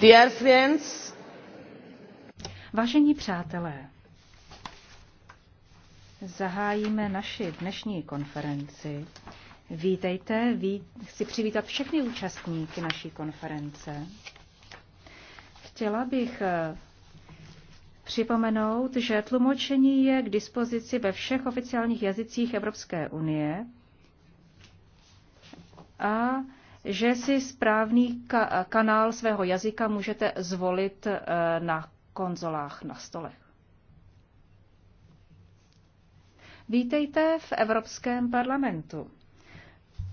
Dear friends, Vážení přátelé, zahájíme naši dnešní konferenci. Vítejte, ví, chci přivítat všechny účastníky naší konference. Chtěla bych eh, připomenout, že tlumočení je k dispozici ve všech oficiálních jazycích Evropské unie a že si správný ka- kanál svého jazyka můžete zvolit eh, na konzolách na stolech. Vítejte v Evropském parlamentu.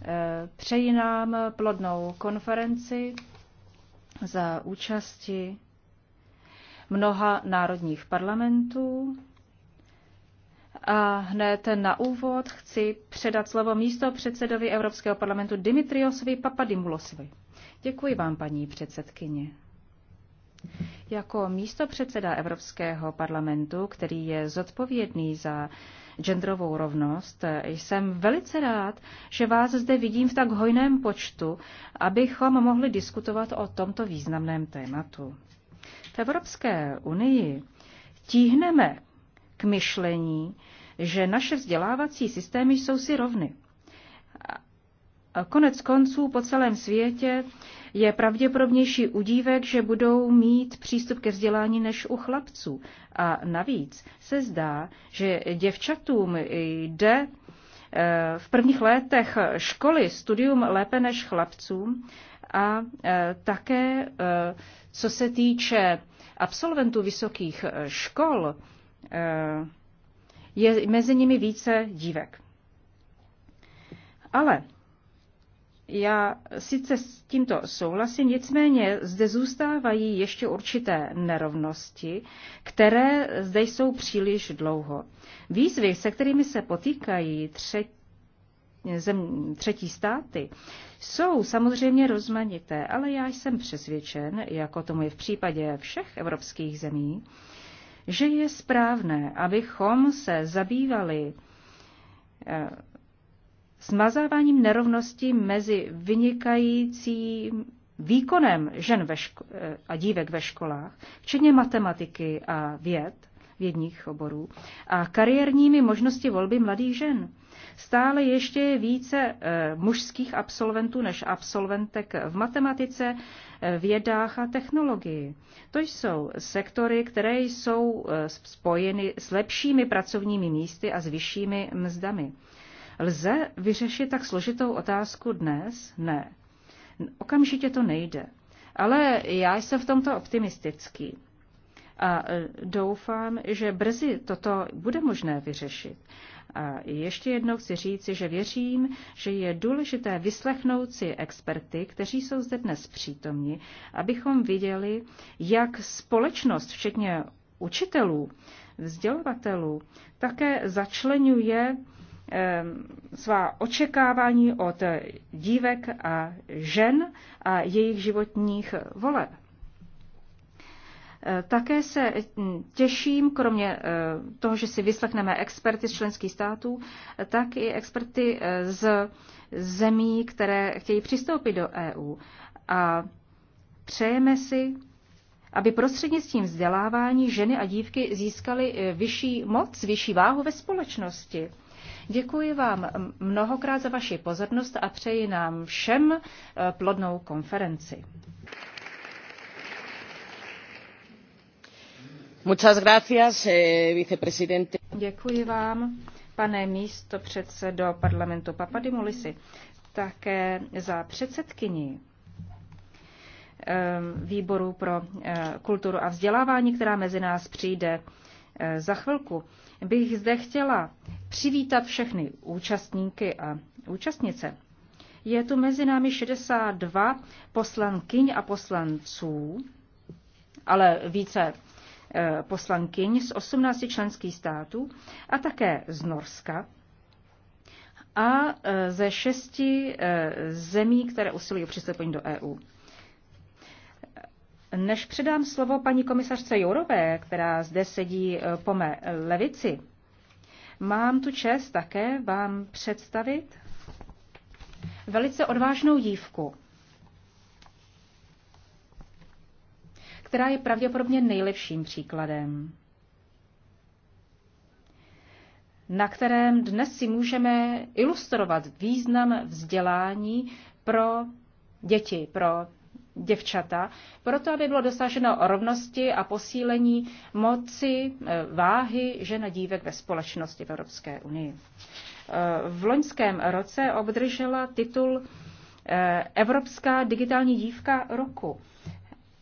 Eh, přeji nám plodnou konferenci za účasti mnoha národních parlamentů, a hned na úvod chci předat slovo místo předsedovi Evropského parlamentu Dimitriosovi Papadimulosovi. Děkuji vám, paní předsedkyně. Jako místo předseda Evropského parlamentu, který je zodpovědný za genderovou rovnost, jsem velice rád, že vás zde vidím v tak hojném počtu, abychom mohli diskutovat o tomto významném tématu. V Evropské unii tíhneme k myšlení, že naše vzdělávací systémy jsou si rovny. A konec konců po celém světě je pravděpodobnější u dívek, že budou mít přístup ke vzdělání než u chlapců. A navíc se zdá, že děvčatům jde eh, v prvních letech školy studium lépe než chlapcům a eh, také eh, co se týče absolventů vysokých škol, Eh, je mezi nimi více dívek. Ale já sice s tímto souhlasím, nicméně zde zůstávají ještě určité nerovnosti, které zde jsou příliš dlouho. Výzvy, se kterými se potýkají třetí, zem, třetí státy, jsou samozřejmě rozmanité, ale já jsem přesvědčen, jako tomu je v případě všech evropských zemí, že je správné, abychom se zabývali eh, smazáváním nerovnosti mezi vynikajícím výkonem žen ve ško- eh, a dívek ve školách, včetně matematiky a věd, vědních oborů, a kariérními možnosti volby mladých žen. Stále ještě je více e, mužských absolventů než absolventek v matematice, vědách a technologii. To jsou sektory, které jsou eh, spojeny s lepšími pracovními místy a s vyššími mzdami. Lze vyřešit tak složitou otázku dnes? Ne. Okamžitě to nejde. Ale já jsem v tomto optimistický a eh, doufám, že brzy toto bude možné vyřešit. A ještě jednou chci říci, že věřím, že je důležité vyslechnout si experty, kteří jsou zde dnes přítomni, abychom viděli, jak společnost, včetně učitelů, vzdělovatelů, také začlenuje svá očekávání od dívek a žen a jejich životních voleb. Eh, také se eh, těším, kromě eh, toho, že si vyslechneme experty z členských států, tak i experty z zemí, které chtějí přistoupit do EU. A přejeme si, aby prostřednictvím vzdělávání ženy a dívky získaly vyšší moc, vyšší váhu ve společnosti. Děkuji vám mnohokrát za vaši pozornost a přeji nám všem plodnou konferenci. Eh, Děkuji vám, pane místo parlamentu Papadimulisi, také za předsedkyni eh, výboru pro eh, kulturu a vzdělávání, která mezi nás přijde za chvilku, bych zde chtěla přivítat všechny účastníky a účastnice. Je tu mezi námi 62 poslankyň a poslanců, ale více Eh, poslankyň z 18 členských států a také z Norska a eh, ze šesti eh, zemí, které usilují o přistoupení do EU. Než předám slovo paní komisařce Jourové, která zde sedí po mé levici, mám tu čest také vám představit velice odvážnou dívku, která je pravděpodobně nejlepším příkladem, na kterém dnes si můžeme ilustrovat význam vzdělání pro děti, pro děvčata, proto aby bylo dosaženo rovnosti a posílení moci e, váhy žen a dívek ve společnosti v Evropské unii. E, v loňském roce obdržela titul e, Evropská digitální dívka roku.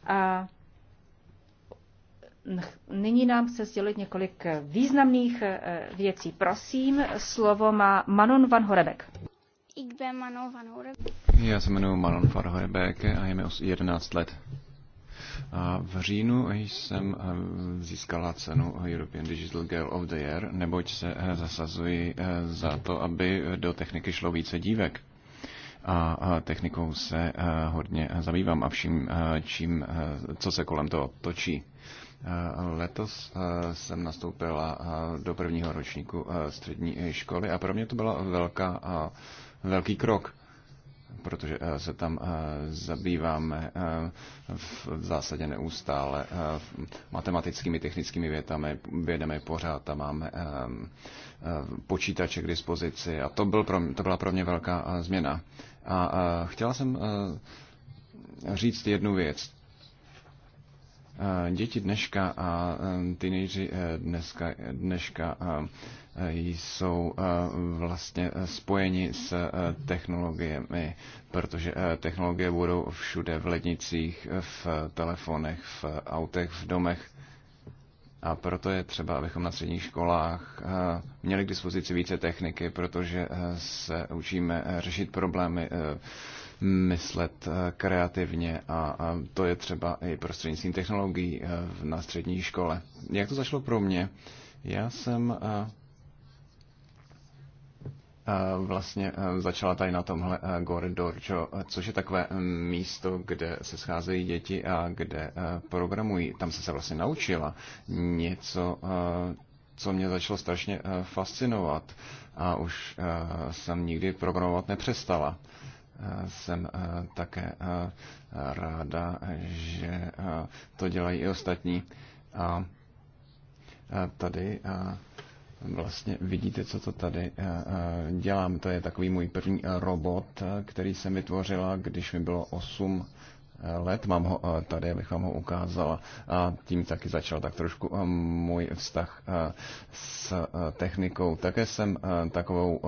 A Nyní nám chce sdělit několik eh, významných eh, eh, věcí. Prosím, slovo má Manon van Horebek. Já se jmenuji Manon van Horebek a je mi 11 let. A v říjnu jsem získala cenu European Digital Girl of the Year, neboť se zasazuji za to, aby do techniky šlo více dívek. A technikou se hodně zabývám a vším, čím, co se kolem toho točí. Letos eh, jsem nastoupila eh, do prvního ročníku eh, střední školy a pro mě to byla velká, velký krok, protože se tam zabýváme v zásadě neustále matematickými, technickými větami, vědeme pořád a máme počítače k dispozici a to, byl pro mě, to byla pro mě velká změna. A chtěla jsem říct jednu věc Eh, děti dneška a eh, teenageři eh, dneska, dneška jsou vlastně spojeni s technologiemi, protože technologie budou všude v lednicích, v telefonech, v autech, v domech. A proto je třeba, abychom na středních školách měli k dispozici více techniky, protože se učíme řešit problémy myslet eh, kreativně a to je třeba i prostřednictvím technologií eh, na střední škole. Jak to zašlo pro mě? Já jsem eh, vlastně začala tady na tomhle Gore Dorjo, což je takové místo, kde se scházejí děti a kde programují. Tam jsem se vlastně naučila něco, co mě začalo strašně fascinovat a už jsem nikdy programovat nepřestala jsem eh, také eh, ráda, že eh, to dělají i ostatní. A tady vlastně vidíte, co to tady dělám. To je takový můj první robot, který jsem vytvořila, když mi bylo 8 let. Mám ho tady, abych vám ho ukázala. A tím taky začal tak trošku můj vztah s technikou. Také jsem takovou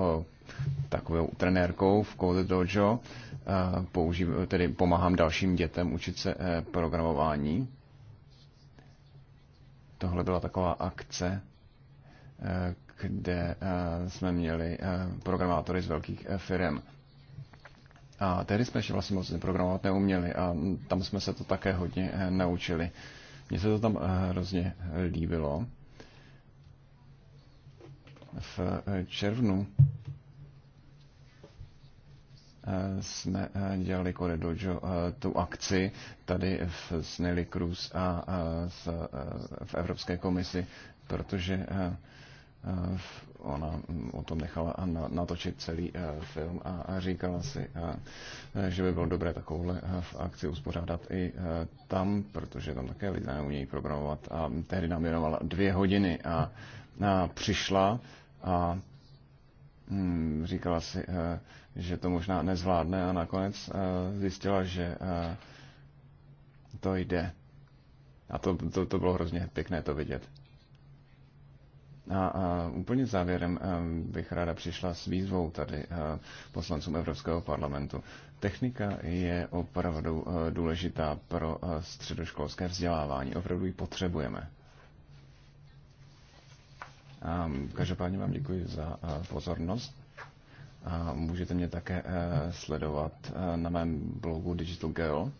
takovou trenérkou v Code Dojo. Eh, použív, tedy pomáhám dalším dětem učit se eh, programování. Tohle byla taková akce, eh, kde jsme měli programátory z velkých firm. A tehdy jsme ještě vlastně moc programovat neuměli a tam jsme se to také hodně naučili. Mně se to tam hrozně líbilo. V červnu Eh, jsme eh, dělali Core Dojo eh, tu akci tady v, Snelly Cruz a v Evropské komisi, protože ona mm, o tom nechala natočit celý film a říkala si, že by bylo dobré takovouhle akci uspořádat i tam, protože tam také lidé neumějí programovat a tehdy nám věnovala dvě hodiny a přišla a mm, říkala si, že to možná nezvládne a nakonec eh, zjistila, že eh, to jde. A to, to, to bylo hrozně pěkné to vidět. A, a úplně závěrem eh, bych ráda přišla s výzvou tady poslancům Evropského parlamentu. Technika je opravdu důležitá pro středoškolské vzdělávání. Opravdu ji potřebujeme. A každopádně vám děkuji za pozornost a můžete mě také eh, sledovat eh, na mém blogu Digital Girl.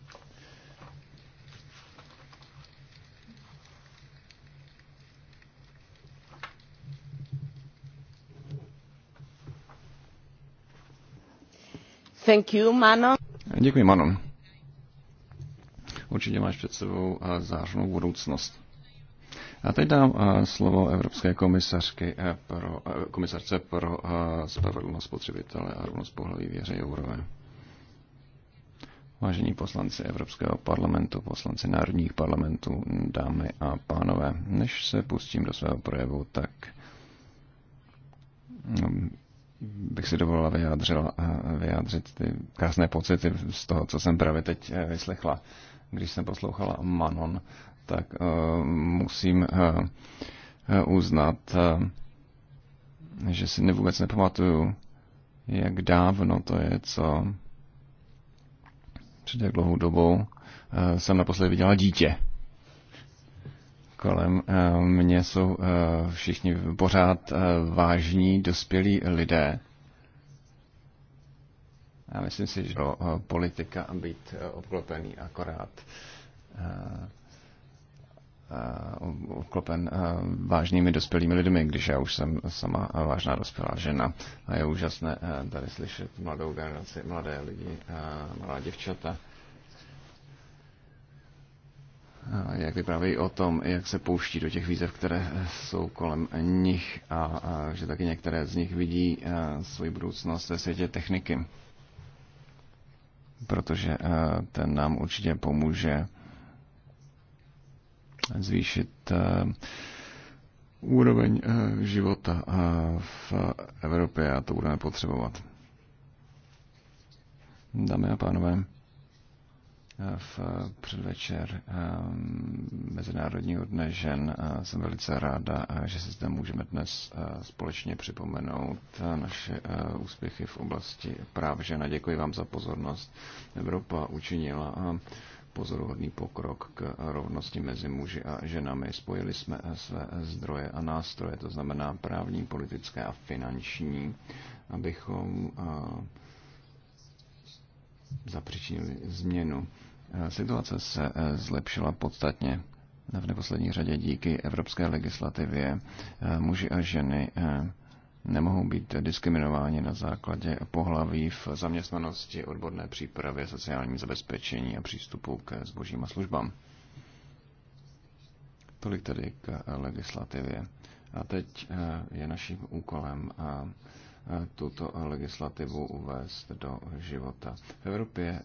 Thank you, Manon. Děkuji, Manon. Určitě máš před sebou eh, zářnou budoucnost. A teď dám eh, slovo Evropské komisařky eh, pro, eh, komisarce pro spravedlnost spotřebitele a rovnost pohlaví Věře Jourové. Vážení poslanci Evropského parlamentu, poslanci národních parlamentů, dámy a pánové, než se pustím do svého projevu, tak mm, bych si dovolila vyjádřila, vyjádřit ty krásné pocity z toho, co jsem právě teď vyslechla, když jsem poslouchala Manon tak eh, musím eh, eh, uznat, že si vůbec nepamatuju, jak dávno to je, co před jak dlouhou dobou jsem naposledy viděla dítě. Kolem mě jsou všichni pořád vážní, dospělí lidé. Já myslím si, že politika být obklopený akorát Eh, obklopen eh, vážnými dospělými lidmi, když já už jsem sama vážná dospělá žena. A je úžasné eh, tady slyšet mladou generaci, mladé lidi, mladá děvčata, jak vyprávějí o tom, jak se pouští do těch výzev, které jsou kolem nich a, že taky některé z nich vidí svoji budoucnost ve světě techniky. Protože ten nám určitě pomůže zvýšit eh, úroveň eh, života eh, v Evropě a to budeme potřebovat. Dámy a pánové, v předvečer Mezinárodního dne žen jsem velice ráda, že se zde můžeme dnes společně připomenout naše úspěchy v oblasti práv žena. Děkuji vám za pozornost. Evropa učinila pozoruhodný pokrok k rovnosti mezi muži a ženami. Spojili jsme své zdroje a nástroje, to znamená právní, politické a finanční, abychom zapřičinili změnu. Situace se zlepšila podstatně v neposlední řadě díky evropské legislativě. Muži a ženy nemohou být diskriminováni na základě pohlaví v zaměstnanosti, odborné přípravě, sociálním zabezpečení a přístupu ke zbožím a službám. Tolik tedy k legislativě. A teď eh, je naším úkolem eh, eh, tuto legislativu uvést do života. V Evropě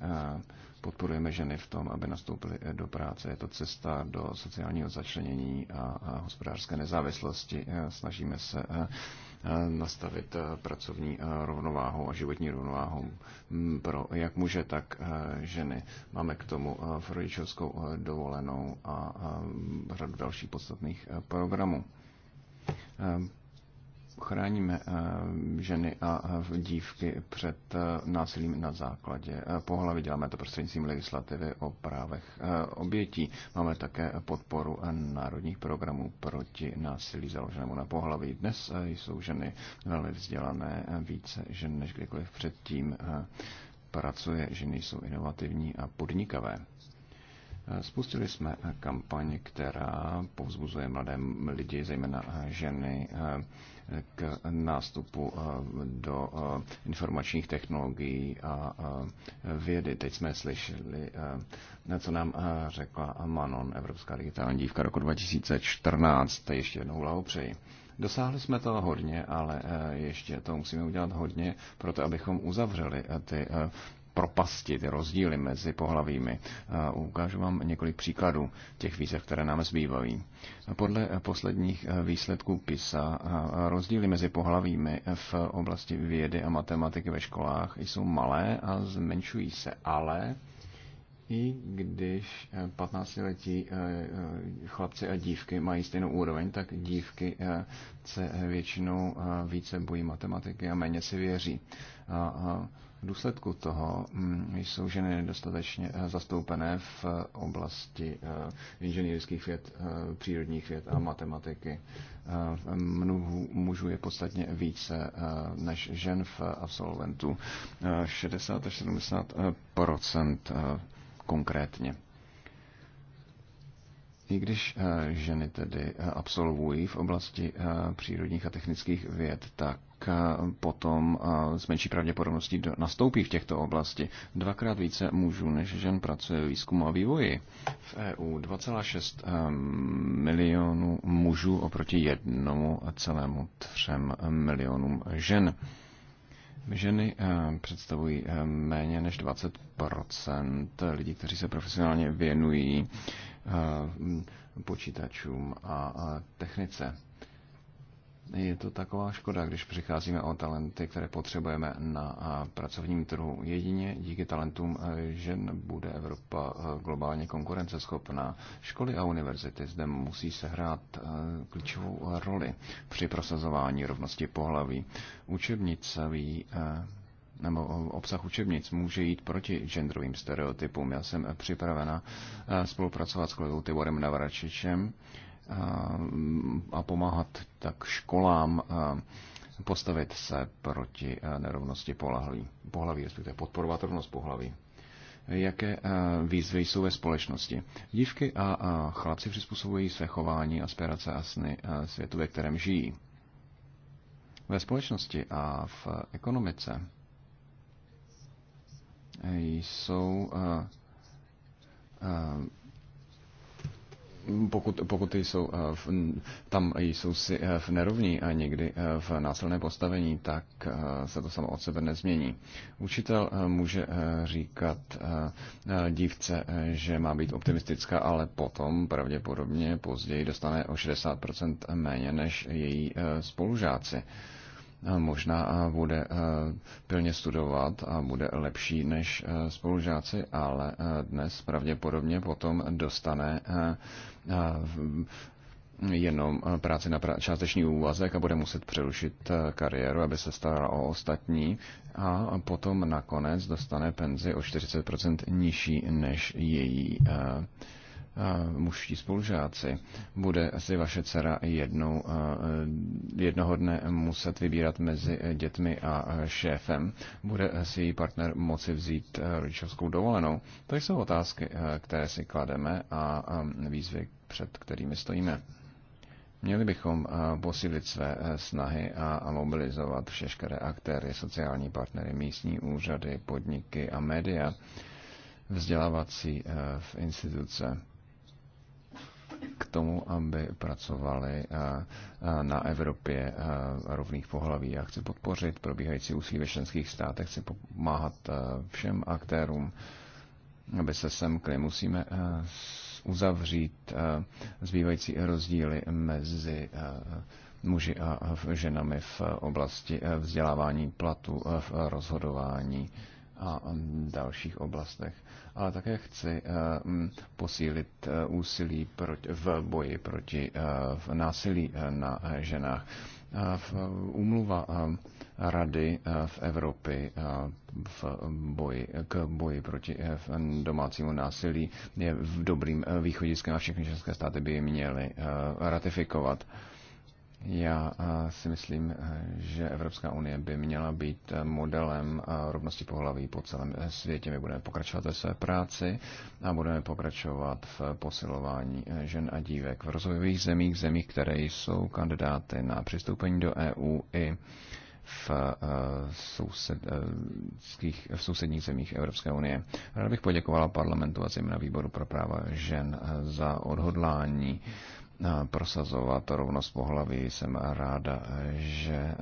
podporujeme ženy v tom, aby nastoupily do práce. Je to cesta do sociálního začlenění a hospodářské nezávislosti. Eh, Snažíme se eh, eh, nastavit pracovní rovnováhu a životní rovnováhu mm, pro jak muže, tak ženy. Máme k tomu rodičovskou dovolenou a řadu dalších podstatných programů chráníme eh, ženy a dívky před eh, násilím na základě eh, pohlaví. Děláme to prostřednictvím legislativy o právech obětí. Máme také podporu národních programů proti násilí založenému na pohlaví. Dnes jsou ženy velmi vzdělané, více žen než kdykoliv předtím pracuje, ženy jsou inovativní a podnikavé. Spustili jsme kampaň, která povzbuzuje mladé lidi, zejména ženy, k nástupu eh, do eh, informačních technologií a eh, vědy. Teď jsme slyšeli, co nám řekla Manon, Evropská digitální dívka roku 2014. Ještě jednou blahopřeji. Dosáhli jsme toho hodně, ale ještě to musíme udělat hodně Proto abychom uzavřeli ty propasti, ty rozdíly mezi pohlavími. Ukážu vám několik příkladů těch výzev, které nám zbývají. Podle posledních eh, výsledků PISA rozdíly mezi pohlavími v oblasti vědy a matematiky ve školách jsou malé a zmenšují se, ale i když 15-letí eh, eh, chlapci a dívky mají stejnou úroveň, tak dívky se většinou více bojí matematiky a méně si věří. A v důsledku toho mm, jsou ženy nedostatečně eh, zastoupené v eh, oblasti eh, inženýrských věd, přírodních věd a matematiky. Mnohu mužů je podstatně více než žen v absolventu 60 až 70 konkrétně. I když ženy tedy absolvují v oblasti přírodních a technických věd, tak Eh, potom eh, s menší pravděpodobností nastoupí v těchto oblasti. Dvakrát více mužů než žen pracuje v výzkumu a vývoji. V EU 2,6 eh, milionů mužů oproti jednomu celému třem milionům žen. Ženy představují méně než 20 lidí, kteří se profesionálně věnují počítačům a technice je to taková škoda, když přicházíme o talenty, které potřebujeme na pracovním trhu. Jedině díky talentům e, žen bude Evropa e, globálně konkurenceschopná. Školy a univerzity zde musí sehrát e, klíčovou roli při prosazování rovnosti pohlaví. Učebnice ví, nebo obsah učebnic může jít proti genderovým stereotypům. Já jsem připravena spolupracovat s kolegou Tiborem Navračičem a pomáhat tak školám postavit se proti nerovnosti pohlaví, pohlaví respektive podporovat rovnost pohlaví. Jaké výzvy jsou ve společnosti? Dívky a chlapci přizpůsobují své chování, aspirace a sny světu, ve kterém žijí. Ve společnosti a v ekonomice jsou pokud, pokud jsou eh, v, tam jsou si eh, v nerovní a eh, někdy v násilné postavení, tak se to samo od sebe nezmění. Učitel může říkat dívce, že má být optimistická, ale potom pravděpodobně později dostane o 60% méně než její spolužáci možná bude pilně studovat a bude lepší než spolužáci, ale dnes pravděpodobně potom dostane jenom práci na částečný úvazek a bude muset přerušit kariéru, aby se starala o ostatní a potom nakonec dostane penzi o 40% nižší než její mužští spolužáci. Bude si vaše dcera jednou, jednoho dne muset vybírat mezi dětmi a šéfem. Bude si její partner moci vzít rodičovskou dovolenou. To jsou otázky, které si klademe a výzvy, před kterými stojíme. Měli bychom eh, posílit své eh, snahy a mobilizovat všechny aktéry, sociální partnery, místní úřady, podniky a média, vzdělávací eh, v instituce k tomu, aby pracovali na Evropě rovných pohlaví. Já chci podpořit probíhající úsilí ve členských státech, chci pomáhat všem aktérům, aby se semkli. Musíme uzavřít eh, zbývající rozdíly mezi eh, muži a ženami v eh, oblasti vzdělávání platu, v rozhodování a dalších oblastech. Ale také chci posílit úsilí v boji proti násilí na ženách. Umluva úmluva rady eh, v Evropě eh, v boji, k boji proti eh, domácímu násilí je v dobrým východiskem a všechny české státy by ji měly ratifikovat. Já si myslím, že Evropská unie by měla být modelem rovnosti pohlaví po celém světě. My budeme pokračovat ve své práci a budeme pokračovat v posilování žen a dívek v rozvojových zemích, zemích, které jsou kandidáty na přistoupení do EU i v, eh, soused, eh, v sousedních zemích Evropské unie. Rád bych poděkovala parlamentu a zejména výboru pro práva žen eh, za odhodlání prosazovat rovnost pohlaví. Jsem ráda, že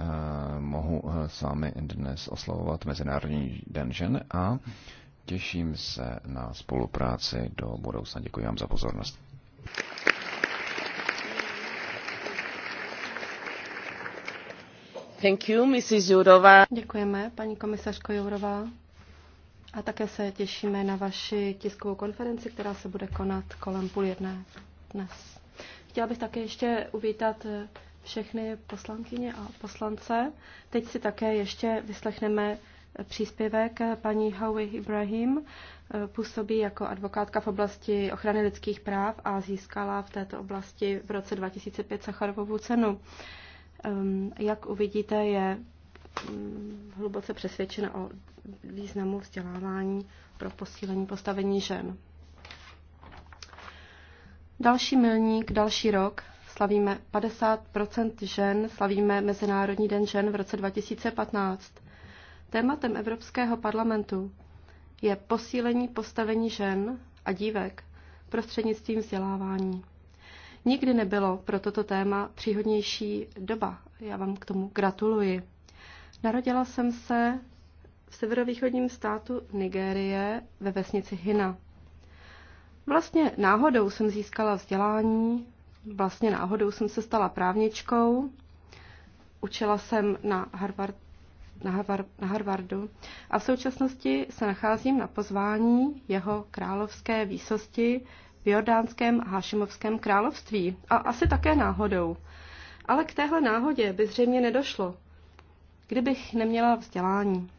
mohu s vámi dnes oslovovat Mezinárodní den žen a těším se na spolupráci do budoucna. Děkuji vám za pozornost. Děkujeme, paní komisařko Jourová. A také se těšíme na vaši tiskovou konferenci, která se bude konat kolem půl jedné dnes. Chtěla bych také ještě uvítat eh, všechny poslankyně a poslance. Teď si také ještě vyslechneme eh, příspěvek eh, paní Howie Ibrahim. Působí jako advokátka v oblasti ochrany lidských práv a získala v této oblasti v roce 2005 Sacharovovu cenu. Jak uvidíte, je mm, hluboce přesvědčena o významu vzdělávání pro posílení postavení žen. Další milník, další rok slavíme 50 žen, slavíme Mezinárodní den žen v roce 2015. Tématem Evropského parlamentu je posílení postavení žen a dívek prostřednictvím vzdělávání. Nikdy nebylo pro toto téma příhodnější doba. Já vám k tomu gratuluji. Narodila jsem se v severovýchodním státu Nigérie ve vesnici Hina. Vlastně náhodou jsem získala vzdělání, vlastně náhodou jsem se stala právničkou, učila jsem na, Harvard, na, Harvard, na Harvardu a v současnosti se nacházím na pozvání jeho královské výsosti v Jordánském a Hašimovském království a asi také náhodou. Ale k téhle náhodě by zřejmě nedošlo, kdybych neměla vzdělání.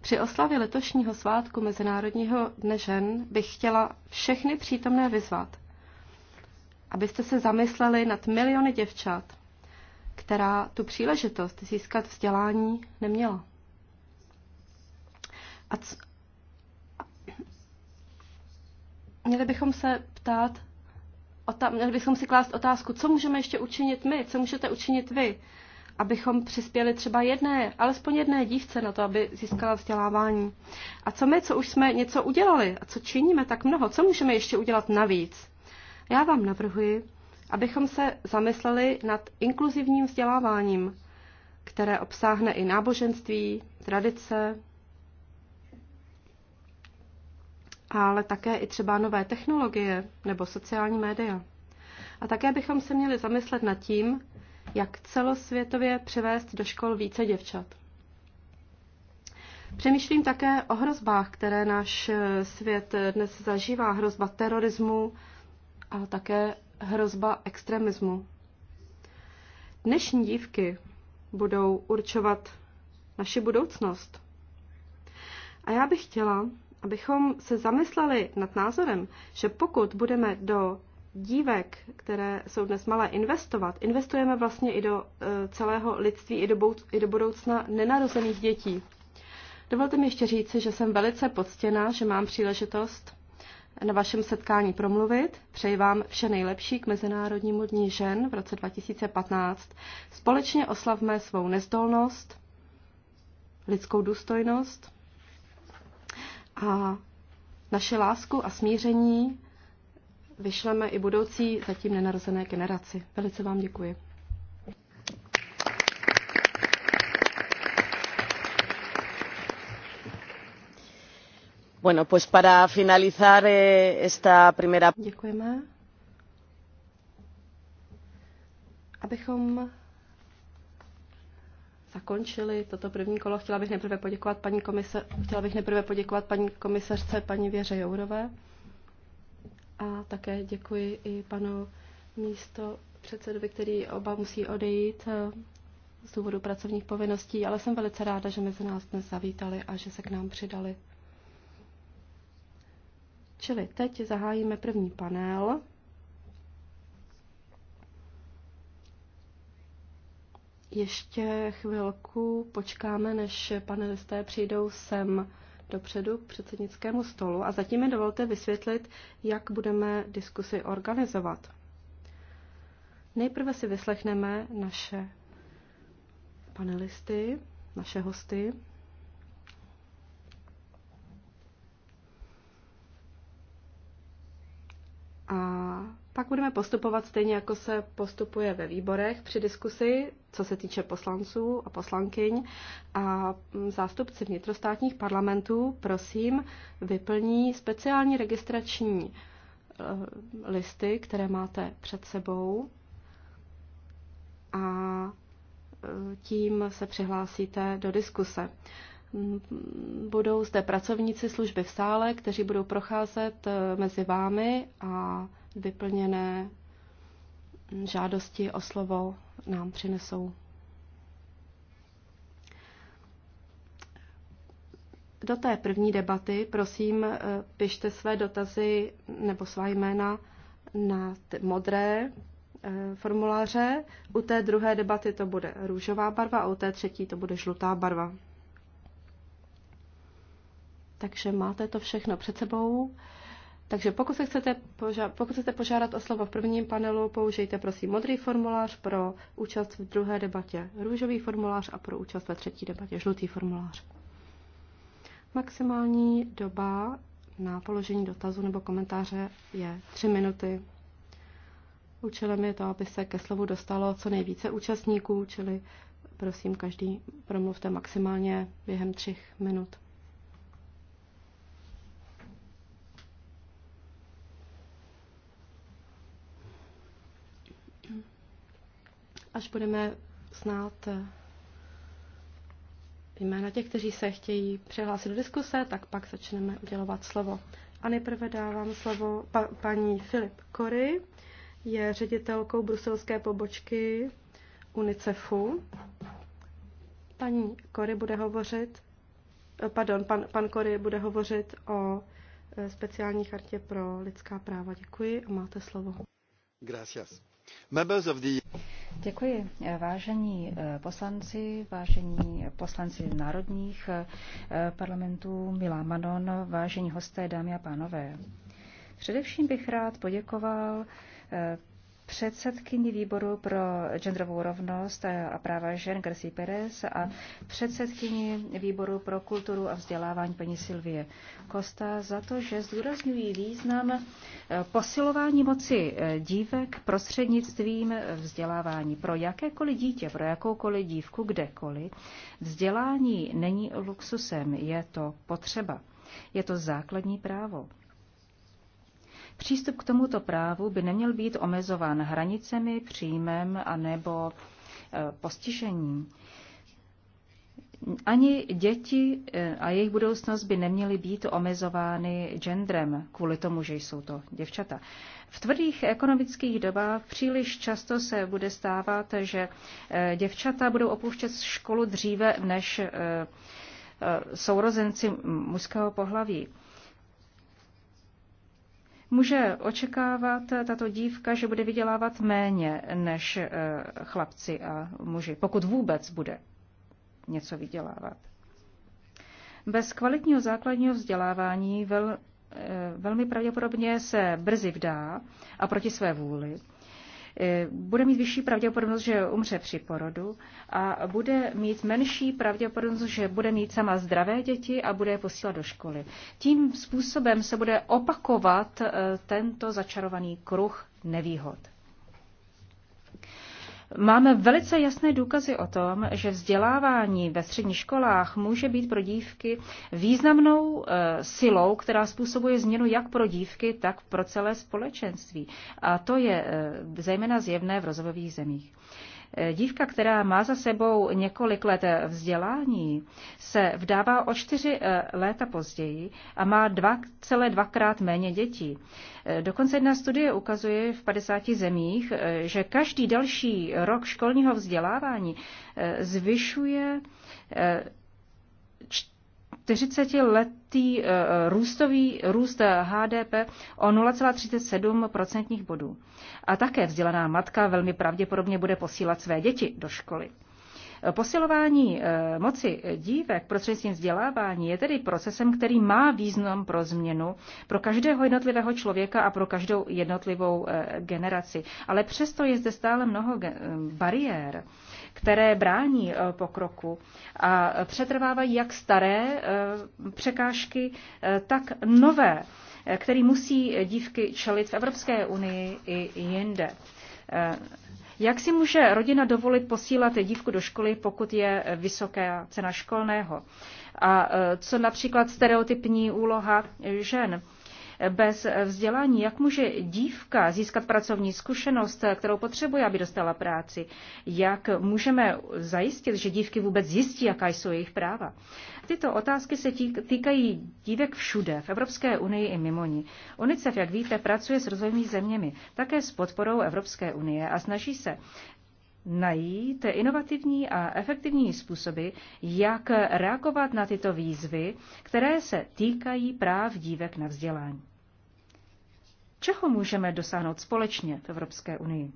Při oslavě letošního svátku Mezinárodního dne žen bych chtěla všechny přítomné vyzvat, abyste se zamysleli nad miliony děvčat, která tu příležitost získat vzdělání neměla. Měli bychom se ptát, měli bychom si klást otázku, co můžeme ještě učinit my, co můžete učinit vy, abychom přispěli třeba jedné, alespoň jedné dívce na to, aby získala vzdělávání. A co my, co už jsme něco udělali a co činíme tak mnoho, co můžeme ještě udělat navíc? Já vám navrhuji, abychom se zamysleli nad inkluzivním vzděláváním, které obsáhne i náboženství, tradice, ale také i třeba nové technologie nebo sociální média. A také bychom se měli zamyslet nad tím, jak celosvětově přivést do škol více děvčat. Přemýšlím také o hrozbách, které náš eh, svět eh, dnes zažívá. Hrozba terorismu a také hrozba extremismu. Dnešní dívky budou určovat naši budoucnost. A já bych chtěla, abychom se zamysleli nad názorem, že pokud budeme do dívek, které jsou dnes malé, investovat, investujeme vlastně i do e, celého lidství, i do, bouc, i do budoucna nenarozených dětí. Dovolte mi ještě říci, že jsem velice poctěná, že mám příležitost na vašem setkání promluvit. Přeji vám vše nejlepší k Mezinárodnímu dní žen v roce 2015. Společně oslavme svou nezdolnost, lidskou důstojnost a naše lásku a smíření vyšleme i budoucí zatím nenarozené generaci. Velice vám děkuji. Bueno, pues para finalizar eh, esta primera... Děkujeme. Abychom zakončili toto první kolo. Chtěla bych nejprve poděkovat paní, komise, chtěla bych nejprve poděkovat paní komisařce, paní Věře Jourové. A také děkuji i panu místo předsedovi, který oba musí odejít eh, z důvodu pracovních povinností, ale jsem velice ráda, že mezi nás dnes zavítali a že se k nám přidali. Čili teď zahájíme první panel. Ještě chvilku počkáme, než panelisté přijdou sem dopředu k předsednickému stolu a zatím mi dovolte vysvětlit, jak budeme diskusy organizovat. Nejprve si vyslechneme naše panelisty, naše hosty. A pak budeme postupovat stejně, jako se postupuje ve výborech při diskusi, co se týče poslanců a poslankyň. A mm, zástupci vnitrostátních parlamentů, prosím, vyplní speciální registrační e, listy, které máte před sebou. A e, tím se přihlásíte do diskuse budou zde pracovníci služby v sále, kteří budou procházet eh, mezi vámi a vyplněné žádosti o slovo nám přinesou. Do té první debaty, prosím, pište eh, své dotazy nebo svá jména na modré eh, formuláře. U té druhé debaty to bude růžová barva a u té třetí to bude žlutá barva. Takže máte to všechno před sebou. Takže pokud, se chcete poža- pokud chcete požádat o slovo v prvním panelu, použijte prosím modrý formulář pro účast v druhé debatě růžový formulář a pro účast ve třetí debatě žlutý formulář. Maximální doba na položení dotazu nebo komentáře je 3 minuty. Účelem je to, aby se ke slovu dostalo co nejvíce účastníků, čili prosím, každý promluvte maximálně během třech minut. až budeme znát eh, jména těch, kteří se chtějí přihlásit do diskuse, tak pak začneme udělovat slovo. A nejprve dávám slovo pa- paní Filip Kory, je ředitelkou bruselské pobočky UNICEFu. Paní Kory bude hovořit, eh, pardon, pan, pan Kory bude hovořit o eh, speciální chartě pro lidská práva. Děkuji a máte slovo. Gracias. Members of the... Děkuji. Eh, vážení eh, poslanci, vážení poslanci národních eh, parlamentů, Milá Manon, vážení hosté, dámy a pánové. Především bych rád poděkoval předsedkyni výboru pro genderovou rovnost a práva žen García Pérez a předsedkyni výboru pro kulturu a vzdělávání paní Silvie Kosta za to, že zdůrazňují význam eh, posilování moci eh, dívek prostřednictvím vzdělávání. Pro jakékoliv dítě, pro jakoukoliv dívku, kdekoliv, vzdělání není luxusem, je to potřeba. Je to základní právo. Přístup k tomuto právu by neměl být omezován hranicemi, příjmem a nebo e, postižením. Ani děti e, a jejich budoucnost by neměly být omezovány genderem, kvůli tomu, že jsou to děvčata. V tvrdých ekonomických dobách příliš často se bude stávat, že e, děvčata budou opouštět školu dříve než sourozenci mužského pohlaví může očekávat tato dívka, že bude vydělávat méně než eh, chlapci a muži, pokud vůbec bude něco vydělávat. Bez kvalitního základního vzdělávání vel, eh, velmi pravděpodobně se brzy vdá a proti své vůli Eh, bude mít vyšší pravděpodobnost, že umře při porodu a bude mít menší pravděpodobnost, že bude mít sama zdravé děti a bude je posílat do školy. Tím způsobem se bude opakovat eh, tento začarovaný kruh nevýhod. Máme velice jasné důkazy o tom, že vzdělávání ve středních školách může být pro dívky významnou eh, silou, která způsobuje změnu jak pro dívky, tak pro celé společenství. A to je eh, zejména zjevné v rozvojových zemích. Eh, dívka, která má za sebou několik let vzdělání, se vdává o čtyři eh, léta později a má celé dvakrát méně dětí. Eh, dokonce jedna studie ukazuje v 50 zemích, že každý další rok školního vzdělávání zvyšuje 40-letý eh, růstový růst HDP eh, o 0,37 bodů. A také vzdělaná matka velmi pravděpodobně bude posílat své děti do školy. Eh, posilování moci dívek prostřednictvím vzdělávání je tedy procesem, který má význam pro změnu pro každého jednotlivého člověka a pro každou jednotlivou generaci. Ale přesto je zde stále mnoho bariér které brání eh, pokroku a přetrvávají jak staré eh, překážky, eh, tak nové, které musí dívky čelit v Evropské unii i jinde. Jak si může rodina dovolit posílat dívku do školy, pokud je vysoká cena školného? A co například stereotypní úloha žen? bez vzdělání, jak může dívka získat pracovní zkušenost, kterou potřebuje, aby dostala práci? Jak můžeme zajistit, že dívky vůbec zjistí, jaká jsou jejich práva? Tyto otázky se týkají dívek všude, v Evropské unii i mimo ní. UNICEF, jak víte, pracuje s rozvojovými zeměmi, také s podporou Evropské unie a snaží se najít inovativní a efektivní způsoby, jak reagovat na tyto výzvy, které se týkají práv dívek na vzdělání. Čeho můžeme dosáhnout společně v Evropské unii?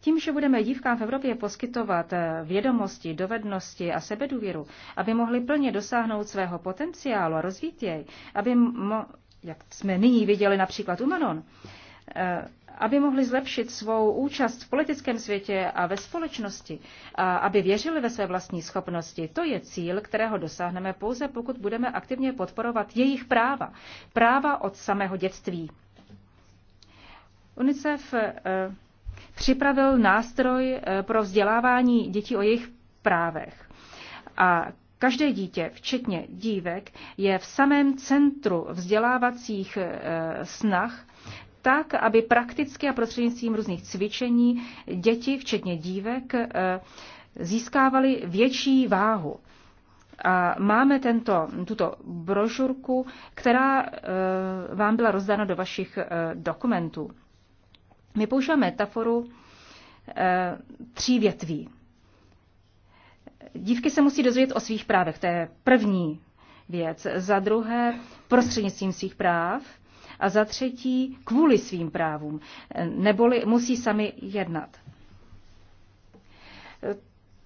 Tím, že budeme dívkám v Evropě poskytovat vědomosti, dovednosti a sebedůvěru, aby mohli plně dosáhnout svého potenciálu a rozvít jej, aby, mo, jak jsme nyní viděli například u Manon, eh, aby mohli zlepšit svou účast v politickém světě a ve společnosti, a aby věřili ve své vlastní schopnosti. To je cíl, kterého dosáhneme pouze, pokud budeme aktivně podporovat jejich práva. Práva od samého dětství. UNICEF eh, připravil nástroj eh, pro vzdělávání dětí o jejich právech. A Každé dítě, včetně dívek, je v samém centru vzdělávacích eh, snah tak, aby prakticky a prostřednictvím různých cvičení děti, včetně dívek, eh, získávaly větší váhu. A máme tento, tuto brožurku, která eh, vám byla rozdána do vašich eh, dokumentů. My používáme metaforu tří větví. Dívky se musí dozvědět o svých právech, to je první věc. Za druhé, prostřednictvím svých práv a za třetí kvůli svým právům, neboli musí sami jednat.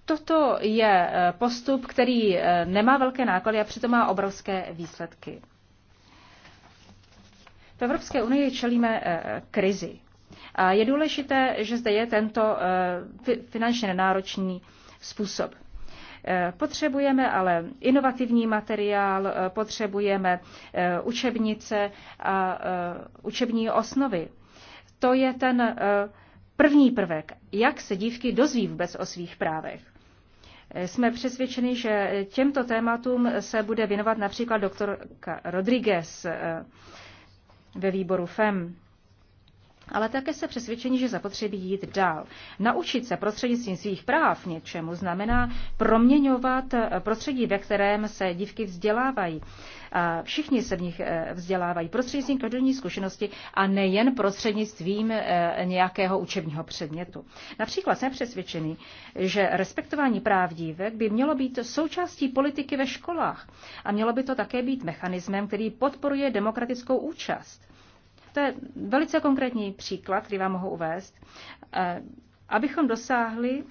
Toto je eh, postup, který eh, nemá velké náklady a přitom má obrovské výsledky. V Evropské unii čelíme eh, krizi. A je důležité, že zde je tento finančně nenáročný způsob. Eh, potřebujeme ale inovativní materiál, eh, potřebujeme eh, učebnice a učební osnovy. To je ten první prvek, jak se dívky dozví vůbec o svých právech. Jsme přesvědčeni, že těmto tématům se bude věnovat například doktorka Rodriguez ve výboru FEM ale také se přesvědčení, že zapotřebí jít dál. Naučit se prostřednictvím svých práv něčemu znamená proměňovat eh, prostředí, ve kterém se dívky vzdělávají. všichni se v nich eh, vzdělávají prostřednictvím každodenní zkušenosti a nejen prostřednictvím eh, nějakého učebního předmětu. Například jsem přesvědčený, že respektování práv dívek by mělo být součástí politiky ve školách a mělo by to také být mechanismem, který podporuje demokratickou účast. To je velice konkrétní příklad, který vám mohu uvést. Eh, abychom dosáhli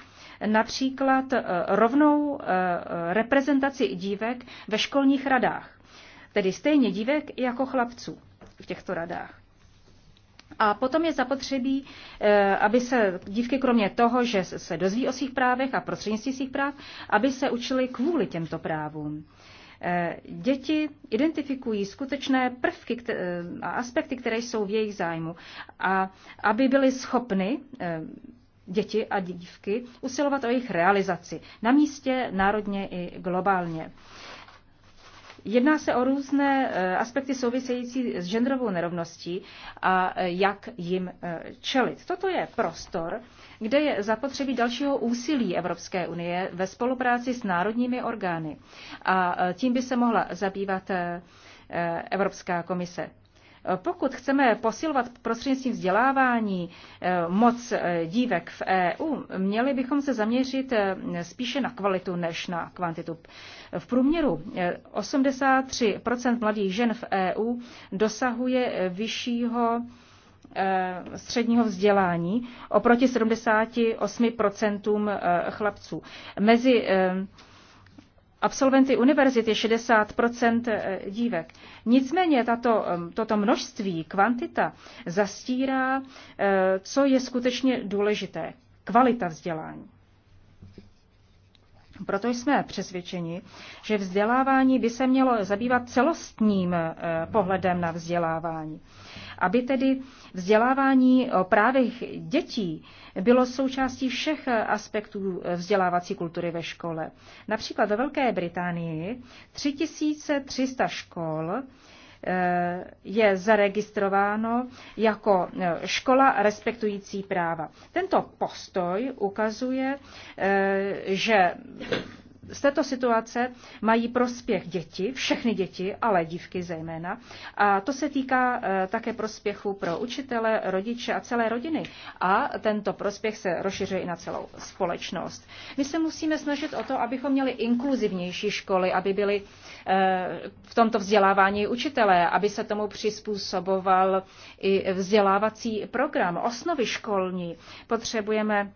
například eh, rovnou eh, reprezentaci dívek ve školních radách. Tedy stejně dívek jako chlapců v těchto radách. A potom je zapotřebí, aby se dívky kromě toho, že se dozví o svých právech a prostřednictví svých práv, aby se učily kvůli těmto právům. Děti identifikují skutečné prvky a aspekty, které jsou v jejich zájmu. A aby byly schopny eh, děti a dívky usilovat o jejich realizaci na místě, národně i globálně. Jedná se o různé eh, aspekty související s genderovou nerovností a eh, jak jim čelit. Toto je prostor, kde je zapotřebí dalšího úsilí Evropské unie ve spolupráci s národními orgány. A e, tím by se mohla zabývat e, e, Evropská komise. Pokud chceme posilovat prostřednictvím vzdělávání moc dívek v EU, měli bychom se zaměřit spíše na kvalitu než na kvantitu. V průměru 83 mladých žen v EU dosahuje vyššího Eh, středního vzdělání oproti 78% eh, chlapců. Mezi eh, absolventy univerzity je 60 dívek. Nicméně tato, toto množství, kvantita, zastírá, co je skutečně důležité. Kvalita vzdělání. Proto jsme přesvědčeni, že vzdělávání by se mělo zabývat celostním pohledem na vzdělávání, aby tedy Vzdělávání eh, právě dětí bylo součástí všech aspektů vzdělávací kultury ve škole. Například ve Velké Británii 3300 škol eh, je zaregistrováno jako eh, škola respektující práva. Tento postoj ukazuje, že z této situace mají prospěch děti, všechny děti, ale dívky zejména. A to se týká eh, také prospěchu pro učitele, rodiče a celé rodiny. A tento prospěch se rozšiřuje i na celou společnost. My se musíme snažit o to, abychom měli inkluzivnější školy, aby byly eh, v tomto vzdělávání učitelé, aby se tomu přizpůsoboval i vzdělávací program, osnovy školní. Potřebujeme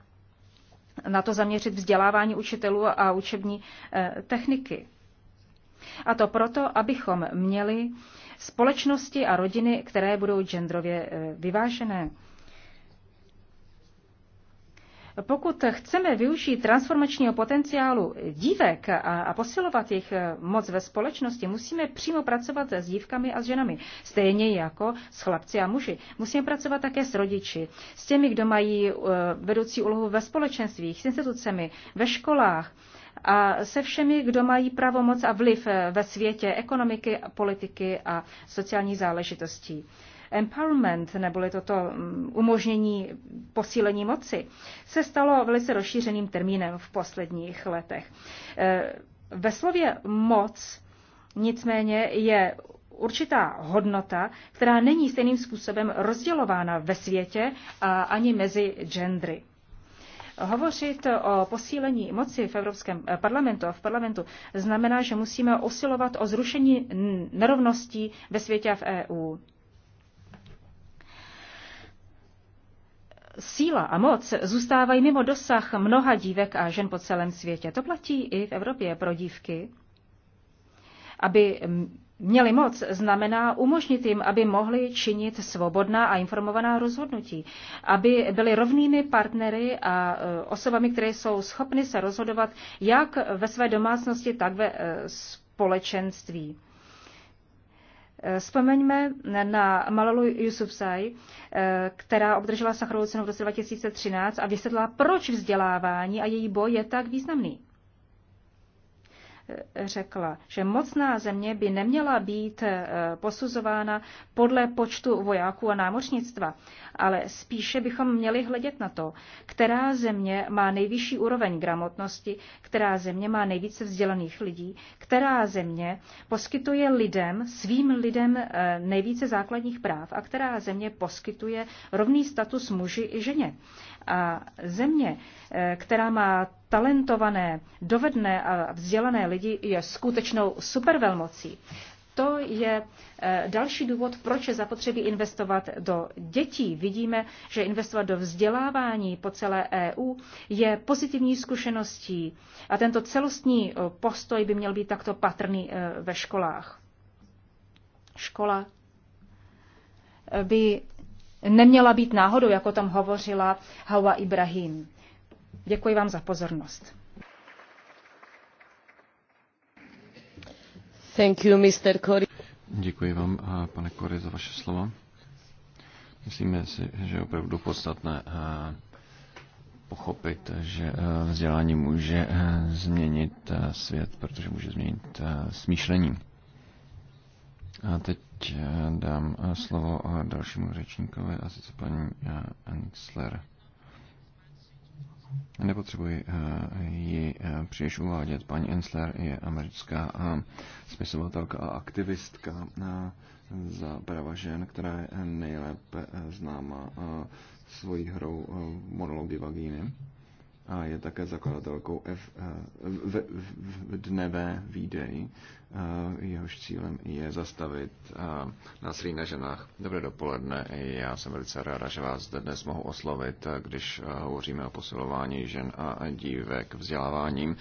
na to zaměřit vzdělávání učitelů a učební eh, techniky. A to proto, abychom měli společnosti a rodiny, které budou genderově eh, vyvážené. Pokud chceme využít transformačního potenciálu dívek a, a posilovat jejich eh, moc ve společnosti, musíme přímo pracovat s dívkami a s ženami, stejně jako s chlapci a muži. Musíme pracovat také s rodiči, s těmi, kdo mají eh, vedoucí úlohu ve společenstvích, s institucemi, ve školách a se všemi, kdo mají pravomoc a vliv eh, ve světě ekonomiky, politiky a sociálních záležitostí empowerment, neboli toto mm, umožnění posílení moci, se stalo velice rozšířeným termínem v posledních letech. E, ve slově moc nicméně je určitá hodnota, která není stejným způsobem rozdělována ve světě a ani mezi gendry. Hovořit o posílení moci v Evropském eh, parlamentu a v parlamentu znamená, že musíme usilovat o zrušení nerovností ve světě a v EU. síla a moc zůstávají mimo dosah mnoha dívek a žen po celém světě. To platí i v Evropě pro dívky. Aby mm, měli moc, znamená umožnit jim, aby mohli činit svobodná a informovaná rozhodnutí, aby byli rovnými partnery a e, osobami, které jsou schopny se rozhodovat jak ve své domácnosti, tak ve e, společenství. Vzpomeňme na Malolu Yusufzai, eh, která obdržela Sacharovu cenu v roce 2013 a vysvětlila, proč vzdělávání a její boj je tak významný řekla, že mocná země by neměla být eh, posuzována podle počtu vojáků a námořnictva, ale spíše bychom měli hledět na to, která země má nejvyšší úroveň gramotnosti, která země má nejvíce vzdělaných lidí, která země poskytuje lidem, svým lidem eh, nejvíce základních práv a která země poskytuje rovný status muži i ženě. A země, eh, která má talentované, dovedné a vzdělané lidi, je skutečnou supervelmocí. To je eh, další důvod, proč je zapotřebí investovat do dětí. Vidíme, že investovat do vzdělávání po celé EU je pozitivní zkušeností a tento celostní eh, postoj by měl být takto patrný ve školách. Škola by neměla být náhodou, jako tam hovořila Hawa Ibrahim. Děkuji vám za pozornost. Thank you, Mr. Corey. Děkuji vám, eh, pane Kory, za vaše slova. Myslíme si, že je opravdu podstatné eh, pochopit, že eh, vzdělání může změnit svět, protože může změnit smýšlení. A teď teď dám eh, slovo eh, dalšímu řečníkovi, a sice paní eh, Ensler. Nepotřebuji ji příliš uvádět. Paní Ensler je americká spisovatelka a aktivistka za práva žen, která je nejlépe známa svojí hrou monology vagíny a je také zakladatelkou F, v, v, v dnevé výdej, Eh, jehož cílem je zastavit eh, násilí na ženách. Dobré dopoledne, já jsem velice ráda, že vás zde dnes mohu oslovit, eh, když hovoříme o posilování žen a dívek vzděláváním.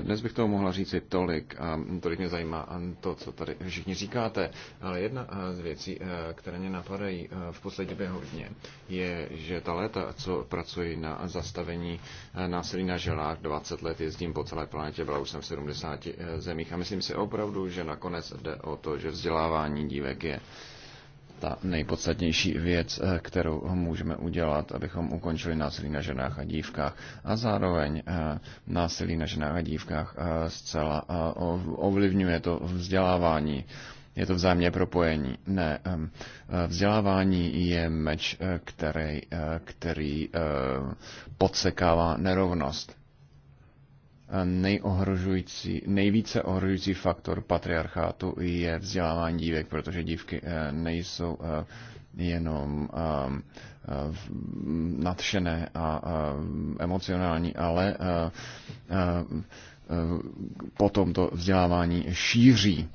Dnes bych toho mohla říci tolik, a tolik mě zajímá to, co tady všichni říkáte, ale jedna z věcí, které mě napadají v poslední době hodně, je, že ta léta, co pracuji na zastavení násilí na želách, 20 let jezdím po celé planetě, byla už jsem v 70 zemích a myslím si, opravdu, že nakonec jde o to, že vzdělávání dívek je ta nejpodstatnější věc, eh, kterou můžeme udělat, abychom ukončili násilí na ženách a dívkách a zároveň eh, násilí na ženách a dívkách eh, zcela ovlivňuje to vzdělávání. Je to vzájemně propojení. Ne, ehm, vzdělávání je meč, který, který podsekává nerovnost nejohrožující, nejvíce ohrožující faktor patriarchátu je vzdělávání dívek, protože dívky eh, nejsou eh, jenom eh, nadšené a emocionální, ale potom to vzdělávání šíří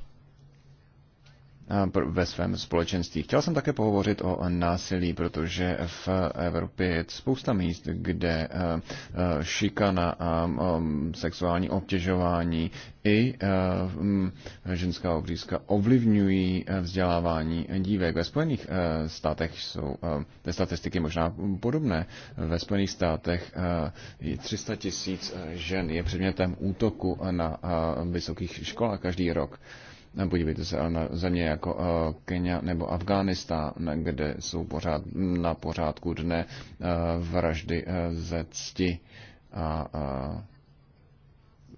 ve svém společenství. Chtěl jsem také pohovořit o násilí, protože v Evropě je spousta míst, kde eh, eh, šikana a mm, sexuální obtěžování i eh, mm, ženská obřízka ovlivňují vzdělávání dívek. Ve Spojených státech jsou ty statistiky možná podobné. Ve Spojených státech 300 tisíc žen je předmětem útoku na vysokých školách každý rok. Podívejte se na země jako eh, Kenya nebo Afghánistán, kde jsou pořád, na pořádku dne eh, vraždy eh, ze cti a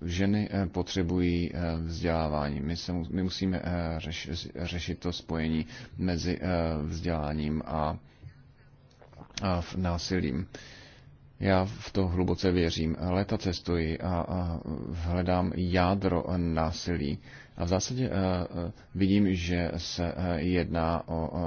ženy potřebují vzdělávání. My, se, my musíme řeš, řešit to spojení mezi vzděláním a, a násilím. Já v to hluboce věřím. Leta cestuji a, a hledám jádro násilí. A v zásadě eh, eh, vidím, že se eh, jedná o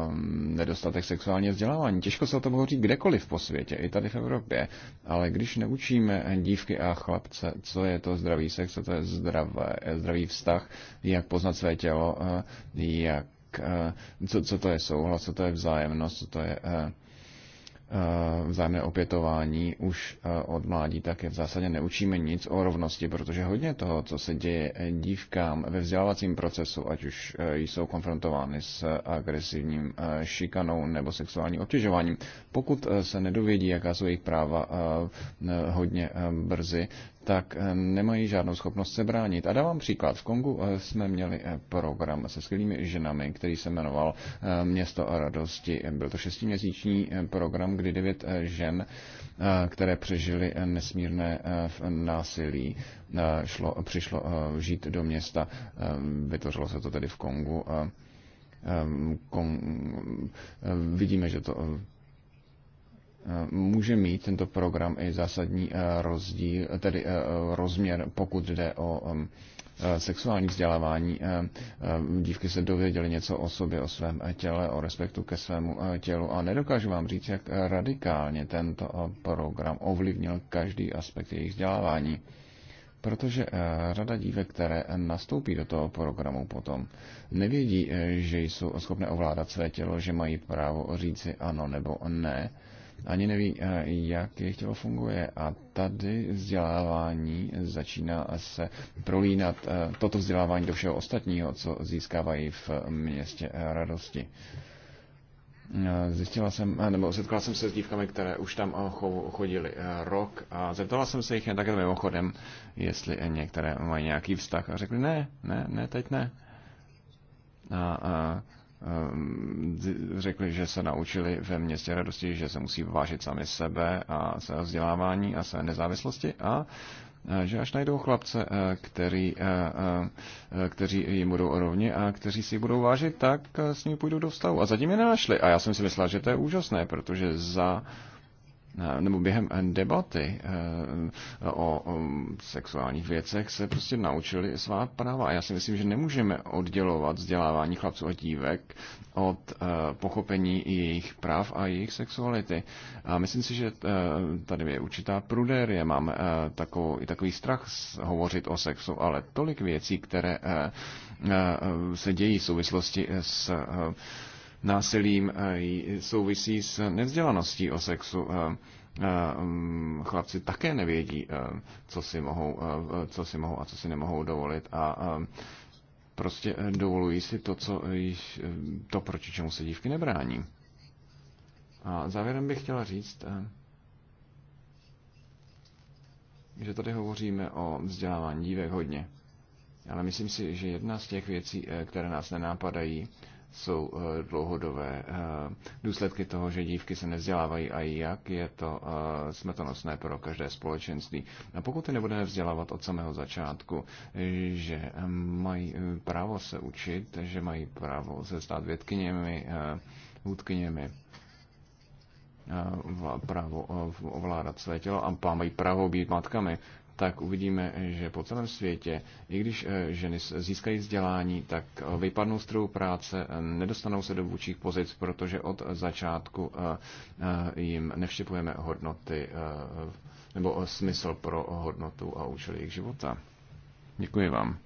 nedostatek sexuálního vzdělávání. Těžko se o tom hovoří kdekoliv po světě, i tady v Evropě. Ale když neučíme dívky a chlapce, co je to zdravý sex, co to je zdravé, zdravý vztah, jak poznat své tělo, jak, co, co to je souhlas, co to je vzájemnost, co to je Eh, vzájemné opětování už eh, od mládí, tak je v zásadě neučíme nic o rovnosti, protože hodně toho, co se děje eh, dívkám ve vzdělávacím procesu, ať už jsou konfrontovány s agresivním šikanou nebo sexuálním obtěžováním, pokud se nedovědí, jaká jsou jejich práva hodně brzy, tak eh, nemají žádnou schopnost se bránit. A dávám příklad. V Kongu eh, jsme měli eh, program se skvělými ženami, který se jmenoval Město radosti. Byl to šestiměsíční program, kdy devět žen, které přežily nesmírné násilí, šlo, přišlo žít do města. Vytvořilo se to tedy v Kongu. Kong, Vidíme, že to může mít tento program i zásadní eh, rozdíl, tedy eh, rozměr, pokud jde o eh, sexuální vzdělávání. Dívky se dověděly něco o sobě, o svém těle, o respektu ke svému tělu a nedokážu vám říct, jak radikálně tento program ovlivnil každý aspekt jejich vzdělávání. Protože řada dívek, které nastoupí do toho programu potom, nevědí, že jsou schopné ovládat své tělo, že mají právo říci ano nebo ne, ani neví, eh, jak jejich tělo funguje. A tady vzdělávání začíná se prolínat eh, toto vzdělávání do všeho ostatního, co získávají v městě eh, radosti. Zjistila jsem, nebo setkala jsem se s dívkami, které už tam chodili rok a zeptala jsem se jich jen také mimochodem, jestli některé mají nějaký vztah a řekli ne, ne, ne, teď ne. A, a Ehm, řekli, že se naučili ve městě radosti, že se musí vážit sami sebe a se vzdělávání a své nezávislosti a e, že až najdou chlapce, e, který, e, kteří jim budou rovni a kteří si budou vážit, tak s nimi půjdou do vztahu. A zatím je nenašli. A já jsem si myslel, že to je úžasné, protože za Eh, nebo během eh, debaty eh, o sexuálních věcech se prostě naučili svá práva. A já si myslím, že nemůžeme oddělovat vzdělávání chlapců a dívek od pochopení jejich práv a jejich sexuality. A myslím si, že tady je určitá prudérie. Mám takový, takový strach hovořit o sexu, ale tolik věcí, které se dějí v souvislosti s násilím eh, souvisí s nevzdělaností o sexu. Eh, eh, mm, chlapci také nevědí, co si mohou, co si mohou a co si nemohou dovolit a prostě dovolují si to, co, to proti čemu se dívky nebrání. A závěrem bych chtěla říct, že tady hovoříme o vzdělávání dívek hodně. Ale myslím si, že jedna z těch věcí, které nás nenápadají, jsou eh, dlouhodobé eh, důsledky toho, že dívky se nevzdělávají a jak je to eh, smetonosné pro každé společenství. A pokud je nebudeme vzdělávat od samého začátku, že mají právo se učit, že mají právo se stát vědkyněmi, hůdkyněmi, právo ovládat své tělo a mají právo být matkami, tak uvidíme, že po celém světě, i když eh, ženy získají vzdělání, tak eh, vypadnou z trhu práce, eh, nedostanou se do vůčích pozic, protože od začátku jim nevštěpujeme hodnoty nebo smysl pro hodnotu a účel jejich života. Děkuji vám.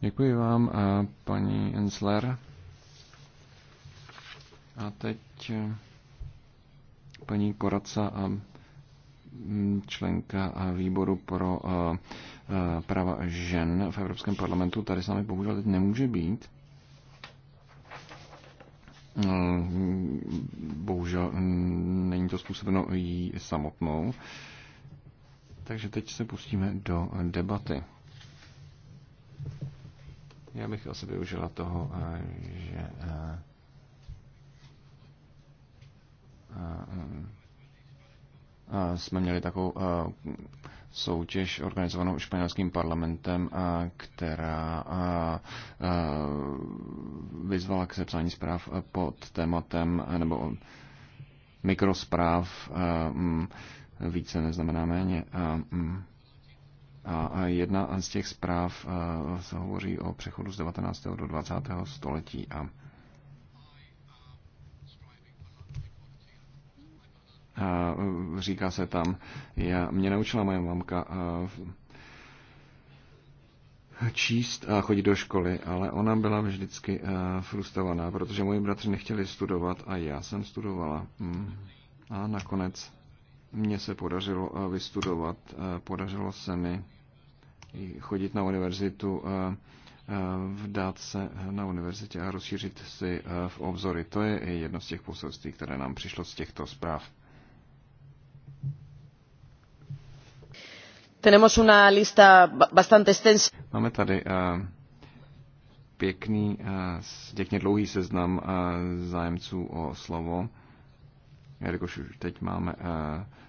Děkuji vám, paní Ensler. A teď paní Koraca a členka výboru pro eh, eh, práva žen v Evropském parlamentu, tady s námi bohužel teď nemůže být. Eh, bohužel mm, není to způsobeno jí samotnou. Takže teď se pustíme do debaty. Já bych asi využila toho, že jsme měli takovou soutěž organizovanou španělským parlamentem, která vyzvala k sepsání zpráv pod tématem nebo mikrospráv více neznamená méně. A jedna z těch zpráv se hovoří o přechodu z 19. do 20. století a E, říká se tam. Já, mě naučila moje mamka e, číst a chodit do školy, ale ona byla vždycky e, frustrovaná, protože moji bratři nechtěli studovat a já jsem studovala. Hmm. A nakonec mně se podařilo vystudovat, podařilo se mi chodit na univerzitu, vdát se na univerzitě a rozšířit si v obzory. To je jedno z těch poselství, které nám přišlo z těchto zpráv. Tenemos una lista bastante extensa. Máme tady uh, pěkný, uh, pěkně dlouhý seznam uh, zájemců o slovo. Jelikož už teď máme uh,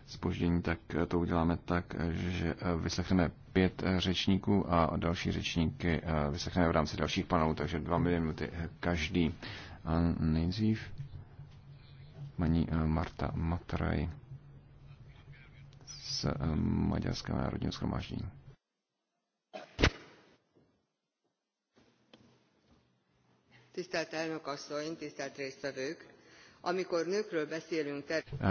spoždění, tak to uděláme tak, že uh, vyslechneme pět řečníků a další řečníky uh, vyslechneme v rámci dalších panelů, takže dva minuty každý. A nejdřív paní Marta Matraj z Maďarského národního schromáždění. Tisztelt elnök asszony, tisztelt résztvevők! Amikor nőkről beszélünk... Ter- eh,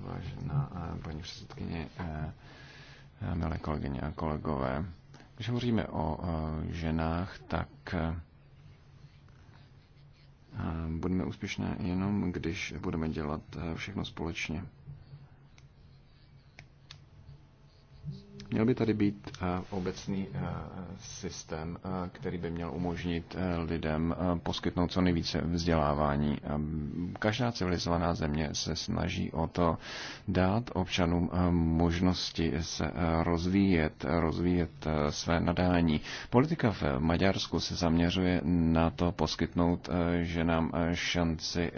vážená eh, paní předsedkyně, eh, milé kolegyně a kolegové, když hovoříme o ženách, tak budeme úspěšné jenom, když budeme dělat všechno společně. Měl by tady být eh, obecný eh, systém, eh, který by měl umožnit lidem poskytnout co nejvíce vzdělávání. Každá civilizovaná země se snaží o to dát občanům možnosti se rozvíjet, rozvíjet své nadání. Politika v Maďarsku se zaměřuje na to poskytnout ženám šanci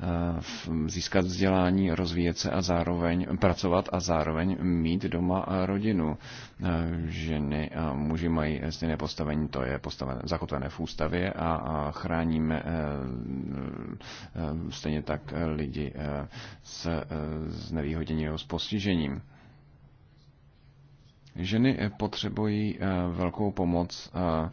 Eh, získat vzdělání, rozvíjet se a zároveň pracovat a zároveň mít doma rodinu. Eh, ženy a muži mají stejné postavení, to je postavené, zakotvené v ústavě a chráníme eh, stejně tak lidi s nevýhodněním, s postižením. Ženy eh, potřebují eh, velkou pomoc, eh,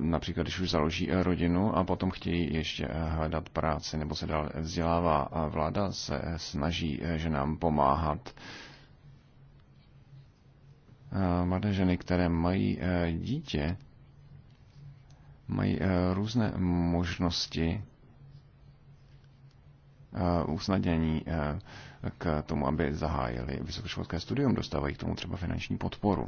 například když už založí rodinu a potom chtějí ještě hledat práci nebo se dál vzdělává. Vláda se snaží ženám pomáhat. Mladé ženy, které mají dítě, mají různé možnosti usnadnění k tomu, aby zahájili vysokoškolské studium, dostávají k tomu třeba finanční podporu.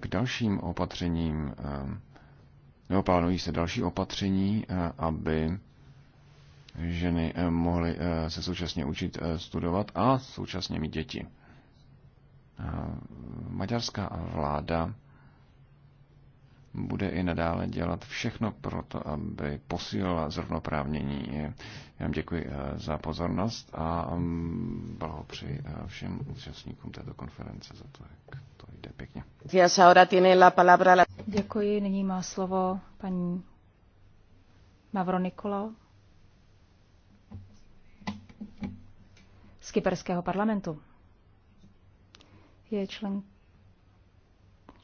K dalším opatřením, ehm, nebo plánují se další opatření, eh, aby ženy eh, mohly eh, se současně učit studovat a současně mít děti. Maďarská vláda bude i nadále dělat všechno pro to, aby posílila zrovnoprávnění. Já vám děkuji eh, za pozornost a mm, blahopřeji eh, všem účastníkům této konference za to, jak to jde pěkně. Děkuji, nyní má slovo paní Mavronikolo z Kyperského parlamentu. Je člen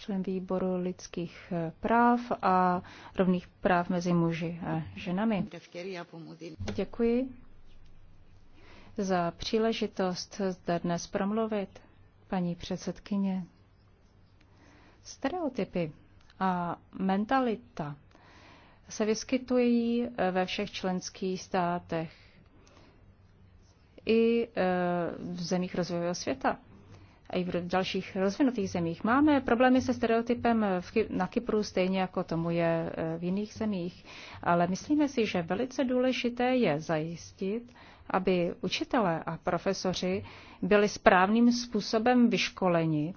člen výboru lidských eh, práv a rovných práv mezi muži a ženami. Děkuji za příležitost zde dnes promluvit, paní předsedkyně. Stereotypy a mentalita se vyskytují eh, ve všech členských státech i eh, v zemích rozvojového světa i v dalších rozvinutých zemích. Máme problémy se stereotypem na Kypru, stejně jako tomu je e, v jiných zemích, ale myslíme si, že velice důležité je zajistit, aby učitelé a profesoři byli správným způsobem vyškoleni,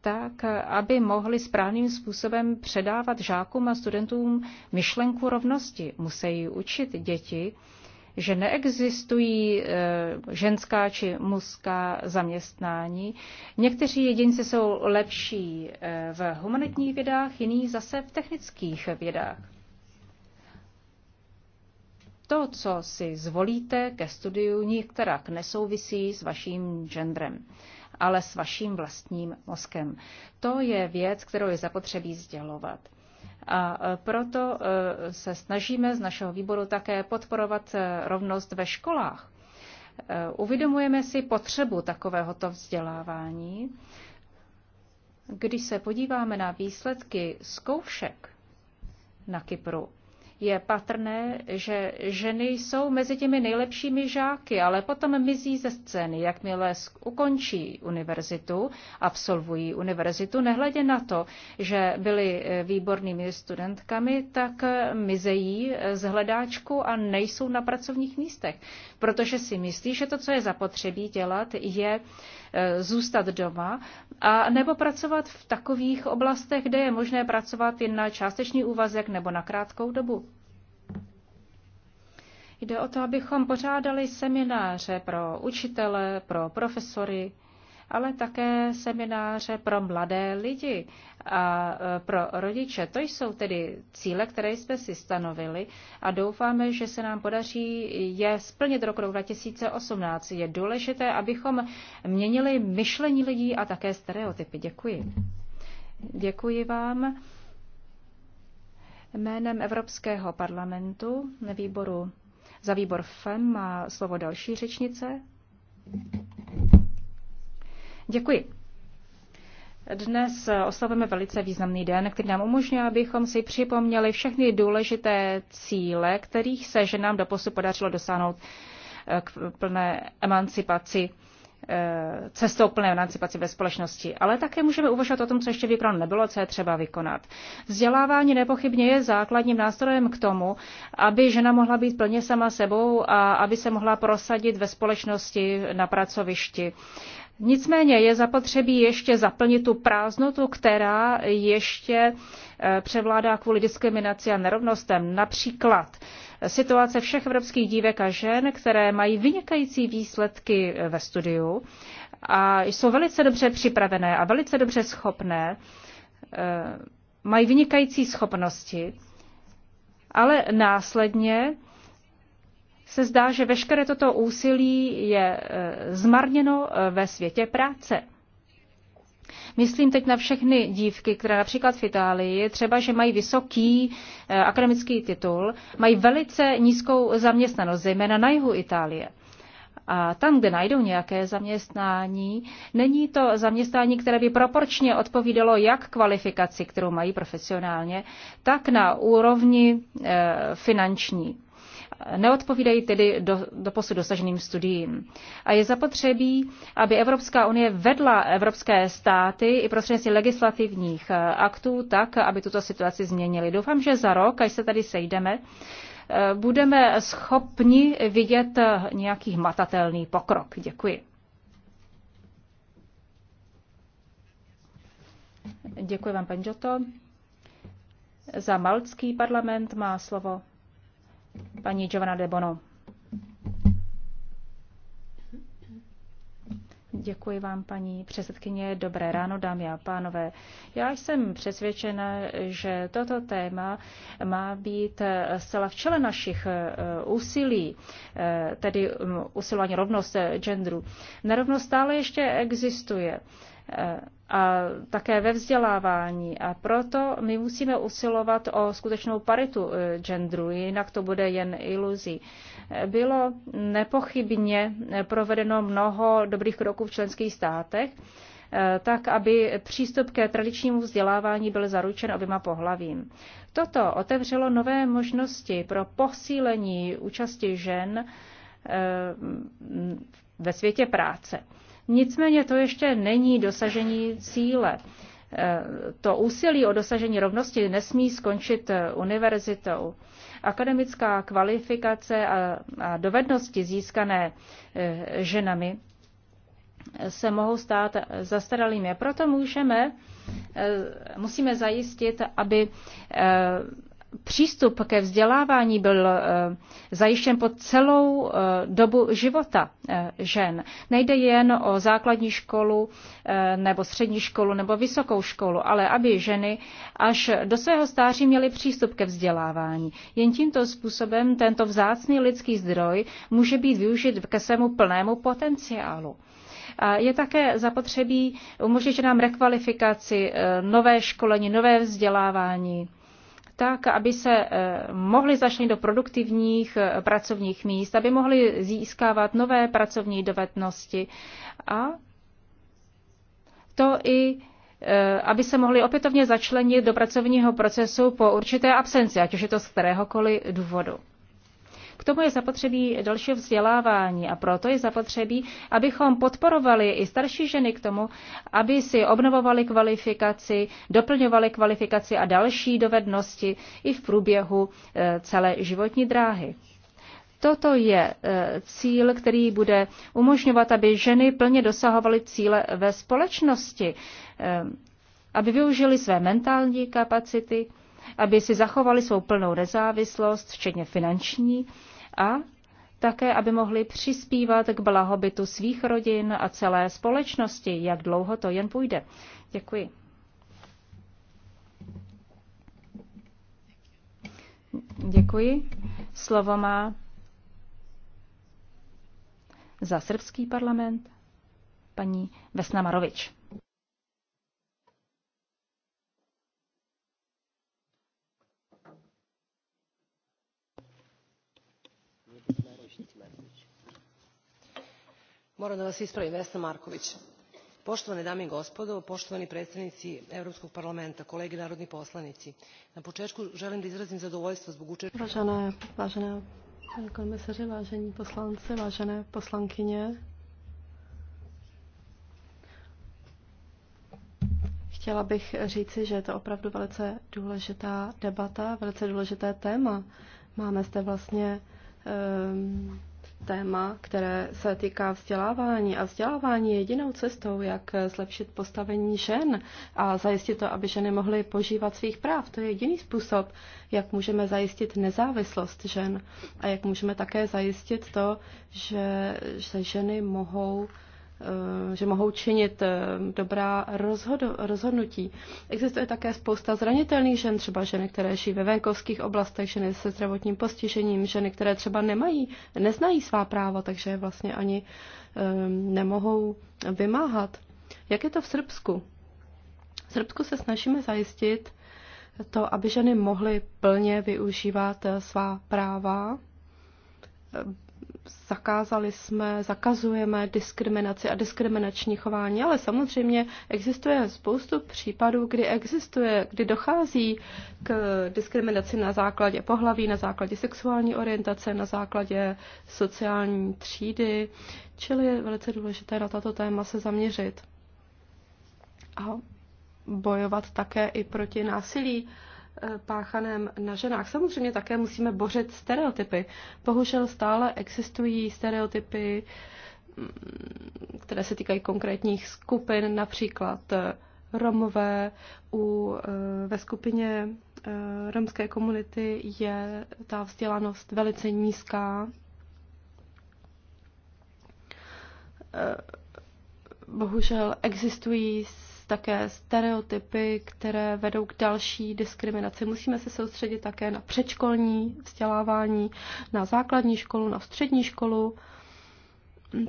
tak, aby mohli správným způsobem předávat žákům a studentům myšlenku rovnosti. Musí učit děti, že neexistují eh, ženská či mužská zaměstnání. Někteří jedinci jsou lepší eh, v humanitních vědách, jiní zase v technických vědách. To, co si zvolíte ke studiu, nikterak nesouvisí s vaším genderem, ale s vaším vlastním mozkem. To je věc, kterou je zapotřebí sdělovat. A e, proto e, se snažíme z našeho výboru také podporovat e, rovnost ve školách. Uvědomujeme si potřebu takovéhoto vzdělávání. Když se podíváme na výsledky zkoušek na Kypru, je patrné, že ženy jsou mezi těmi nejlepšími žáky, ale potom mizí ze scény, jakmile ukončí univerzitu, absolvují univerzitu, nehledě na to, že byly eh, výbornými studentkami, tak eh, mizejí eh, z hledáčku a nejsou na pracovních místech, protože si myslí, že to, co je zapotřebí dělat, je zůstat doma, a nebo pracovat v takových oblastech, kde je možné pracovat jen na částečný úvazek nebo na krátkou dobu. Jde o to, abychom pořádali semináře pro učitele, pro profesory, ale také semináře pro mladé lidi a e, pro rodiče. To jsou tedy cíle, které jsme si stanovili a doufáme, že se nám podaří je splnit roku 2018. Je důležité, abychom měnili myšlení lidí a také stereotypy. Děkuji. Děkuji vám. Jménem Evropského parlamentu výboru, za výbor FEM má slovo další řečnice. Děkuji. Dnes eh, oslavujeme velice významný den, který nám umožňuje, abychom si připomněli všechny důležité cíle, kterých se ženám doposud podařilo dosáhnout eh, k plné emancipaci eh, cestou plné emancipaci ve společnosti. Ale také můžeme uvažovat o tom, co ještě vykonáno nebylo, co je třeba vykonat. Vzdělávání nepochybně je základním nástrojem k tomu, aby žena mohla být plně sama sebou a aby se mohla prosadit ve společnosti na pracovišti. Nicméně je zapotřebí ještě zaplnit tu prázdnotu, která ještě eh, převládá kvůli diskriminaci a nerovnostem. Například eh, situace všech evropských dívek a žen, které mají vynikající výsledky eh, ve studiu a jsou velice dobře připravené a velice dobře schopné, mají vynikající schopnosti, ale následně se zdá, že veškeré toto úsilí je e, zmarněno e, ve světě práce. Myslím teď na všechny dívky, které například v Itálii, třeba, že mají vysoký e, akademický titul, mají velice nízkou zaměstnanost, zejména na jihu Itálie. A tam, kde najdou nějaké zaměstnání, není to zaměstnání, které by proporčně odpovídalo jak kvalifikaci, kterou mají profesionálně, tak na úrovni finanční neodpovídají tedy do, do posud dosaženým studiím. A je zapotřebí, aby Evropská unie vedla evropské státy i prostřednictvím legislativních eh, aktů tak, aby tuto situaci změnili. Doufám, že za rok, až se tady sejdeme, eh, budeme schopni vidět eh, nějaký matatelný pokrok. Děkuji. Děkuji vám, paní Joto. Za malcký parlament má slovo paní Giovanna de Bono. Děkuji vám, paní předsedkyně. Dobré ráno, dámy a pánové. Já jsem přesvědčena, že toto téma má být zcela v čele našich eh, úsilí, eh, tedy mm, usilování rovnost eh, genderu. Nerovnost stále ještě existuje a také ve vzdělávání. A proto my musíme usilovat o skutečnou paritu eh, genderu, jinak to bude jen iluzí. Bylo nepochybně provedeno mnoho dobrých kroků v členských státech, eh, tak aby přístup ke tradičnímu vzdělávání byl zaručen oběma pohlavím. Toto otevřelo nové možnosti pro posílení účasti žen eh, ve světě práce. Nicméně to ještě není dosažení cíle. Eh, to úsilí o dosažení rovnosti nesmí skončit eh, univerzitou. Akademická kvalifikace a, a dovednosti získané eh, ženami se mohou stát zastaralými. Proto můžeme, musíme zajistit, aby přístup ke vzdělávání byl eh, zajištěn po celou eh, dobu života eh, žen. Nejde jen o základní školu nebo střední školu nebo vysokou školu, ale aby ženy až do svého stáří měly přístup ke vzdělávání. Jen tímto způsobem tento vzácný lidský zdroj může být využit ke svému plnému potenciálu. Je také zapotřebí umožnit nám rekvalifikaci, nové školení, nové vzdělávání tak, aby se eh, mohli začlenit do produktivních eh, pracovních míst, aby mohli získávat nové pracovní dovednosti a to i eh, aby se mohli opětovně začlenit do pracovního procesu po určité absenci, ať už je to z kteréhokoliv důvodu. K tomu je zapotřebí dalšího vzdělávání a proto je zapotřebí, abychom podporovali i starší ženy k tomu, aby si obnovovali kvalifikaci, doplňovali kvalifikaci a další dovednosti i v průběhu eh, celé životní dráhy. Toto je eh, cíl, který bude umožňovat, aby ženy plně dosahovaly cíle ve společnosti, eh, aby využili své mentální kapacity, aby si zachovali svou plnou nezávislost, včetně finanční, a také, aby mohli přispívat k blahobytu svých rodin a celé společnosti, jak dlouho to jen půjde. Děkuji. Děkuji. Slovo má za srbský parlament paní Vesna Marovič. moram da vas ispravim vesna marković poštovane dame i gospodo poštovani predstavnici evropskog parlamenta kolege narodni poslanici na početku želim da izrazim zadovoljstvo zbog jučerašnjeg vážené, vážené pane komisaři, vážení poslanci, vážené poslankyně, Chtěla bych říci, že je to opravdu velice důležitá debata, velice důležité téma. Máme zde vlastně um, téma, které se týká vzdělávání. A vzdělávání je jedinou cestou, jak zlepšit postavení žen a zajistit to, aby ženy mohly požívat svých práv. To je jediný způsob, jak můžeme zajistit nezávislost žen a jak můžeme také zajistit to, že se ženy mohou Eh, že mohou činit eh, dobrá rozhodu, rozhodnutí. Existuje také spousta zranitelných žen, třeba ženy, které žijí ve venkovských oblastech, ženy se zdravotním postižením, ženy, které třeba nemají, neznají svá práva, takže vlastně ani eh, nemohou vymáhat. Jak je to v Srbsku? V Srbsku se snažíme zajistit to, aby ženy mohly plně využívat svá práva zakázali jsme, zakazujeme diskriminaci a diskriminační chování, ale samozřejmě existuje spoustu případů, kdy existuje, kdy dochází k diskriminaci na základě pohlaví, na základě sexuální orientace, na základě sociální třídy, čili je velice důležité na tato téma se zaměřit. A bojovat také i proti násilí páchaném na ženách. Samozřejmě také musíme bořit stereotypy. Bohužel stále existují stereotypy, mm, které se týkají konkrétních skupin, například eh, Romové. U, eh, ve skupině eh, romské komunity je ta vzdělanost velice nízká. Bohužel existují také stereotypy, které vedou k další diskriminaci. Musíme se soustředit také na předškolní vzdělávání, na základní školu, na střední školu.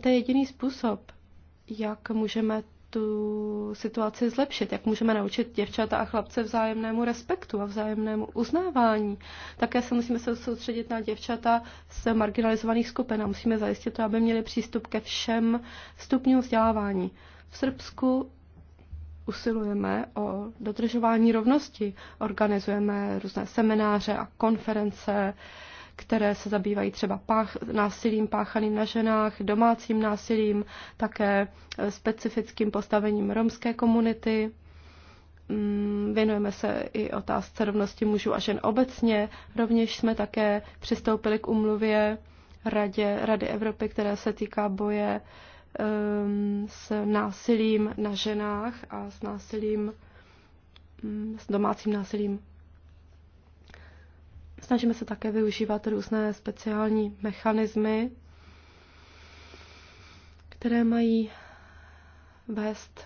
To je jediný způsob, jak můžeme tu situaci zlepšit, jak můžeme naučit děvčata a chlapce vzájemnému respektu a vzájemnému uznávání. Také se musíme soustředit na děvčata z marginalizovaných skupin a musíme zajistit to, aby měli přístup ke všem stupňům vzdělávání. V Srbsku usilujeme o dodržování rovnosti. Organizujeme různé semináře a konference, které se zabývají třeba pách, násilím páchaným na ženách, domácím násilím, také eh, specifickým postavením romské komunity. Mm, věnujeme se i otázce rovnosti mužů a žen obecně. Rovněž jsme také přistoupili k umluvě Radě, Rady Evropy, která se týká boje uh, um, s násilím na ženách a s násilím, um, s domácím násilím. Snažíme se také využívat různé speciální mechanismy, které mají vést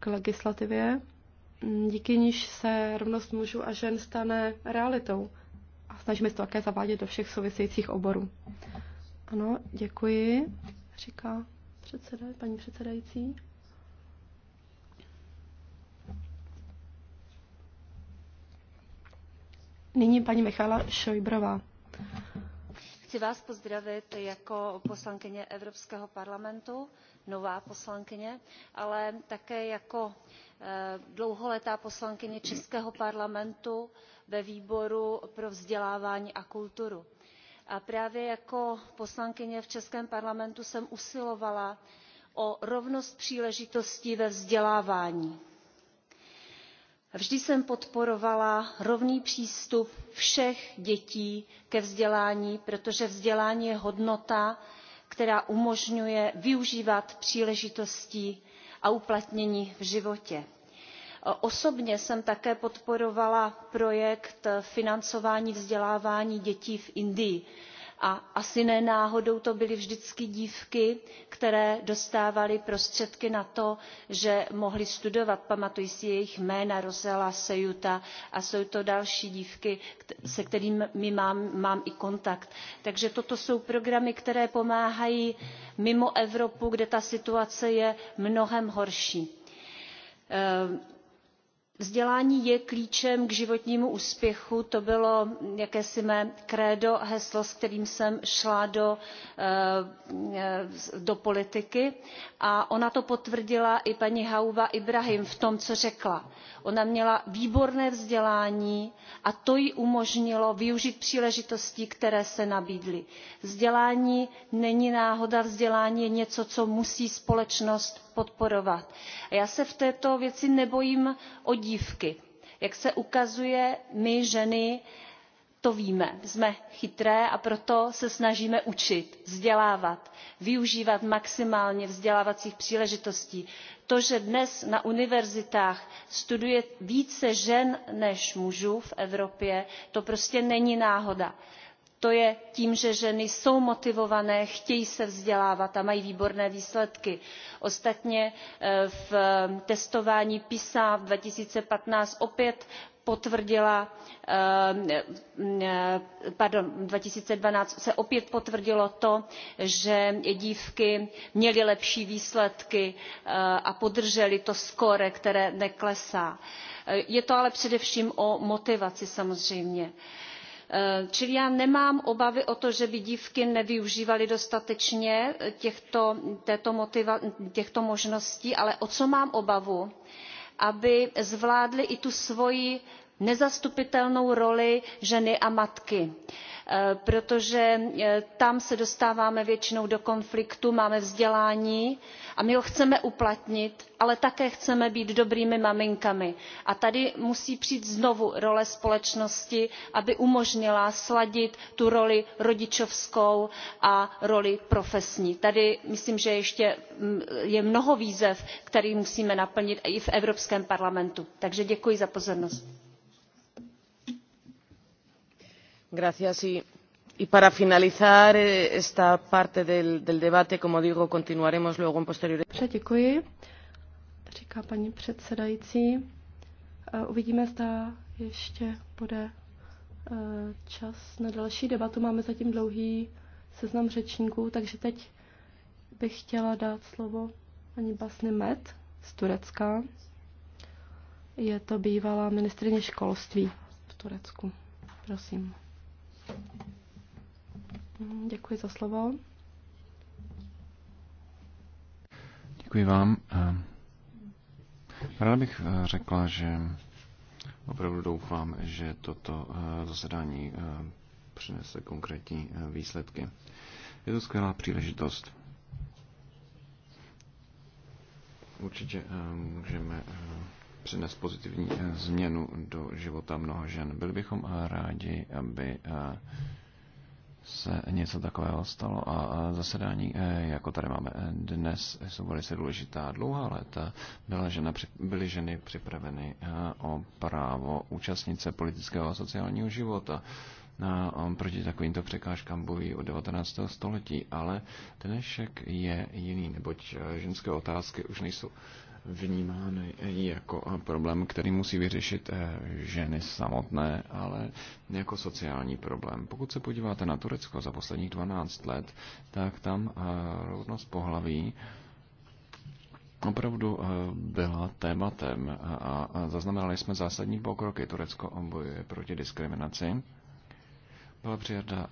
k legislativě, díky níž se rovnost mužů a žen stane realitou. A snažíme se to také zavádět do všech souvisejících oborů. Ano, děkuji, říká předseda, paní předsedající. Nyní paní Michála Šojbrová. Chci vás pozdravit jako poslankyně Evropského parlamentu, nová poslankyně, ale také jako eh, dlouholetá poslankyně Českého parlamentu ve výboru pro vzdělávání a kulturu a právě jako poslankyně v českém parlamentu jsem usilovala o rovnost příležitostí ve vzdělávání. vždy jsem podporovala rovný přístup všech dětí ke vzdělání protože vzdělání je hodnota která umožňuje využívat příležitostí a uplatnění v životě osobně jsem také podporovala projekt financování vzdělávání dětí v indii a asi ne náhodou to byly vždycky dívky které dostávaly prostředky na to že mohly studovat pamatuji si jejich jména rosella seiutová a jsou to další dívky se kterými mám, mám i kontakt. takže toto jsou programy které pomáhají mimo evropu kde ta situace je mnohem horší. Ehm, Vzdělání je klíčem k životnímu úspěchu, to bylo jakési mé krédo, heslo, s kterým jsem šla do, eh, do politiky a ona to potvrdila i paní Hauva Ibrahim v tom, co řekla. Ona měla výborné vzdělání a to jí umožnilo využít příležitostí, které se nabídly. Vzdělání není náhoda, vzdělání je něco, co musí společnost podporovat. já se v této věci nebojím o dívky. jak se ukazuje my ženy to víme jsme chytré a proto se snažíme učit vzdělávat využívat maximálně vzdělávacích příležitostí. to že dnes na univerzitách studuje více žen než mužů v evropě to prostě není náhoda to je tím že ženy jsou motivované chtějí se vzdělávat a mají výborné výsledky. ostatně eh, v testování pisa two thousand and fifteen opět potvrdila eh, eh, pardon two thousand and twelve se opět potvrdilo to že dívky měly lepší výsledky a podržely to skóre které neklesá. je to ale především o motivaci samozřejmě. Eh, čili já nemám obavy o to že by dívky nevyužívaly dostatečně těchto možností ale o co mám obavu aby zvládly i tu svoji nezastupitelnou roli ženy a matky e, protože e, tam se dostáváme většinou do konfliktu máme vzdělání a my ho chceme uplatnit ale také chceme být dobrými maminkami a tady musí přijít znovu role společnosti aby umožnila sladit tu roli rodičovskou a roli profesní. tady myslím že ještě mm, je mnoho výzev které musíme naplnit i v evropském parlamentu. takže děkuji za pozornost. Gracias. Y, y para finalizar eh, esta parte del, debate, como digo, continuaremos luego en posteriores. paní předsedající. Eh, uvidíme, zda ještě bude eh, čas na další debatu. Máme zatím dlouhý seznam řečníků, takže teď bych chtěla dát slovo paní Basny Met z Turecka. Je to bývalá ministrině školství v Turecku. Prosím. Děkuji za slovo. Děkuji vám. Eh, ráda bych eh, řekla, že opravdu doufám, že toto eh, zasedání přinese konkrétní výsledky. Je to skvělá příležitost. Určitě můžeme přines pozitivní eh, změnu do života mnoha žen. Byli bychom eh, rádi, aby eh, se něco takového stalo a zasedání, jako tady máme dnes, jsou velice důležitá dlouhá léta. Byla žena, byly ženy připraveny o právo účastnice politického a sociálního života. Na, proti takovýmto překážkám bojí od 19. století, ale dnešek je jiný, neboť ženské otázky už nejsou vnímány jako problém, který musí vyřešit eh, ženy samotné, ale jako sociální problém. Pokud se podíváte na Turecko za posledních 12 let, tak tam eh, rovnost pohlaví opravdu eh, byla tématem a zaznamenali jsme zásadní pokroky. Turecko bojuje proti diskriminaci. Byla přijata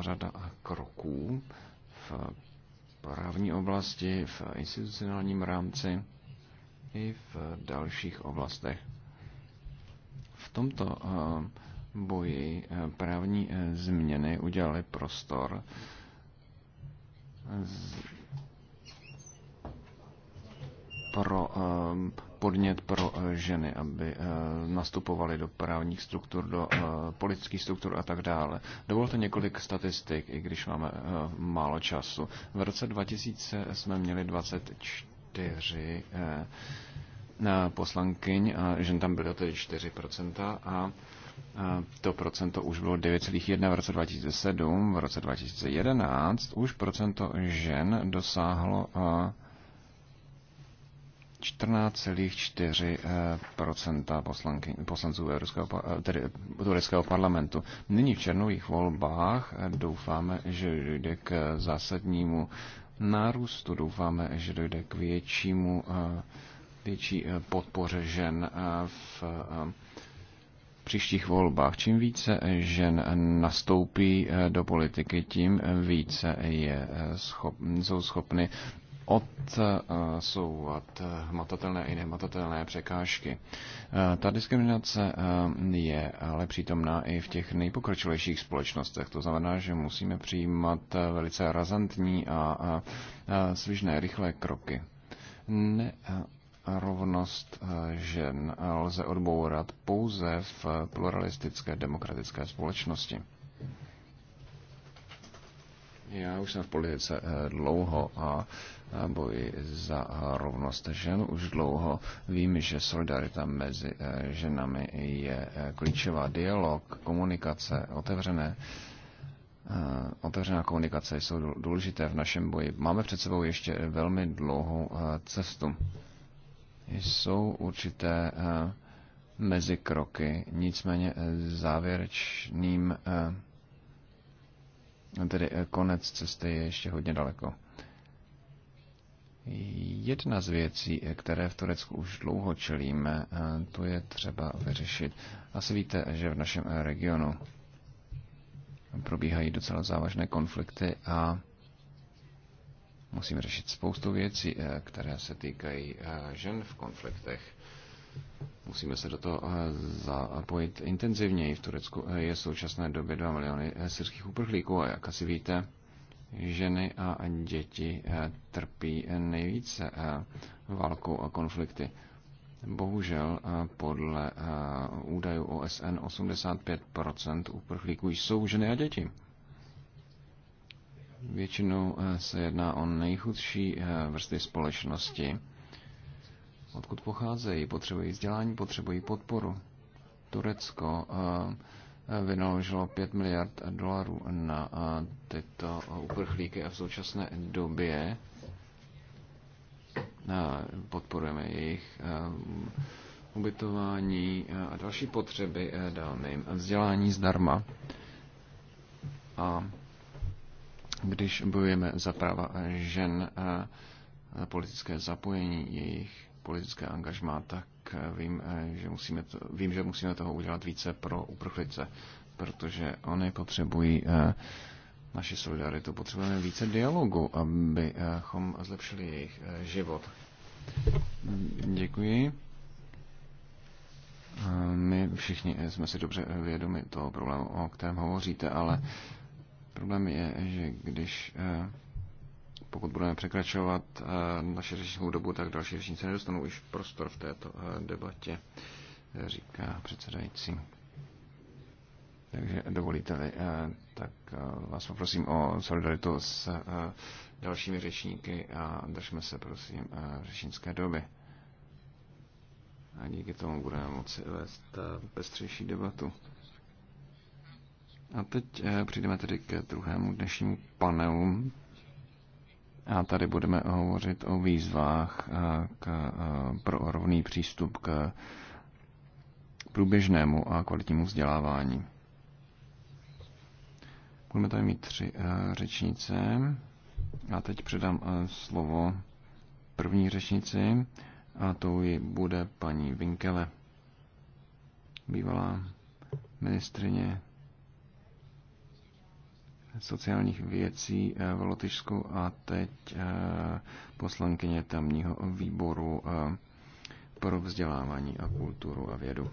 řada kroků v právní oblasti, v institucionálním rámci i v dalších oblastech. V tomto eh, boji eh, právní eh, změny udělaly prostor pro podnět pro ženy, aby nastupovaly do právních struktur, do politických struktur a tak dále. Dovolte několik statistik, i když máme málo času. V roce 2000 jsme měli 24 čtyři eh, poslankyň, a žen tam bylo tedy 4% a to procento už bylo 9,1 v roce 2007, v roce 2011 už procento žen dosáhlo 14,4 eh, eh, poslanců Evropského, tedy Evropského parlamentu. Nyní v černových volbách doufáme, že jde k zásadnímu nárůstu. Doufáme, že dojde k většímu, eh, větší eh, podpoře žen eh, v příštích volbách. Čím více žen nastoupí do politiky, tím více je schop, jsou schopny od eh, jsou od hmatatelné i nehmatatelné překážky. Eh, ta diskriminace eh, je ale přítomná i v těch nejpokročilejších společnostech. To znamená, že musíme přijímat velice razantní a svižné rychlé kroky. Ne, rovnost žen lze odbourat pouze v pluralistické demokratické společnosti. Já už jsem v politice dlouho a boji za rovnost žen už dlouho. Vím, že solidarita mezi eh, ženami je eh, klíčová. Dialog, komunikace, otevřené eh, otevřená komunikace jsou důležité v našem boji. Máme před sebou ještě velmi dlouhou cestu. Jsou určité mezikroky. nicméně závěrečným, tedy konec cesty je ještě hodně daleko. Jedna z věcí, které v Turecku už dlouho čelíme, eh, to je třeba vyřešit. Asi víte, že v našem eh, regionu probíhají docela závažné konflikty a musím řešit spoustu věcí, eh, které se týkají žen v konfliktech. Musíme se do toho zapojit intenzivněji. V Turecku je v současné době 2 miliony syrských uprchlíků a jak asi víte, ženy a děti eh, trpí eh, nejvíce eh, válkou a konflikty. Bohužel podle údajů OSN 85% uprchlíků jsou ženy a děti. Většinou se jedná o nejchudší vrsty společnosti. Odkud pocházejí, potřebují vzdělání, potřebují podporu. Turecko vynaložilo 5 miliard dolarů na tyto uprchlíky a v současné době podporujeme jejich ubytování a další potřeby, dáme jim vzdělání zdarma. A když bojujeme za práva žen, politické zapojení jejich politické angažmá, tak tak eh, vím, eh, že musíme to, vím, že musíme toho udělat více pro uprchlice, protože oni potřebují eh, naši solidaritu, potřebujeme více dialogu, abychom zlepšili jejich život. Děkuji. My všichni jsme si dobře vědomi toho problému, o kterém hovoříte, ale problém je, že když pokud budeme překračovat eh, naši řečnickou dobu, tak další řečníci nedostanou už prostor v této eh, debatě, eh, říká předsedající. Takže dovolíte-li, tak vás poprosím o solidaritu s dalšími řečníky a držme se, prosím, řečnické doby. A díky tomu budeme moci vést pestřejší debatu. A teď přijdeme tedy k druhému dnešnímu panelu. A tady budeme hovořit o výzvách k, pro rovný přístup k průběžnému a kvalitnímu vzdělávání. Budeme tady mít tři řečnice. A teď předám slovo první řečnici a tou ji bude paní Vinkele, bývalá ministrině sociálních věcí eh, v Lotyšsku a teď eh, poslankyně tamního výboru eh, pro vzdělávání a kulturu a vědu.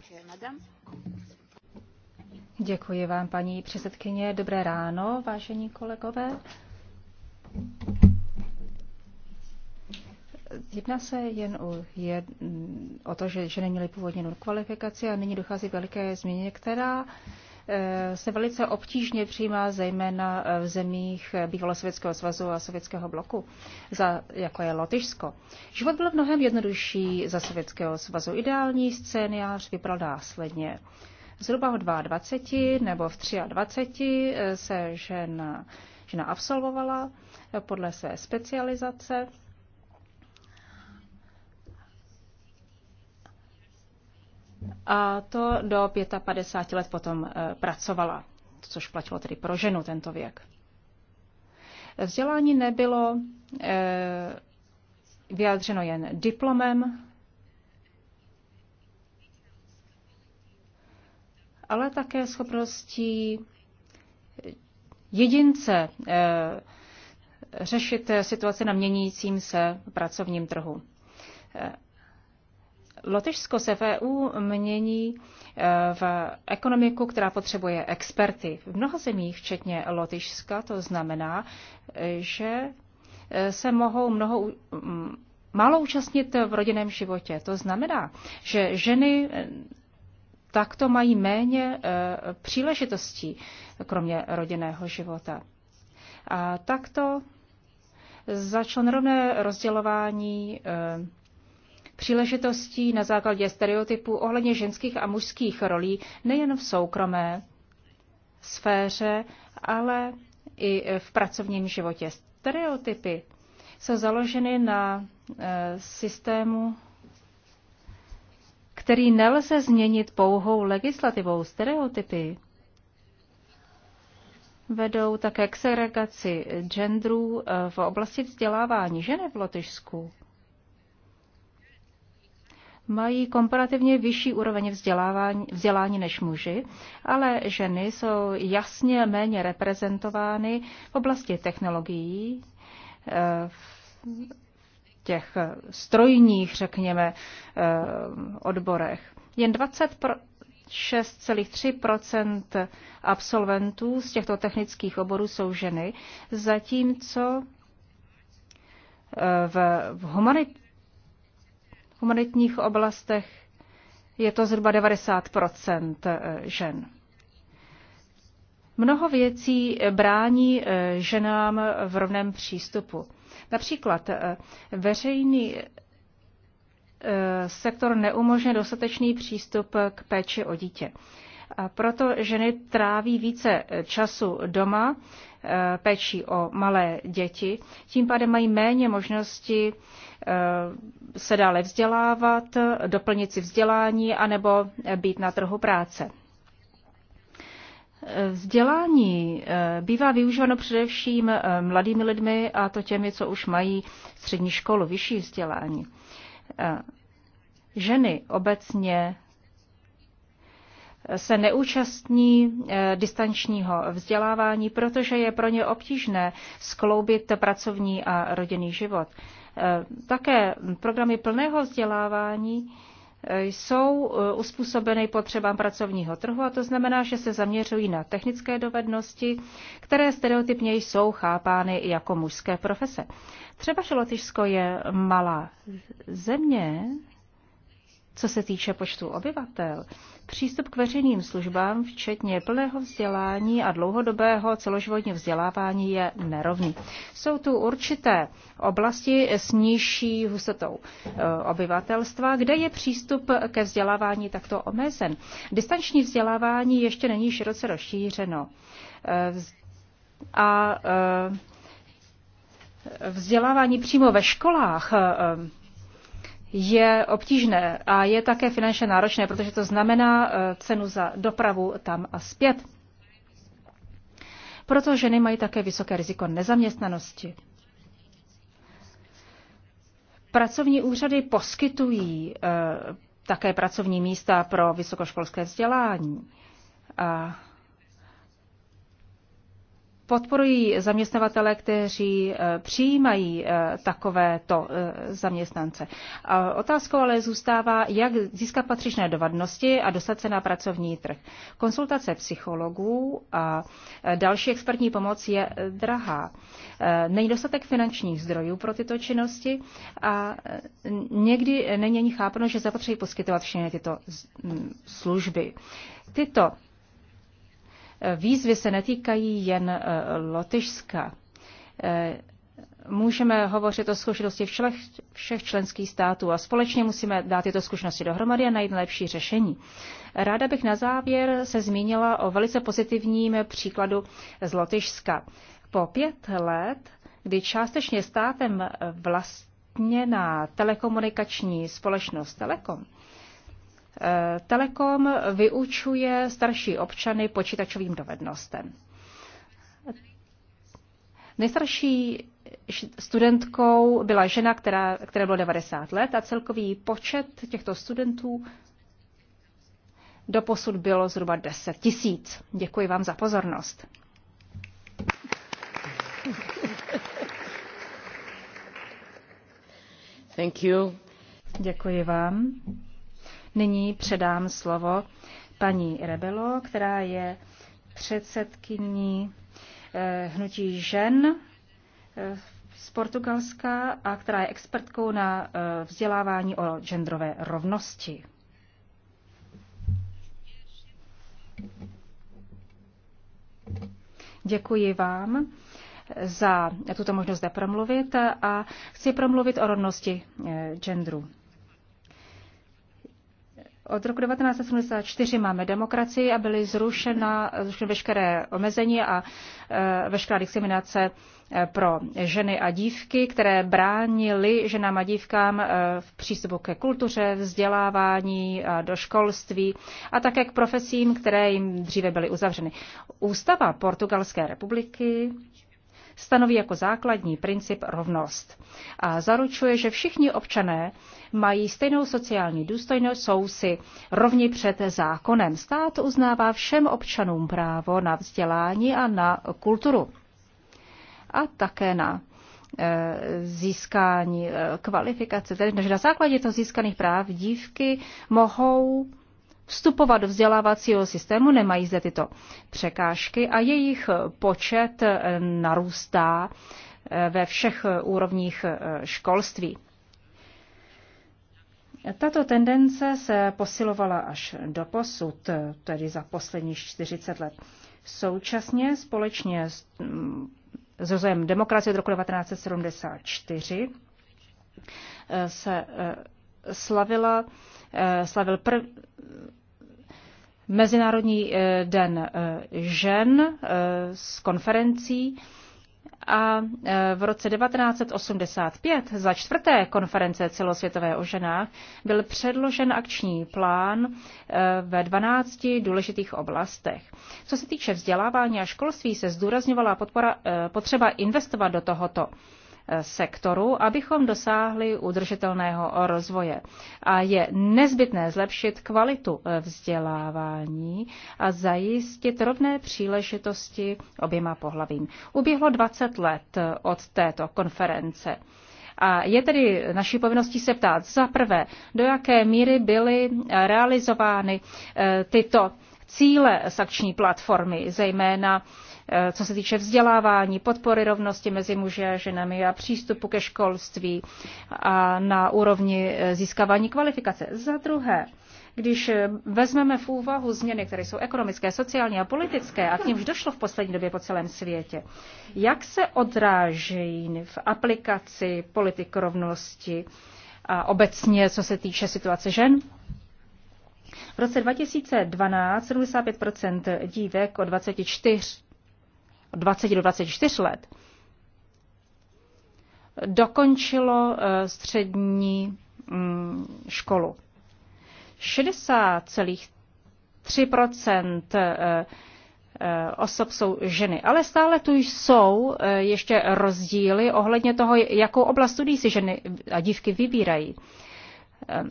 Děkuji vám, paní předsedkyně. Dobré ráno, vážení kolegové. Jedná se jen o, jed, o to, že že neměli původně nul kvalifikaci a nyní dochází k veliké změně, která Eh, se velice obtížně přijímá zejména eh, v zemích eh, bývalého Sovětského svazu a Sovětského bloku, za, jako je Lotyšsko. Život byl mnohem jednodušší za Sovětského svazu. Ideální scénář vypadal následně. Zhruba od 22 nebo v 23 se žena, žena absolvovala podle své specializace a to do 55 let potom eh, pracovala, což platilo tedy pro ženu tento věk. Vzdělání nebylo eh, vyjádřeno jen diplomem, ale také schopností jedince eh, řešit situaci na měnícím se pracovním trhu. Lotyšsko se v EU mění eh, v ekonomiku, která potřebuje experty. V mnoha zemích, včetně Lotyšska, to znamená, eh, že eh, se mohou mnoho málo účastnit v rodinném životě. To znamená, že ženy takto mají méně příležitostí, kromě rodinného života. A takto začalo nerovné rozdělování příležitostí na základě stereotypů ohledně ženských a mužských rolí nejen v soukromé sféře, ale i v pracovním životě. Stereotypy jsou založeny na eh, systému, který nelze změnit pouhou legislativou. Stereotypy vedou také k segregaci genderů eh, v oblasti vzdělávání ženy v Lotyšsku mají komparativně vyšší úroveň vzdělávání, vzdělání než muži, ale ženy jsou jasně méně reprezentovány v oblasti technologií, eh, v těch strojních, řekněme, eh, odborech. Jen 26,3 absolventů z těchto technických oborů jsou ženy, zatímco eh, v, v humanit, humanitních oblastech je to zhruba 90 eh, žen. Mnoho věcí brání eh, ženám v rovném přístupu. Například eh, veřejný sektor neumožňuje dostatečný přístup k péči o dítě. A proto ženy tráví více času doma, eh, péčí o malé děti, tím pádem mají méně možnosti eh, se dále vzdělávat, doplnit si vzdělání anebo být na trhu práce. Vzdělání eh, bývá využíváno především mladými lidmi a to těmi, co už mají střední školu, vyšší vzdělání. Ženy obecně se neúčastní eh, distančního vzdělávání, protože je pro ně obtížné skloubit pracovní a rodinný život. Eh, také programy plného vzdělávání eh, jsou uspůsobeny potřebám pracovního trhu a to znamená, že se zaměřují na technické dovednosti, které stereotypně jsou chápány jako mužské profese. Třeba, že Lotyšsko je malá země, co se týče počtu obyvatel, Přístup k veřejným službám, včetně plného vzdělání a dlouhodobého celoživotního vzdělávání, je nerovný. Jsou tu určité oblasti s nižší hustotou eh, obyvatelstva, kde je přístup ke vzdělávání takto omezen. Distanční vzdělávání ještě není široce rozšířeno. Eh, a eh, vzdělávání přímo ve školách je obtížné a je také finančně náročné, protože to znamená eh, cenu za dopravu tam a zpět. Proto ženy mají také vysoké riziko nezaměstnanosti. Pracovní úřady poskytují eh, také pracovní místa pro vysokoškolské vzdělání. A podporují zaměstnavatele, kteří eh, přijímají eh, takovéto eh, zaměstnance. otázkou ale zůstává, jak získat patřičné dovadnosti a dostat se na pracovní trh. Konsultace psychologů a další expertní pomoc je drahá. Není dostatek finančních zdrojů pro tyto činnosti a někdy není ani chápeno, že zapotřebí poskytovat všechny tyto mm, služby. Tyto výzvy se netýkají jen eh, Lotyšska. Eh, můžeme hovořit o zkušenosti všech, všech členských států a společně musíme dát tyto zkušenosti dohromady a najít lepší řešení. Ráda bych na závěr se zmínila o velice pozitivním příkladu z Lotyšska. Po pět let, kdy částečně státem eh, vlastněná telekomunikační společnost Telekom, Telekom vyučuje starší občany počítačovým dovednostem. Nejstarší studentkou byla žena, která, která bylo 90 let a celkový počet těchto studentů doposud bylo zhruba 10 tisíc. Děkuji vám za pozornost. Thank you. Děkuji vám. Nyní předám slovo paní Rebelo, která je předsedkyní eh, hnutí žen eh, z Portugalska a která je expertkou na eh, vzdělávání o genderové rovnosti. Děkuji vám za tuto možnost zde promluvit a chci promluvit o rovnosti genderu. Od roku 1974 máme demokracii a byly zrušena, zrušeny veškeré omezení a e, veškerá diskriminace e, pro ženy a dívky, které bránily ženám a dívkám e, v přístupu ke kultuře, vzdělávání, do školství a také k profesím, které jim dříve byly uzavřeny. Ústava Portugalské republiky stanoví jako základní princip rovnost a zaručuje, že všichni občané mají stejnou sociální důstojnost, jsou si rovni před zákonem. Stát uznává všem občanům právo na vzdělání a na kulturu a také na e, získání e, kvalifikace. Tedy na základě toho získaných práv dívky mohou vstupovat do vzdělávacího systému, nemají zde tyto překážky a jejich počet narůstá eh, ve všech eh, úrovních eh, školství. Tato tendence se posilovala až do posud, tedy za posledních 40 let. Současně společně s, mm, s rozvojem demokracie od roku 1974 se slavila, eh, slavil prv, Mezinárodní eh, den eh, žen s konferencí a v roce 1985 za čtvrté konference celosvětové o ženách byl předložen akční plán ve 12 důležitých oblastech. Co se týče vzdělávání a školství, se zdůrazňovala podpora, potřeba investovat do tohoto sektoru, abychom dosáhli udržitelného rozvoje. A je nezbytné zlepšit kvalitu eh, vzdělávání a zajistit rovné příležitosti oběma pohlavím. Uběhlo 20 let eh, od této konference. A je tedy naší povinností se ptát za prvé, do jaké míry byly eh, realizovány tyto cíle sakční platformy, zejména Eh, co se týče vzdělávání, podpory rovnosti mezi muži a ženami a přístupu ke školství a na úrovni eh, získávání kvalifikace. Za druhé, když eh, vezmeme v úvahu změny, které jsou ekonomické, sociální a politické, a k nímž došlo v poslední době po celém světě, jak se odrážejí v aplikaci politik rovnosti a obecně, co se týče situace žen? V roce 2012 75 dívek od 24 20 do 24 let, dokončilo eh, střední mm, školu. 60,3 eh, eh, osob jsou ženy. Ale stále tu jsou ještě rozdíly ohledně toho, jakou oblast studií si ženy a dívky vybírají. Ehm,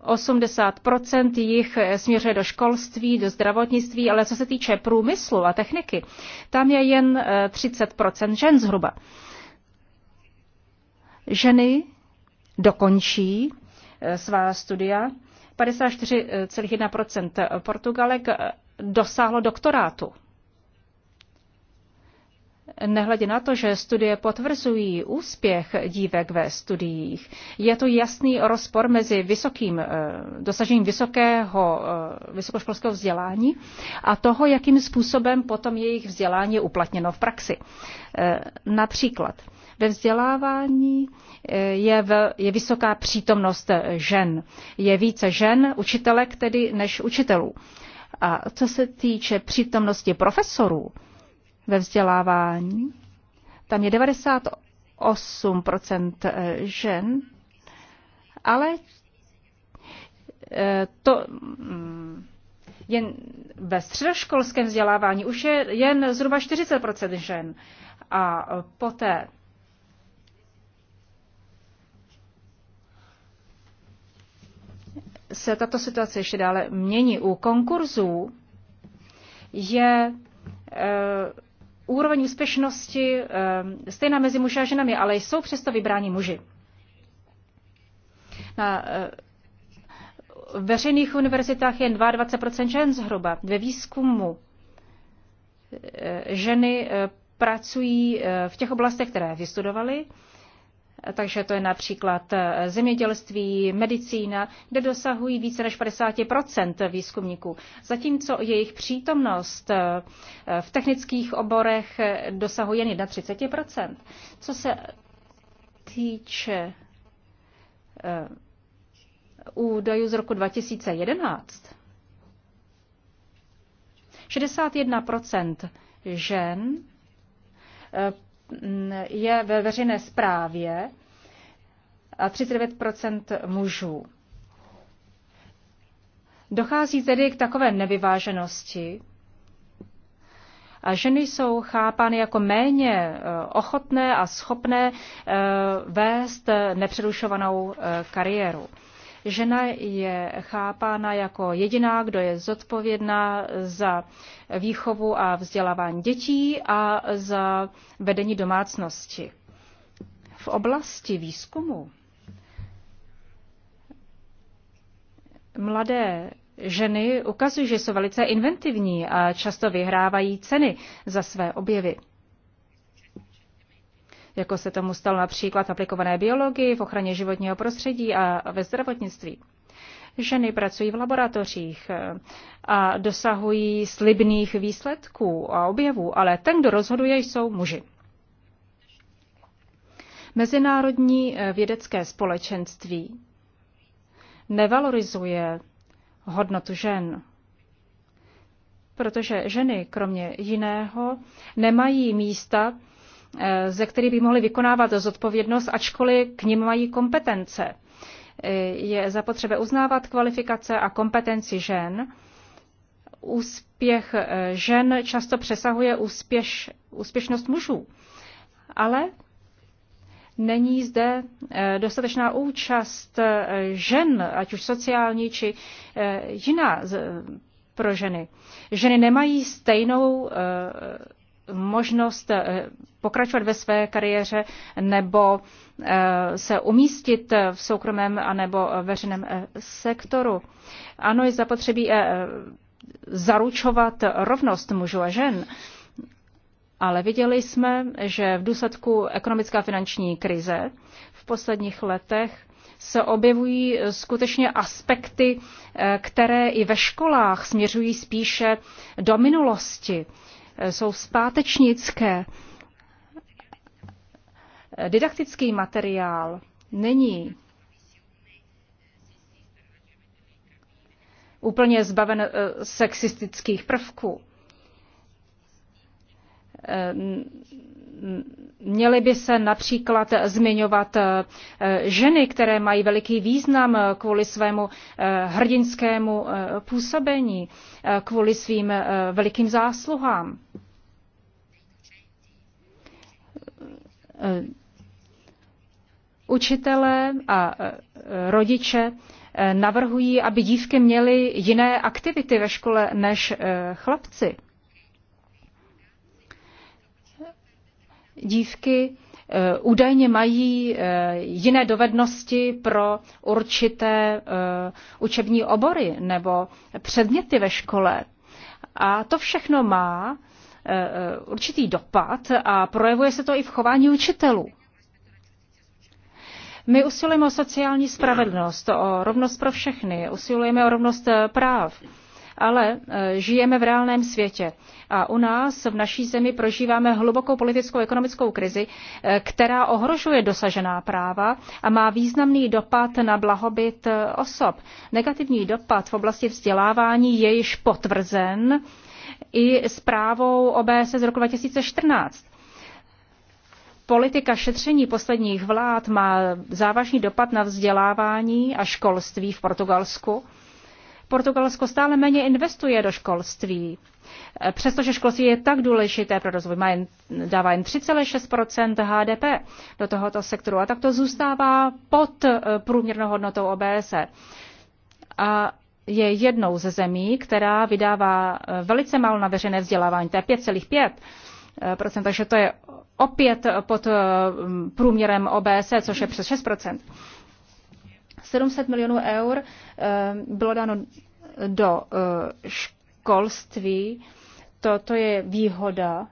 80 jich směřuje do školství, do zdravotnictví, ale co se týče průmyslu a techniky, tam je jen 30 eh, žen zhruba. Ženy dokončí eh, svá studia. 54,1 eh, Portugalek dosáhlo doktorátu. Nehledě na to, že studie potvrzují úspěch dívek ve studiích, je to jasný rozpor mezi vysokým, eh, dosažením vysokého, eh, vysokoškolského vzdělání a toho, jakým způsobem potom jejich vzdělání je uplatněno v praxi. Eh, například ve vzdělávání je, v, je vysoká přítomnost žen. Je více žen, učitelek tedy, než učitelů. A co se týče přítomnosti profesorů, ve vzdělávání. Tam je 98 eh, žen, ale eh, to mm, jen ve středoškolském vzdělávání už je jen zhruba 40 žen. A eh, poté se tato situace ještě dále mění. U konkurzů je úroveň úspěšnosti eh, stejná mezi muži a ženami, ale jsou přesto vybráni muži. Na eh, veřejných univerzitách jen 22% žen zhruba. Ve výzkumu eh, ženy pracují v těch oblastech, které vystudovaly takže to je například eh, zemědělství, medicína, kde dosahují více než 50 výzkumníků. Zatímco jejich přítomnost eh, v technických oborech eh, dosahuje jen 31 Co se týče údajů z roku 2011, 61 žen je ve veřejné správě a 39 mužů. Dochází tedy k takové nevyváženosti a ženy jsou chápány jako méně eh, ochotné a schopné eh, vést eh, nepřerušovanou kariéru. Žena je chápána jako jediná, kdo je zodpovědná za výchovu a vzdělávání dětí a za vedení domácnosti. V oblasti výzkumu mladé ženy ukazují, že jsou velice inventivní a často vyhrávají ceny za své objevy jako se tomu stalo například v aplikované biologii, v ochraně životního prostředí a ve zdravotnictví. Ženy pracují v laboratořích eh, a dosahují slibných výsledků a objevů, ale ten, kdo rozhoduje, jsou muži. Mezinárodní eh, vědecké společenství nevalorizuje hodnotu žen, protože ženy, kromě jiného, nemají místa Eh, ze kterých by mohli vykonávat zodpovědnost, ačkoliv k nim mají kompetence. Eh, je zapotřebí uznávat kvalifikace a kompetenci žen. Úspěch eh, žen často přesahuje úspěš, úspěšnost mužů. Ale není zde dostatečná účast žen, ať už sociální či jiná pro ženy. Ženy nemají stejnou možnost eh, pokračovat ve své kariéře nebo eh, se umístit v soukromém anebo veřejném eh, sektoru. Ano, je zapotřebí zaručovat rovnost mužů a žen. Ale viděli jsme, že v důsledku ekonomické a finanční krize v posledních letech se objevují skutečně aspekty, které i ve školách směřují spíše do minulosti jsou zpátečnické. Didaktický materiál není úplně zbaven eh, sexistických prvků eh, Měly by se například zmiňovat eh, ženy, které mají veliký význam kvůli svému eh, hrdinskému eh, působení, kvůli svým velikým zásluhám. Učitelé a rodiče navrhují, aby dívky měly jiné aktivity ve škole než chlapci. dívky eh, údajně mají eh, jiné dovednosti pro určité eh, učební obory nebo předměty ve škole. A to všechno má určitý dopad a projevuje se to i v chování učitelů. My usilujeme o sociální spravedlnost, o rovnost pro všechny, usilujeme o rovnost práv ale e, žijeme v reálném světě. A u nás v naší zemi prožíváme hlubokou politickou ekonomickou krizi, e, která ohrožuje dosažená práva a má významný dopad na blahobyt e, osob. Negativní dopad v oblasti vzdělávání je již potvrzen i zprávou OBS z roku 2014. Politika šetření posledních vlád má závažný dopad na vzdělávání a školství v Portugalsku Portugalsko stále méně investuje do školství. Eh, přestože školství je tak důležité pro rozvoj, má jen, dává jen 3,6 HDP do tohoto sektoru a tak to zůstává pod eh, průměrnou hodnotou OBSE. A je jednou ze zemí, která vydává eh, velice málo na veřejné vzdělávání, to je 5,5 takže to je opět pod průměrem OBSE, což je přes 6 700 milionů eur eh, bylo dáno do eh, školství. To, to je výhoda.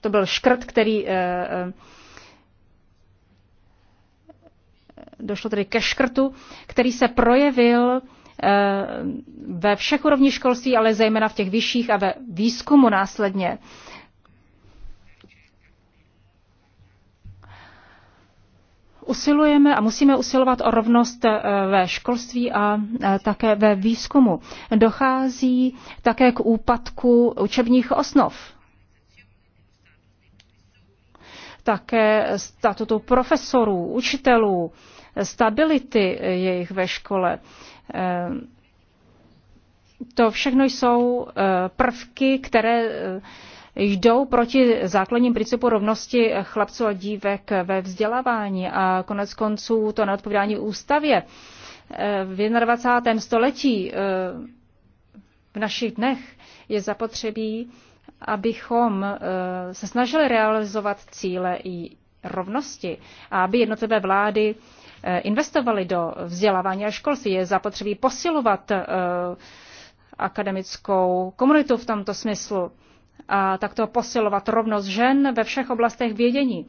To byl škrt, který eh, došlo tedy ke škrtu, který se projevil ve všech úrovních školství, ale zejména v těch vyšších a ve výzkumu následně. Usilujeme a musíme usilovat o rovnost eh, ve školství a eh, také ve výzkumu. Dochází také k úpadku učebních osnov. Také statutu profesorů, učitelů, stability jejich ve škole. Eh, to všechno jsou prvky, které jdou proti základním principu rovnosti chlapců a dívek ve vzdělávání a konec konců to neodpovídání ústavě. Eh, v 21. století eh, v našich dnech je zapotřebí, abychom eh, se snažili realizovat cíle i rovnosti a aby jednotlivé vlády investovaly do vzdělávání a školství. Je zapotřebí posilovat akademickou komunitu v tomto smyslu a takto posilovat rovnost žen ve všech oblastech vědění.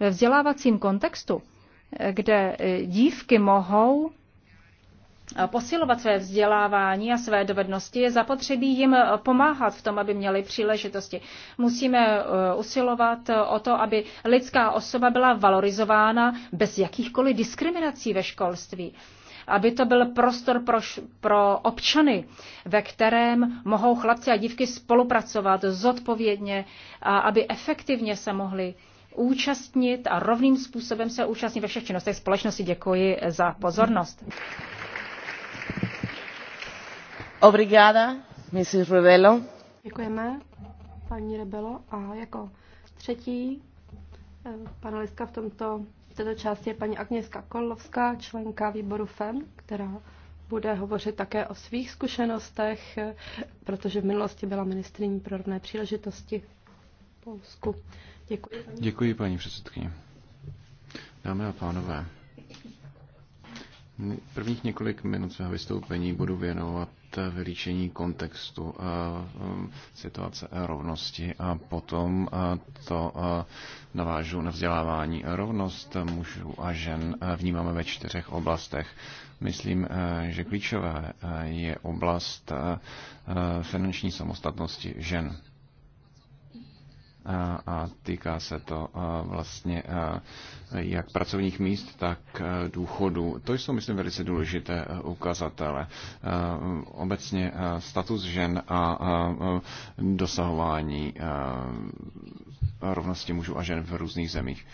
Ve vzdělávacím kontextu, kde eh, dívky mohou eh, posilovat své vzdělávání a své dovednosti, je zapotřebí jim eh, pomáhat v tom, aby měli příležitosti. Musíme usilovat o to, aby lidská osoba byla valorizována bez jakýchkoliv diskriminací ve školství aby to byl prostor pro, pro občany, ve kterém mohou chlapci a dívky spolupracovat zodpovědně a aby efektivně se mohli účastnit a rovným způsobem se účastnit ve všech činnostech společnosti. Děkuji za pozornost. Obrigada, Mrs. Rebelo. Děkujeme, paní Rebelo. A jako třetí eh, panelistka v tomto v této části je paní Agněska Kolovská, členka výboru FEM, která bude hovořit také o svých zkušenostech, protože v minulosti byla ministriní pro rovné příležitosti v Polsku. Děkuji. Paní. Děkuji, paní předsedkyně. Dámy a pánové, prvních několik minut svého vystoupení budu věnovat Eh, vylíčení kontextu eh, eh, situace rovnosti a potom to navážu na vzdělávání. Rovnost mužů a žen vnímáme ve čtyřech oblastech. Myslím, že klíčové je oblast finanční samostatnosti žen a týká se to vlastně jak pracovních míst, tak důchodů. To jsou, myslím, velice důležité ukazatele. Obecně status žen a dosahování rovnosti mužů a žen v různých zemích.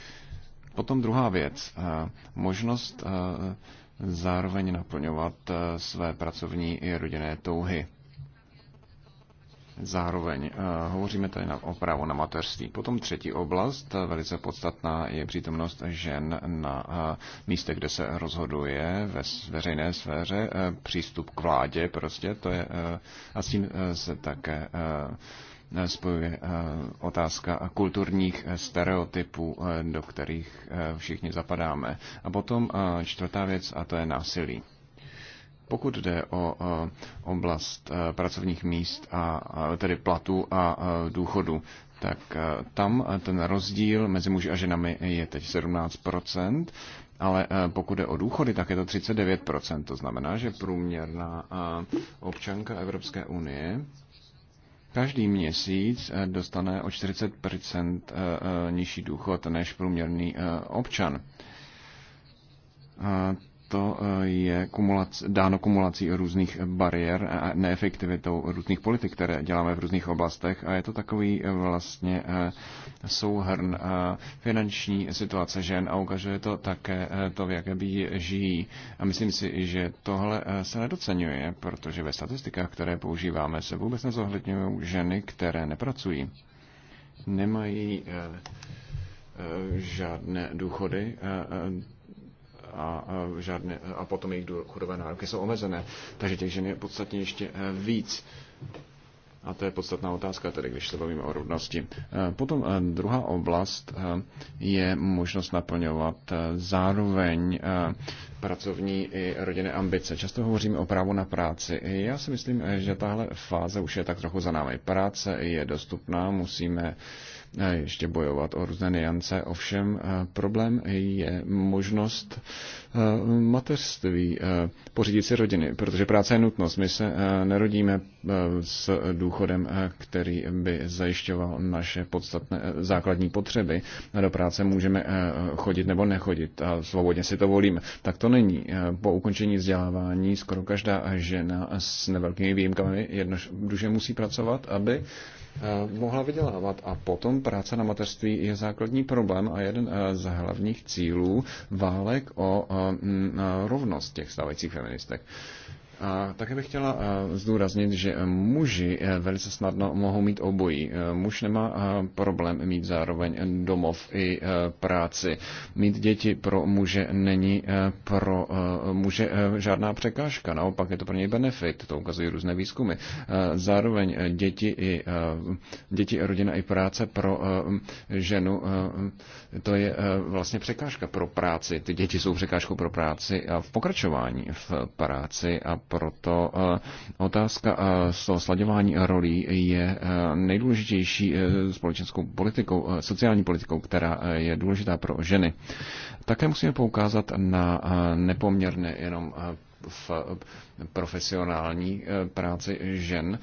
Potom druhá věc, možnost zároveň naplňovat své pracovní i rodinné touhy Zároveň eh, hovoříme tady o právu na mateřství. Potom třetí oblast, eh, velice podstatná, je přítomnost žen na eh, místech, kde se rozhoduje ve veřejné sféře, přístup k vládě prostě, to je, a s tím se také spojuje otázka kulturních stereotypů, do kterých všichni zapadáme. A potom čtvrtá věc, a to je násilí. Pokud jde o eh, oblast eh, pracovních míst, a, tedy platů a eh, důchodu, tak tam ten rozdíl mezi muži a ženami je teď 17%, ale pokud jde o důchody, tak je to 39%. To znamená, že průměrná občanka Evropské unie každý měsíc dostane o 40% nižší důchod než průměrný občan to eh, je kumulac, dáno kumulací různých bariér a neefektivitou různých politik, které děláme v různých oblastech a je to takový eh, vlastně eh, souhrn finanční situace žen a ukazuje to také to, v jaké by žijí. A myslím si, že tohle se nedocenuje, protože ve statistikách, které používáme, se vůbec nezohledňují ženy, které nepracují. Nemají žádné důchody, a, žádné, a potom jejich chudové nároky jsou omezené. Takže těch žen je podstatně ještě e, víc. A to je podstatná otázka, tedy když se bavíme o rovnosti. E, potom e, druhá oblast je možnost naplňovat zároveň pracovní i rodinné ambice. Často hovoříme o právu na práci. Já si myslím, že tahle fáze už je tak trochu za námi. Práce je dostupná, musíme ještě bojovat o různé niance. Ovšem eh, problém je možnost eh, mateřství, eh, pořídit si rodiny, protože práce je nutnost. My se nerodíme s důchodem, který by zajišťoval naše podstatné základní potřeby. Do práce můžeme chodit nebo nechodit a svobodně si to volíme. Tak to není. Po ukončení vzdělávání skoro každá žena s nevelkými výjimkami jednoduše musí pracovat, aby Eh, mohla vydělávat. A potom práce na mateřství je základní problém a jeden eh, z hlavních cílů válek o eh, rovnost těch stávajících feministek. A také bych chtěla eh, zdůraznit, že eh, muži eh, velice snadno mohou mít obojí. Muž nemá problém mít zároveň domov i práci. Mít děti pro muže není pro muže žádná překážka, naopak je to pro něj benefit, to ukazují různé výzkumy. Zároveň děti i děti, rodina i práce pro ženu, to je vlastně překážka pro práci. Ty děti jsou překážkou pro práci a v pokračování v práci a proto eh, otázka eh, o sladěvání rolí je eh, nejdůležitější společenskou politikou, sociální politikou, která je důležitá pro ženy. Také musíme poukázat na nepoměrné jenom v profesionální práci žen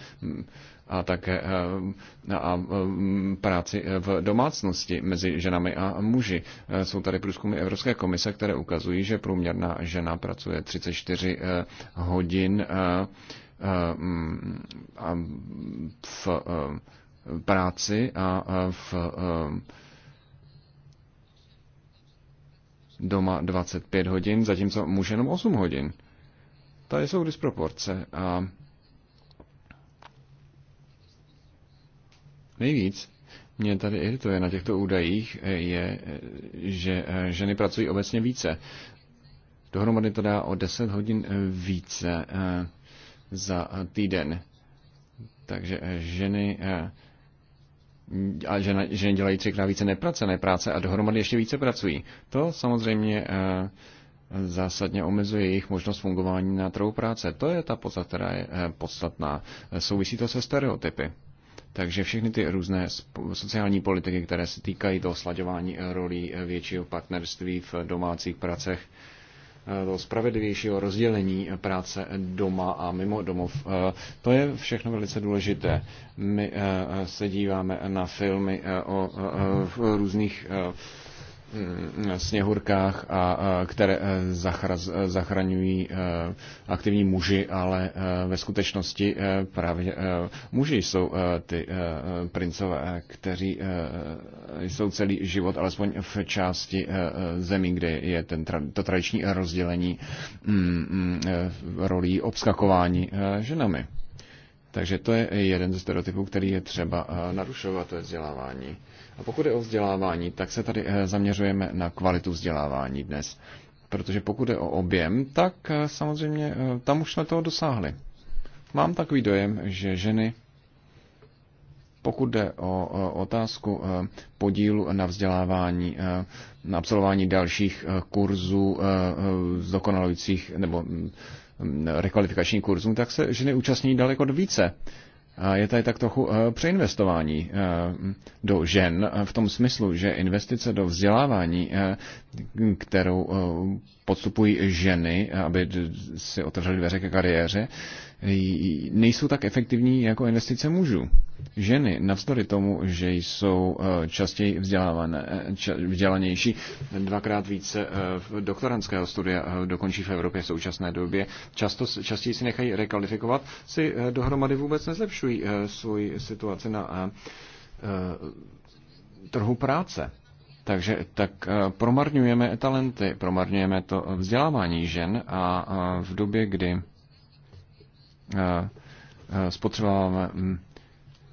a také eh, a mm, práci eh, v domácnosti mezi ženami a muži. Eh, jsou tady průzkumy Evropské komise, které ukazují, že průměrná žena pracuje 34 hodin mm, v práci a v doma 25 hodin, zatímco muž jenom 8 hodin. Tady jsou disproporce a Nejvíc mě tady irituje na těchto údajích eh, je, eh, že eh, ženy pracují obecně více. Dohromady to dá o 10 hodin více za týden. Takže ženy a žena, ženy dělají třikrát více nepracené práce a dohromady ještě více pracují. To samozřejmě zásadně omezuje jejich možnost fungování na trhu práce. To je ta podstata, která je podstatná. Souvisí to se stereotypy. Takže všechny ty různé sociální politiky, které se týkají toho slaďování eh, rolí eh, většího partnerství v domácích pracech, eh, toho spravedlivějšího rozdělení práce doma a mimo domov. To je všechno velice důležité. My se díváme na filmy o různých sněhurkách, a, které e, zachraz, e, zachraňují e, aktivní muži, ale ve skutečnosti právě muži jsou ty princové, kteří jsou celý život, alespoň v části zemí, kde je ten, to tradiční rozdělení mm, mm, rolí obskakování ženami. Takže to je jeden ze stereotypů, který je třeba narušovat, to je vzdělávání. A pokud je o vzdělávání, tak se tady eh, zaměřujeme na kvalitu vzdělávání dnes. Protože pokud je o objem, tak eh, samozřejmě eh, tam už jsme toho dosáhli. Mám takový dojem, že ženy, pokud jde o otázku podílu na vzdělávání, na absolvování dalších kurzů zdokonalujících nebo mm, mm, rekvalifikačních kurzů, tak se ženy účastní daleko více je tady tak trochu eh, přeinvestování eh, do žen eh, v tom smyslu, že investice do vzdělávání, kterou podstupují ženy, aby si otevřely dveře ke kariéře, nejsou tak efektivní jako investice mužů. Ženy, navzdory tomu, že jsou eh, častěji eh, vzdělanější, dvakrát více eh, doktorantského studia dokončí v Evropě v současné době, často, častěji si nechají rekvalifikovat, si dohromady vůbec nezlepšují svoji situaci na trhu práce. Takže tak eh, promarňujeme talenty, promarňujeme to vzdělávání žen a eh, v době, kdy eh, spotřebováváme hm,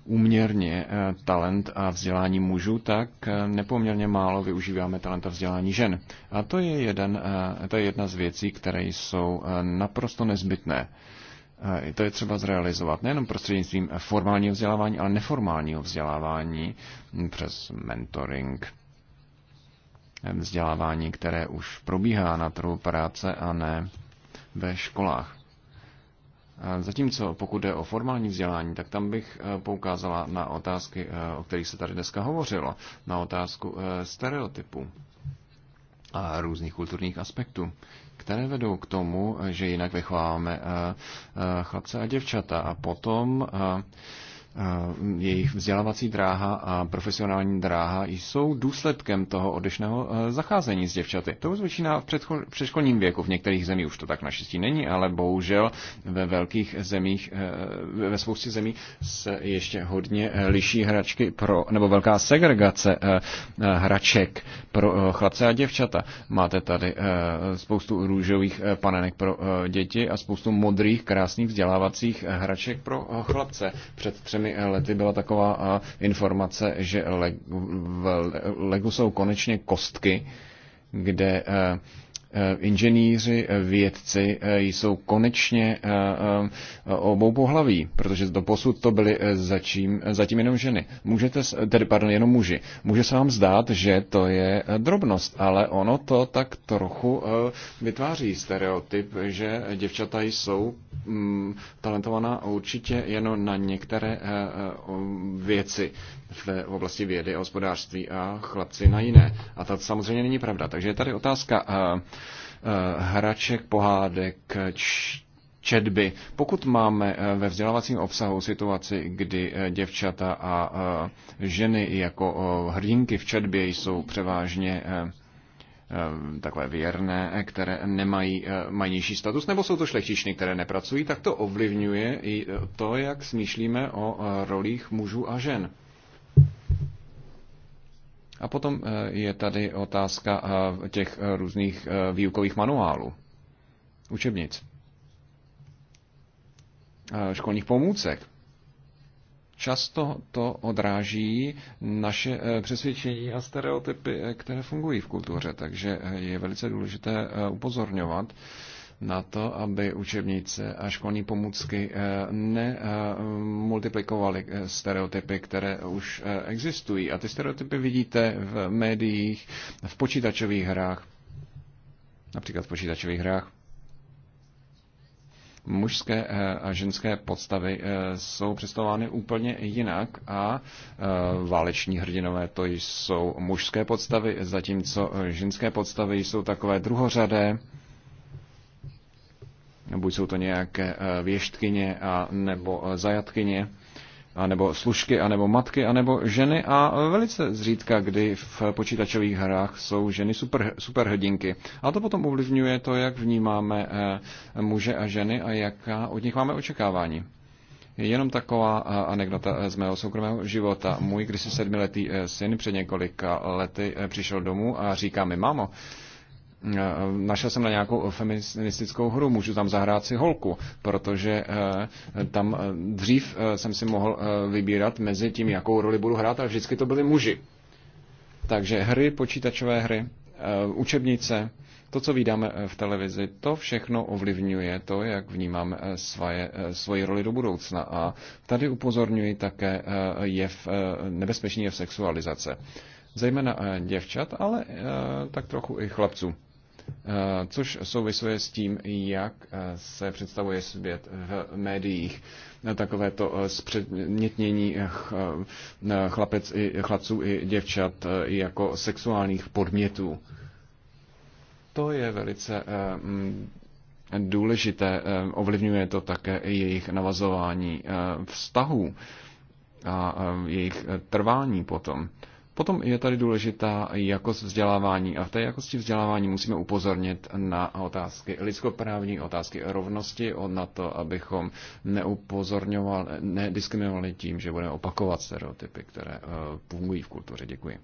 úměrně talent a vzdělání mužů, tak nepoměrně málo využíváme talent a vzdělání žen. A to je, jeden, to je jedna z věcí, které jsou naprosto nezbytné. To je třeba zrealizovat nejenom prostřednictvím formálního vzdělávání, ale neformálního vzdělávání hm, přes mentoring, vzdělávání, které už probíhá na trhu práce a ne ve školách. Zatímco pokud jde o formální vzdělání, tak tam bych eh, poukázala na otázky, eh, o kterých se tady dneska hovořilo, na otázku eh, stereotypů a různých kulturních aspektů, které vedou k tomu, že jinak vychováváme chlapce a děvčata a potom Mm, jejich vzdělávací dráha a profesionální dráha jsou důsledkem toho odlišného e, zacházení s děvčaty. To už začíná v předškolním věku, v některých zemích už to tak naštěstí není, ale bohužel ve velkých zemích, e, ve spoustě zemí se ještě hodně e, liší hračky pro, nebo velká segregace hraček pro chlapce a děvčata. Máte tady spoustu růžových panenek pro děti a spoustu modrých, krásných vzdělávacích hraček pro chlapce. Před třemi třemi lety byla taková informace, že v Legu jsou konečně kostky, kde e, e, inženýři, e, vědci jsou konečně obou pohlaví, protože do posud to byly zatím, zatím jenom ženy. Můžete, tedy pardon, jenom muži. Může se vám zdát, že to je drobnost, ale ono to tak trochu vytváří stereotyp, že děvčata jsou Mm, talentovaná určitě jenom na některé eh, eh, věci v oblasti vědy a hospodářství a chlapci na jiné. A to samozřejmě není pravda. Takže je tady otázka eh, hraček, pohádek, četby. Pokud máme ve vzdělávacím obsahu situaci, kdy děvčata a ženy jako hrdinky v četbě jsou převážně Ehm, takové věrné, eh, které nemají eh, mají nižší status, nebo jsou to šlechtičny, které nepracují, tak to ovlivňuje i eh, to, jak smýšlíme o rolích mužů a žen. A potom je tady otázka těch různých výukových manuálů, učebnic, školních pomůcek. Často to odráží naše eh, přesvědčení a stereotypy, eh, které fungují v kultuře, takže eh, je velice důležité upozorňovat na to, aby učebnice a školní pomůcky nemultiplikovaly stereotypy, které už existují. A ty stereotypy vidíte v médiích, v počítačových hrách, například v počítačových hrách mužské eh, a ženské podstavy eh, jsou představovány úplně jinak a eh, váleční hrdinové to jsou mužské podstavy, zatímco ženské podstavy jsou takové druhořadé, buď jsou to nějaké věštkyně a nebo zajatkyně anebo služky, anebo matky, anebo ženy a velice zřídka, kdy v počítačových hrách jsou ženy super, superhrdinky. A to potom ovlivňuje to, jak vnímáme eh, muže a ženy a jaká od nich máme očekávání. Jenom taková eh, anekdota eh, z mého soukromého života. Můj kdysi sedmiletý syn před několika lety přišel domů a říká mi, mámo, Eh, našel jsem na nějakou feministickou hru, můžu tam zahrát si holku, protože eh, tam eh, dřív jsem si mohl vybírat mezi tím, jakou roli budu hrát, ale vždycky to byli muži. Takže hry, počítačové hry, učebnice, to, co vydáme v televizi, to všechno ovlivňuje to, jak vnímáme svoje, svoji roli do budoucna. A tady upozorňuji také jev, nebezpečný jev sexualizace. Zejména děvčat, ale tak trochu i chlapců. Eh, což souvisuje s tím, jak eh, se představuje svět v médiích. Eh, Takové to zpřednětnění chlapec i, chlapců i děvčat jako sexuálních podmětů. To je velice důležité, ovlivňuje to také jejich navazování vztahů a jejich trvání potom. Potom je tady důležitá jakost vzdělávání a v té jakosti vzdělávání musíme upozornit na otázky lidskoprávní, otázky rovnosti, na to, abychom neupozorňovali, nediskriminovali tím, že budeme opakovat stereotypy, které eh, fungují v kultuře. Děkuji.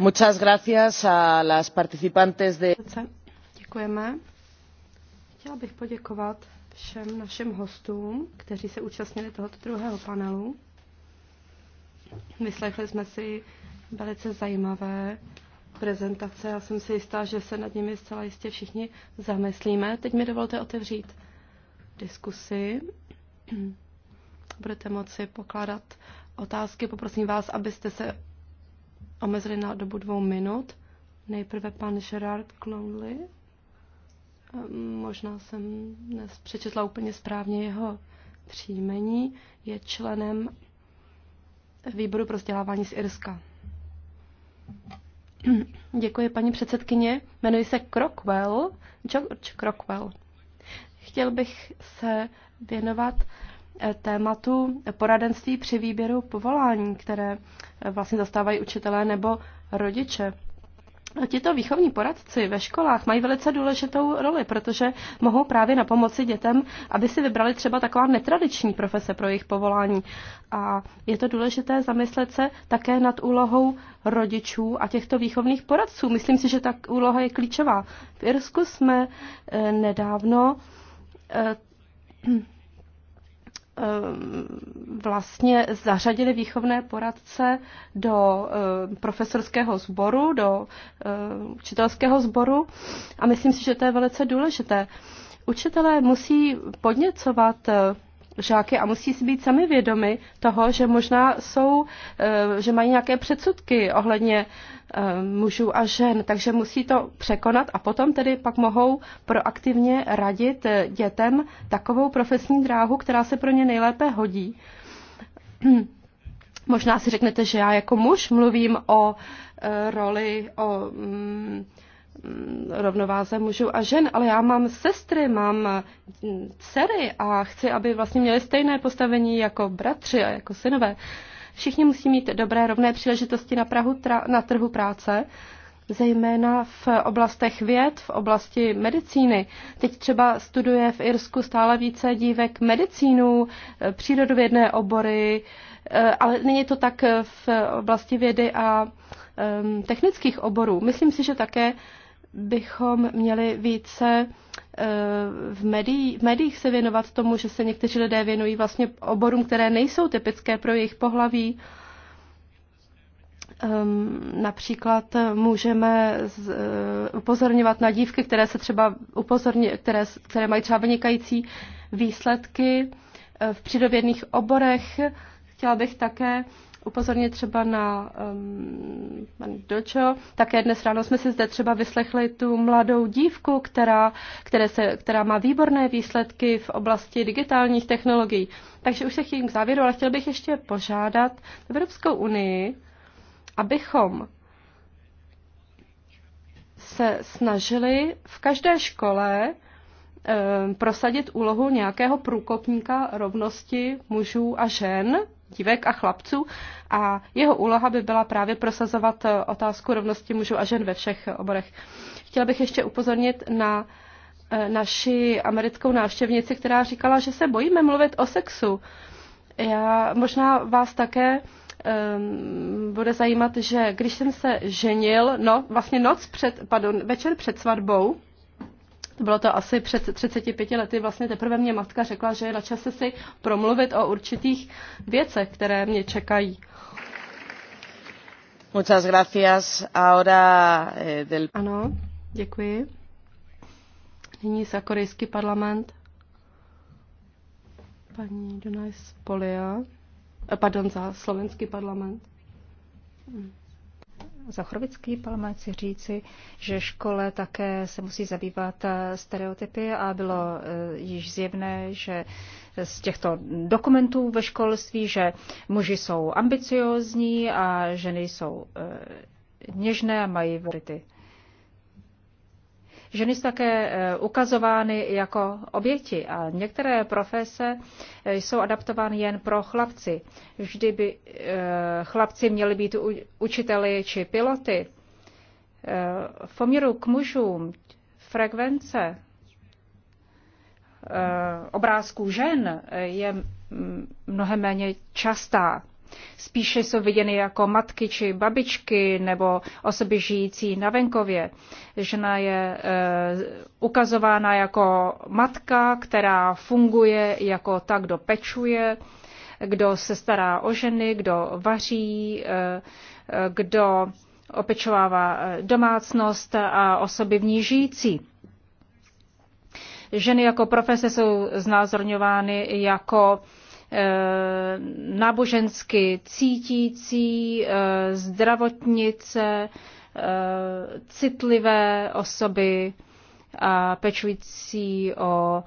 Muchas gracias a las participantes de... Děkujeme Chtěla bych poděkovat všem našim hostům, kteří se účastnili tohoto druhého panelu. Vyslechli jsme si velice zajímavé prezentace. Já jsem si jistá, že se nad nimi zcela jistě všichni zamyslíme. Teď mi dovolte otevřít diskusy. Budete moci pokládat otázky. Poprosím vás, abyste se omezili na dobu dvou minut. Nejprve pan Gerard Clownley možná jsem dnes přečetla úplně správně jeho příjmení, je členem výboru pro vzdělávání z Irska. Děkuji, paní předsedkyně. Jmenuji se Crockwell, George Crockwell. Chtěl bych se věnovat eh, tématu poradenství při výběru povolání, které eh, vlastně zastávají učitelé nebo rodiče. Tito výchovní poradci ve školách mají velice důležitou roli, protože mohou právě na pomoci dětem, aby si vybrali třeba taková netradiční profese pro jejich povolání. A je to důležité zamyslet se také nad úlohou rodičů a těchto výchovných poradců. Myslím si, že ta úloha je klíčová. V Irsku jsme eh, nedávno eh, Ehm, vlastně zařadili výchovné poradce do ehm, profesorského sboru, do ehm, učitelského sboru a myslím si, že to je velice důležité. Učitelé musí podněcovat žáky a musí si být sami vědomi toho, že možná jsou, eh, že mají nějaké předsudky ohledně eh, mužů a žen, takže musí to překonat a potom tedy pak mohou proaktivně radit eh, dětem takovou profesní dráhu, která se pro ně nejlépe hodí. Možná si řeknete, že já jako muž mluvím o roli, o mm, Mm, rovnováze mužů a žen, ale já mám sestry, mám mm, dcery a chci, aby vlastně měly stejné postavení jako bratři a jako synové. Všichni musí mít dobré rovné příležitosti na, Prahu, tra, na trhu práce, zejména v oblastech věd, v oblasti medicíny. Teď třeba studuje v Irsku stále více dívek medicínu, eh, přírodovědné obory, eh, ale není to tak v oblasti vědy a ehm, technických oborů. Myslím si, že také bychom měli více eh, v, médií, v médiích se věnovat tomu, že se někteří lidé věnují vlastně oborům, které nejsou typické pro jejich pohlaví. Um, například můžeme z, uh, upozorňovat na dívky, které se třeba upozorně, které, které mají třeba vynikající výsledky eh, v přírodovědných oborech. Chtěla bych také upozornit třeba na um, Dočo. Také dnes ráno jsme si zde třeba vyslechli tu mladou dívku, která, které se, která má výborné výsledky v oblasti digitálních technologií. Takže už se chýlím k závěru, ale chtěl bych ještě požádat Evropskou unii, abychom se snažili v každé škole eh, prosadit úlohu nějakého průkopníka rovnosti mužů a žen dívek a chlapců a jeho úloha by byla právě prosazovat eh, otázku rovnosti mužů a žen ve všech oborech. Chtěla bych ještě upozornit na eh, naši americkou návštěvnici, která říkala, že se bojíme mluvit o sexu. Já možná vás také ehm, bude zajímat, že když jsem se ženil, no vlastně noc před, pardon, večer před svatbou, bylo to asi před 35 lety, vlastně teprve mě matka řekla, že je na čase si promluvit o určitých věcech, které mě čekají. Muchas gracias. Ahora eh, del... Ano, děkuji. Nyní se korejský parlament. Paní Donaj Polia. Eh, pardon, za slovenský parlament za chorvatský parlament chci říci, že škole také se musí zabývat eh, stereotypy a bylo eh, již zjevné, že z těchto dokumentů ve školství, že muži jsou ambiciozní a ženy jsou eh, něžné a mají vrity. Ženy jsou také eh, ukazovány jako oběti a některé profese eh, jsou adaptovány jen pro chlapci. Vždy by eh, chlapci měli být učiteli či piloty. V poměru k mužům frekvence obrázků žen je mm, mnohem méně častá. Spíše jsou viděny jako matky či babičky nebo osoby žijící na venkově. Žena je e, ukazována jako matka, která funguje jako ta, kdo pečuje, kdo se stará o ženy, kdo vaří, e, e, kdo opečovává domácnost a osoby v ní žijící. Ženy jako profese jsou znázorňovány jako Eh, nábožensky cítící, eh, zdravotnice, eh, citlivé osoby a pečující o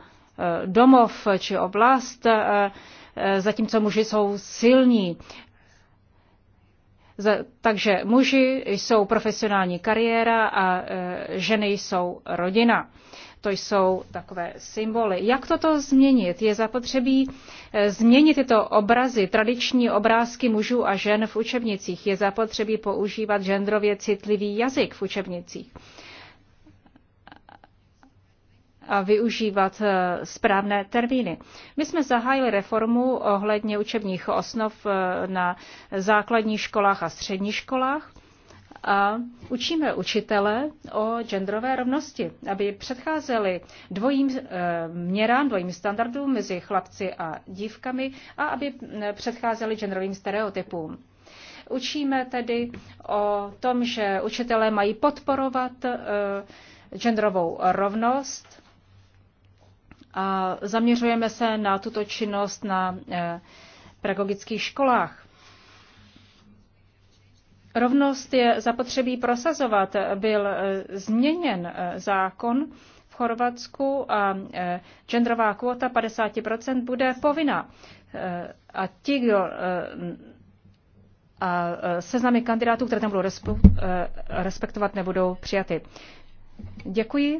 domov či oblast, zatímco muži jsou silní. Takže muži jsou profesionální kariéra a ženy jsou rodina. To jsou takové symboly. Jak toto změnit? Je zapotřebí eh, změnit tyto obrazy, tradiční obrázky mužů a žen v učebnicích. Je zapotřebí používat genderově citlivý jazyk v učebnicích a využívat eh, správné termíny. My jsme zahájili reformu ohledně učebních osnov eh, na základních školách a středních školách a učíme učitele o genderové rovnosti, aby předcházeli dvojím eh, měrám, dvojím standardům mezi chlapci a dívkami a aby eh, předcházeli genderovým stereotypům. Učíme tedy o tom, že učitelé mají podporovat eh, genderovou rovnost a zaměřujeme se na tuto činnost na pedagogických školách. Rovnost je zapotřebí prosazovat. Byl eh, změněn eh, zákon v Chorvatsku a eh, genderová kvota 50% bude povinná. A ti, kdo a seznamy kandidátů, které tam budou respektovat, nebudou přijaty. Děkuji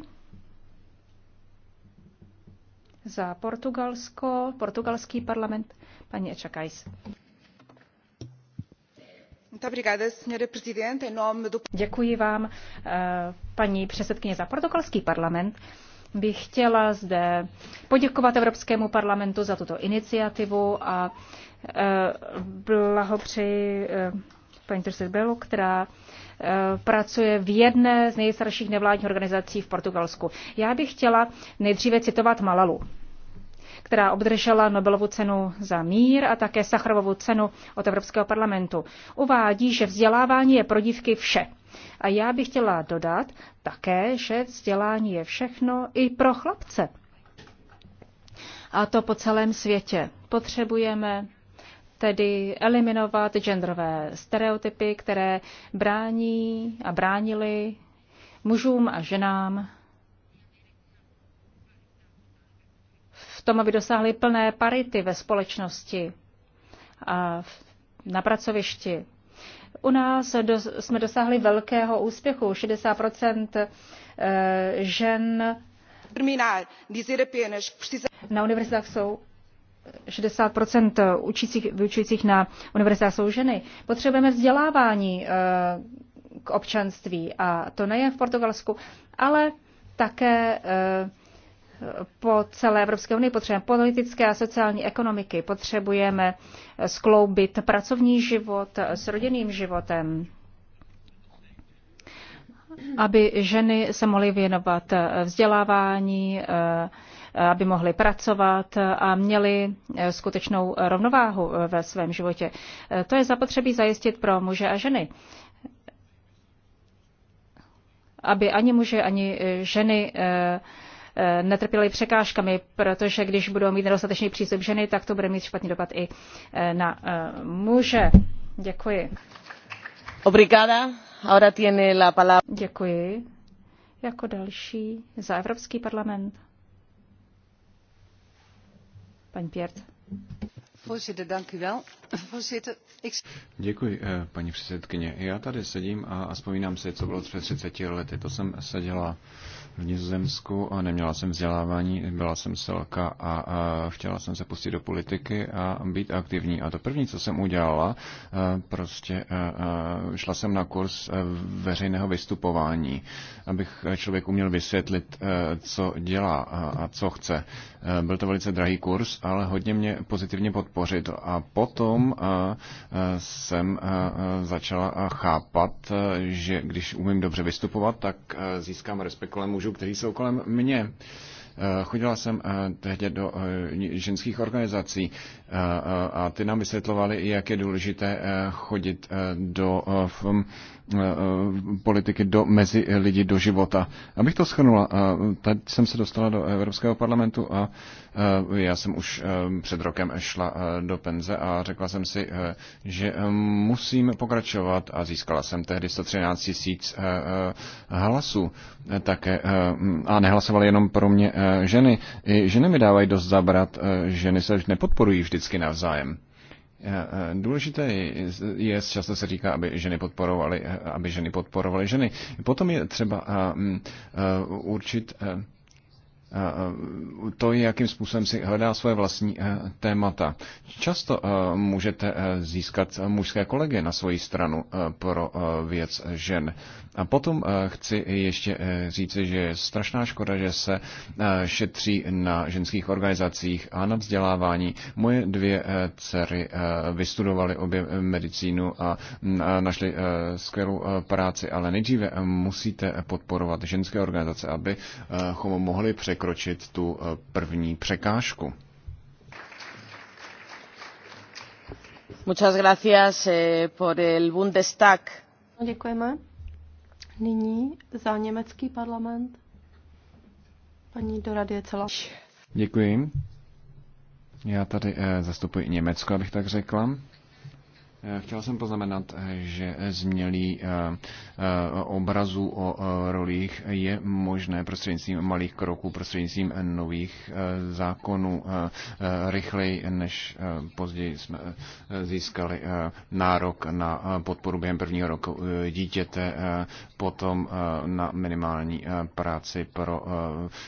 za Portugalsko, portugalský parlament, paní Ečakajs. Děkuji vám, eh, paní předsedkyně, za portugalský parlament. Bych chtěla zde poděkovat Evropskému parlamentu za tuto iniciativu a eh, blahopřeji eh, paní Trsebelu, která pracuje v jedné z nejstarších nevládních organizací v Portugalsku. Já bych chtěla nejdříve citovat Malalu která obdržela Nobelovu cenu za mír a také Sacharovovu cenu od Evropského parlamentu. Uvádí, že vzdělávání je pro dívky vše. A já bych chtěla dodat také, že vzdělání je všechno i pro chlapce. A to po celém světě. Potřebujeme tedy eliminovat genderové stereotypy, které brání a bránily mužům a ženám tom, aby dosáhli plné parity ve společnosti a na pracovišti. U nás do, jsme dosáhli velkého úspěchu. 60 eh, žen na univerzitách jsou 60 eh, učících, vyučujících na univerzitách jsou ženy. Potřebujeme vzdělávání eh, k občanství a to nejen v Portugalsku, ale také po celé Evropské unii potřebujeme politické a sociální ekonomiky, potřebujeme skloubit pracovní život s rodinným životem, aby ženy se mohly věnovat vzdělávání, aby mohly pracovat a měly skutečnou rovnováhu ve svém životě. To je zapotřebí zajistit pro muže a ženy aby ani muže, ani ženy eh, Eh, netrpěli překážkami, protože když budou mít nedostatečný přístup ženy, tak to bude mít špatný dopad i eh, na eh, muže. Děkuji. Obrigada. Ahora tiene la palabra. Děkuji. Jako další za Evropský parlament. Paní Pěrt. Děkuji, paní předsedkyně. Já tady sedím a vzpomínám si, co bylo před 30 lety. To jsem seděla v Nizozemsku, a neměla jsem vzdělávání, byla jsem selka a, a chtěla jsem se pustit do politiky a být aktivní. A to první, co jsem udělala, prostě šla jsem na kurz e, veřejného vystupování, abych člověk uměl vysvětlit, e, co dělá a co chce. E, byl to velice drahý kurz, ale hodně mě pozitivně podpořit. A potom jsem začala chápat, že když umím dobře vystupovat, tak získám respekt kolem mužů, kteří jsou kolem mě. Eh, chodila jsem eh, tehdy do eh, ženských organizací a ty nám vysvětlovali, jak je důležité chodit do Eh, eh, politiky do, mezi lidi do života. Abych to schrnula, eh, tady jsem se dostala do Evropského parlamentu a já jsem už před rokem šla do penze a řekla jsem si, že musím pokračovat a získala jsem tehdy 113 tisíc hlasů také a nehlasovaly jenom pro mě ženy. I ženy mi dávají dost zabrat, ženy se nepodporují vždycky navzájem. Eh, eh, důležité je, často se říká, aby ženy podporovaly, eh, aby ženy podporovaly ženy. Potom je třeba mm, určit to, jakým způsobem si hledá svoje vlastní témata. Často můžete získat mužské kolegy na svoji stranu pro věc žen. A potom eh, chci ještě eh, říci, že je strašná škoda, že se eh, šetří na ženských organizacích a na vzdělávání. Moje dvě dcery vystudovaly obě medicínu a mm, našly skvělou práci, ale nejdříve musíte podporovat ženské organizace, abychom mohli překročit tu první překážku. Muchas gracias por el Bundestag. Děkujeme. Nyní za německý parlament. Paní Dorad je celá. Děkuji. Já tady eh, zastupuji Německo, abych tak řekla. Chtěl jsem poznamenat, že změlý eh, eh, obrazu o eh, rolích je možné prostřednictvím malých kroků, prostřednictvím nových zákonů rychleji, než později jsme získali nárok na podporu během prvního roku dítěte, potom na minimální práci pro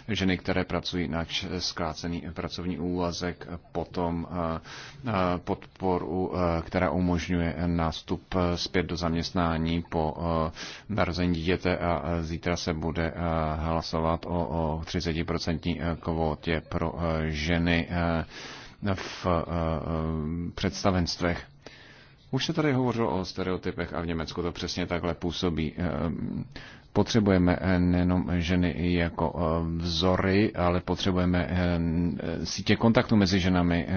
ženy, které pracují na zkrácený pracovní úvazek, potom podporu, která umožňuje umožňuje nástup zpět do zaměstnání po eh, narození dítěte a eh, zítra se bude eh, hlasovat o 30% kvótě pro ženy v představenstvech. Už se tady hovořilo o stereotypech a v Německu to přesně takhle působí. Potřebujeme eh, nejenom ženy jako eh, vzory, ale potřebujeme eh, sítě kontaktu mezi ženami.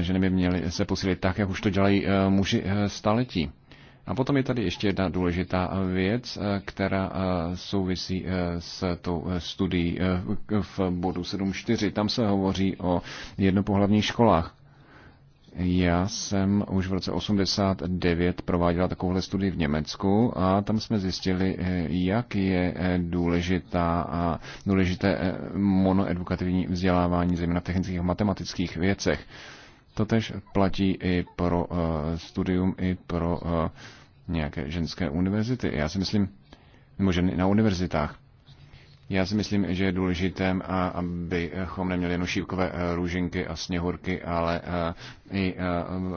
Ženy by měly se posílit tak, jak už to dělají muži staletí. A potom je tady ještě jedna důležitá věc, která souvisí s tou studií v bodu 7.4. Tam se hovoří o jednopohlavních školách. Já jsem už v roce 89 prováděla takovouhle studii v Německu a tam jsme zjistili, eh, jak je eh, důležitá a důležité eh, monoedukativní vzdělávání, zejména v technických a matematických věcech. Totež platí i pro uh, studium, i pro uh, nějaké ženské univerzity. Já si myslím, nebo ženy na univerzitách. Já si myslím, že je důležité, abychom neměli jenom šípkové eh, růženky a sněhurky, ale eh, i eh,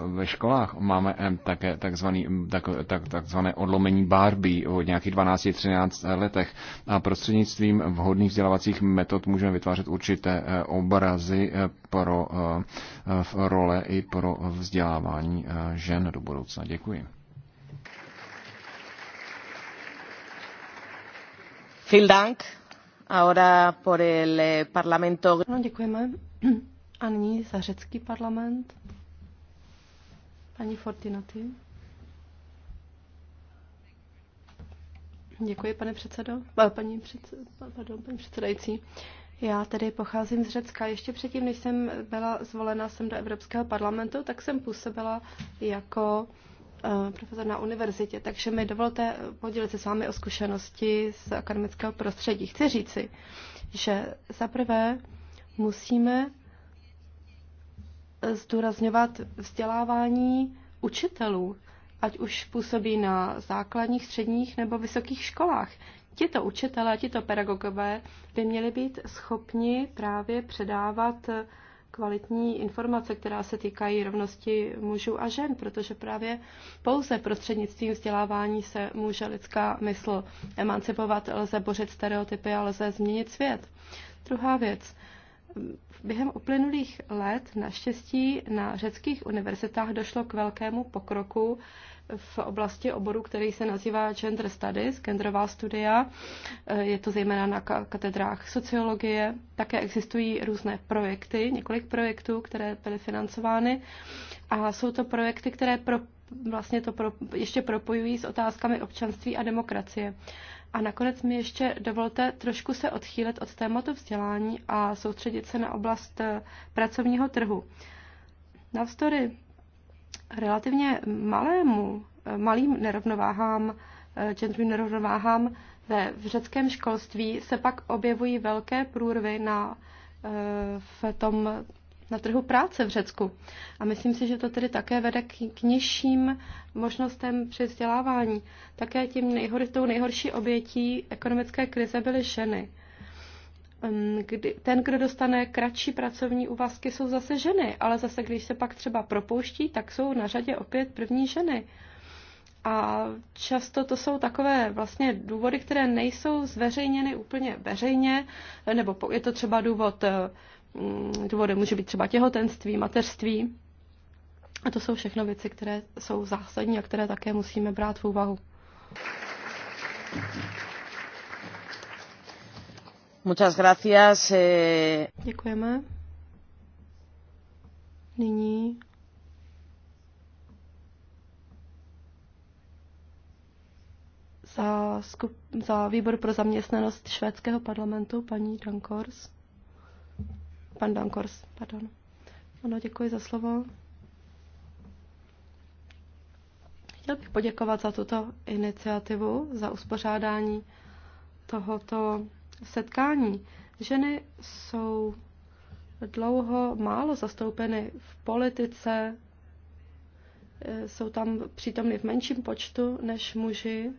ve školách máme také takzvané tak, tak, takzvané odlomení Barbie o nějakých 12-13 letech. A prostřednictvím vhodných vzdělávacích metod můžeme vytvářet určité obrazy pro role i pro vzdělávání žen do budoucna. Děkuji. Vielen Dank. Ahora por el eh, Parlamento. No, děkujeme. A nyní za řecký parlament. Paní Fortinati. Děkuji, pane předsedo. Paní, předsedo pardon, paní předsedající. Já tedy pocházím z Řecka. Ještě předtím, než jsem byla zvolena sem do Evropského parlamentu, tak jsem působila jako Eh, profesor na univerzitě, takže mi dovolte podělit se s vámi o zkušenosti z akademického prostředí. Chci říci, že zaprvé musíme zdůrazňovat vzdělávání učitelů, ať už působí na základních, středních nebo vysokých školách. Tito učitelé, tito pedagogové by měli být schopni právě předávat kvalitní informace, která se týkají rovnosti mužů a žen, protože právě pouze prostřednictvím vzdělávání se může lidská mysl emancipovat, lze bořit stereotypy a lze změnit svět. Druhá věc. Během uplynulých let naštěstí na řeckých univerzitách došlo k velkému pokroku v oblasti oboru, který se nazývá Gender Studies, genderová studia. Eh, je to zejména na katedrách sociologie. Také existují různé projekty, několik projektů, které byly financovány. A jsou to projekty, které pro, vlastně to pro, ještě propojují s otázkami občanství a demokracie. A nakonec mi ještě dovolte trošku se odchýlet od tématu vzdělání a soustředit se na oblast eh, pracovního trhu. Navzdory relativně malému, malým nerovnováhám, eh, genderovým nerovnováhám ve v řeckém školství se pak objevují velké průrvy na, eh, v tom, na trhu práce v Řecku. A myslím si, že to tedy také vede k, k nižším možnostem při vzdělávání. Také tím nejhor, tou nejhorší obětí ekonomické krize byly ženy kdy ten, kdo dostane kratší pracovní úvazky, jsou zase ženy, ale zase, když se pak třeba propouští, tak jsou na řadě opět první ženy. A často to jsou takové vlastně důvody, které nejsou zveřejněny úplně veřejně, nebo je to třeba důvod, eh, mm, důvody může být třeba těhotenství, mateřství. A to jsou všechno věci, které jsou zásadní a které také musíme brát v úvahu. Thank you. Muchas gracias. Eh. Děkujeme. Nyní za, skup, za výbor pro zaměstnanost švédského parlamentu paní Dankors. Pan Dankors, pardon. Ano, děkuji za slovo. Chtěl bych poděkovat za tuto iniciativu, za uspořádání tohoto setkání. Ženy jsou dlouho málo zastoupeny v politice, e, jsou tam přítomny v menším počtu než muži.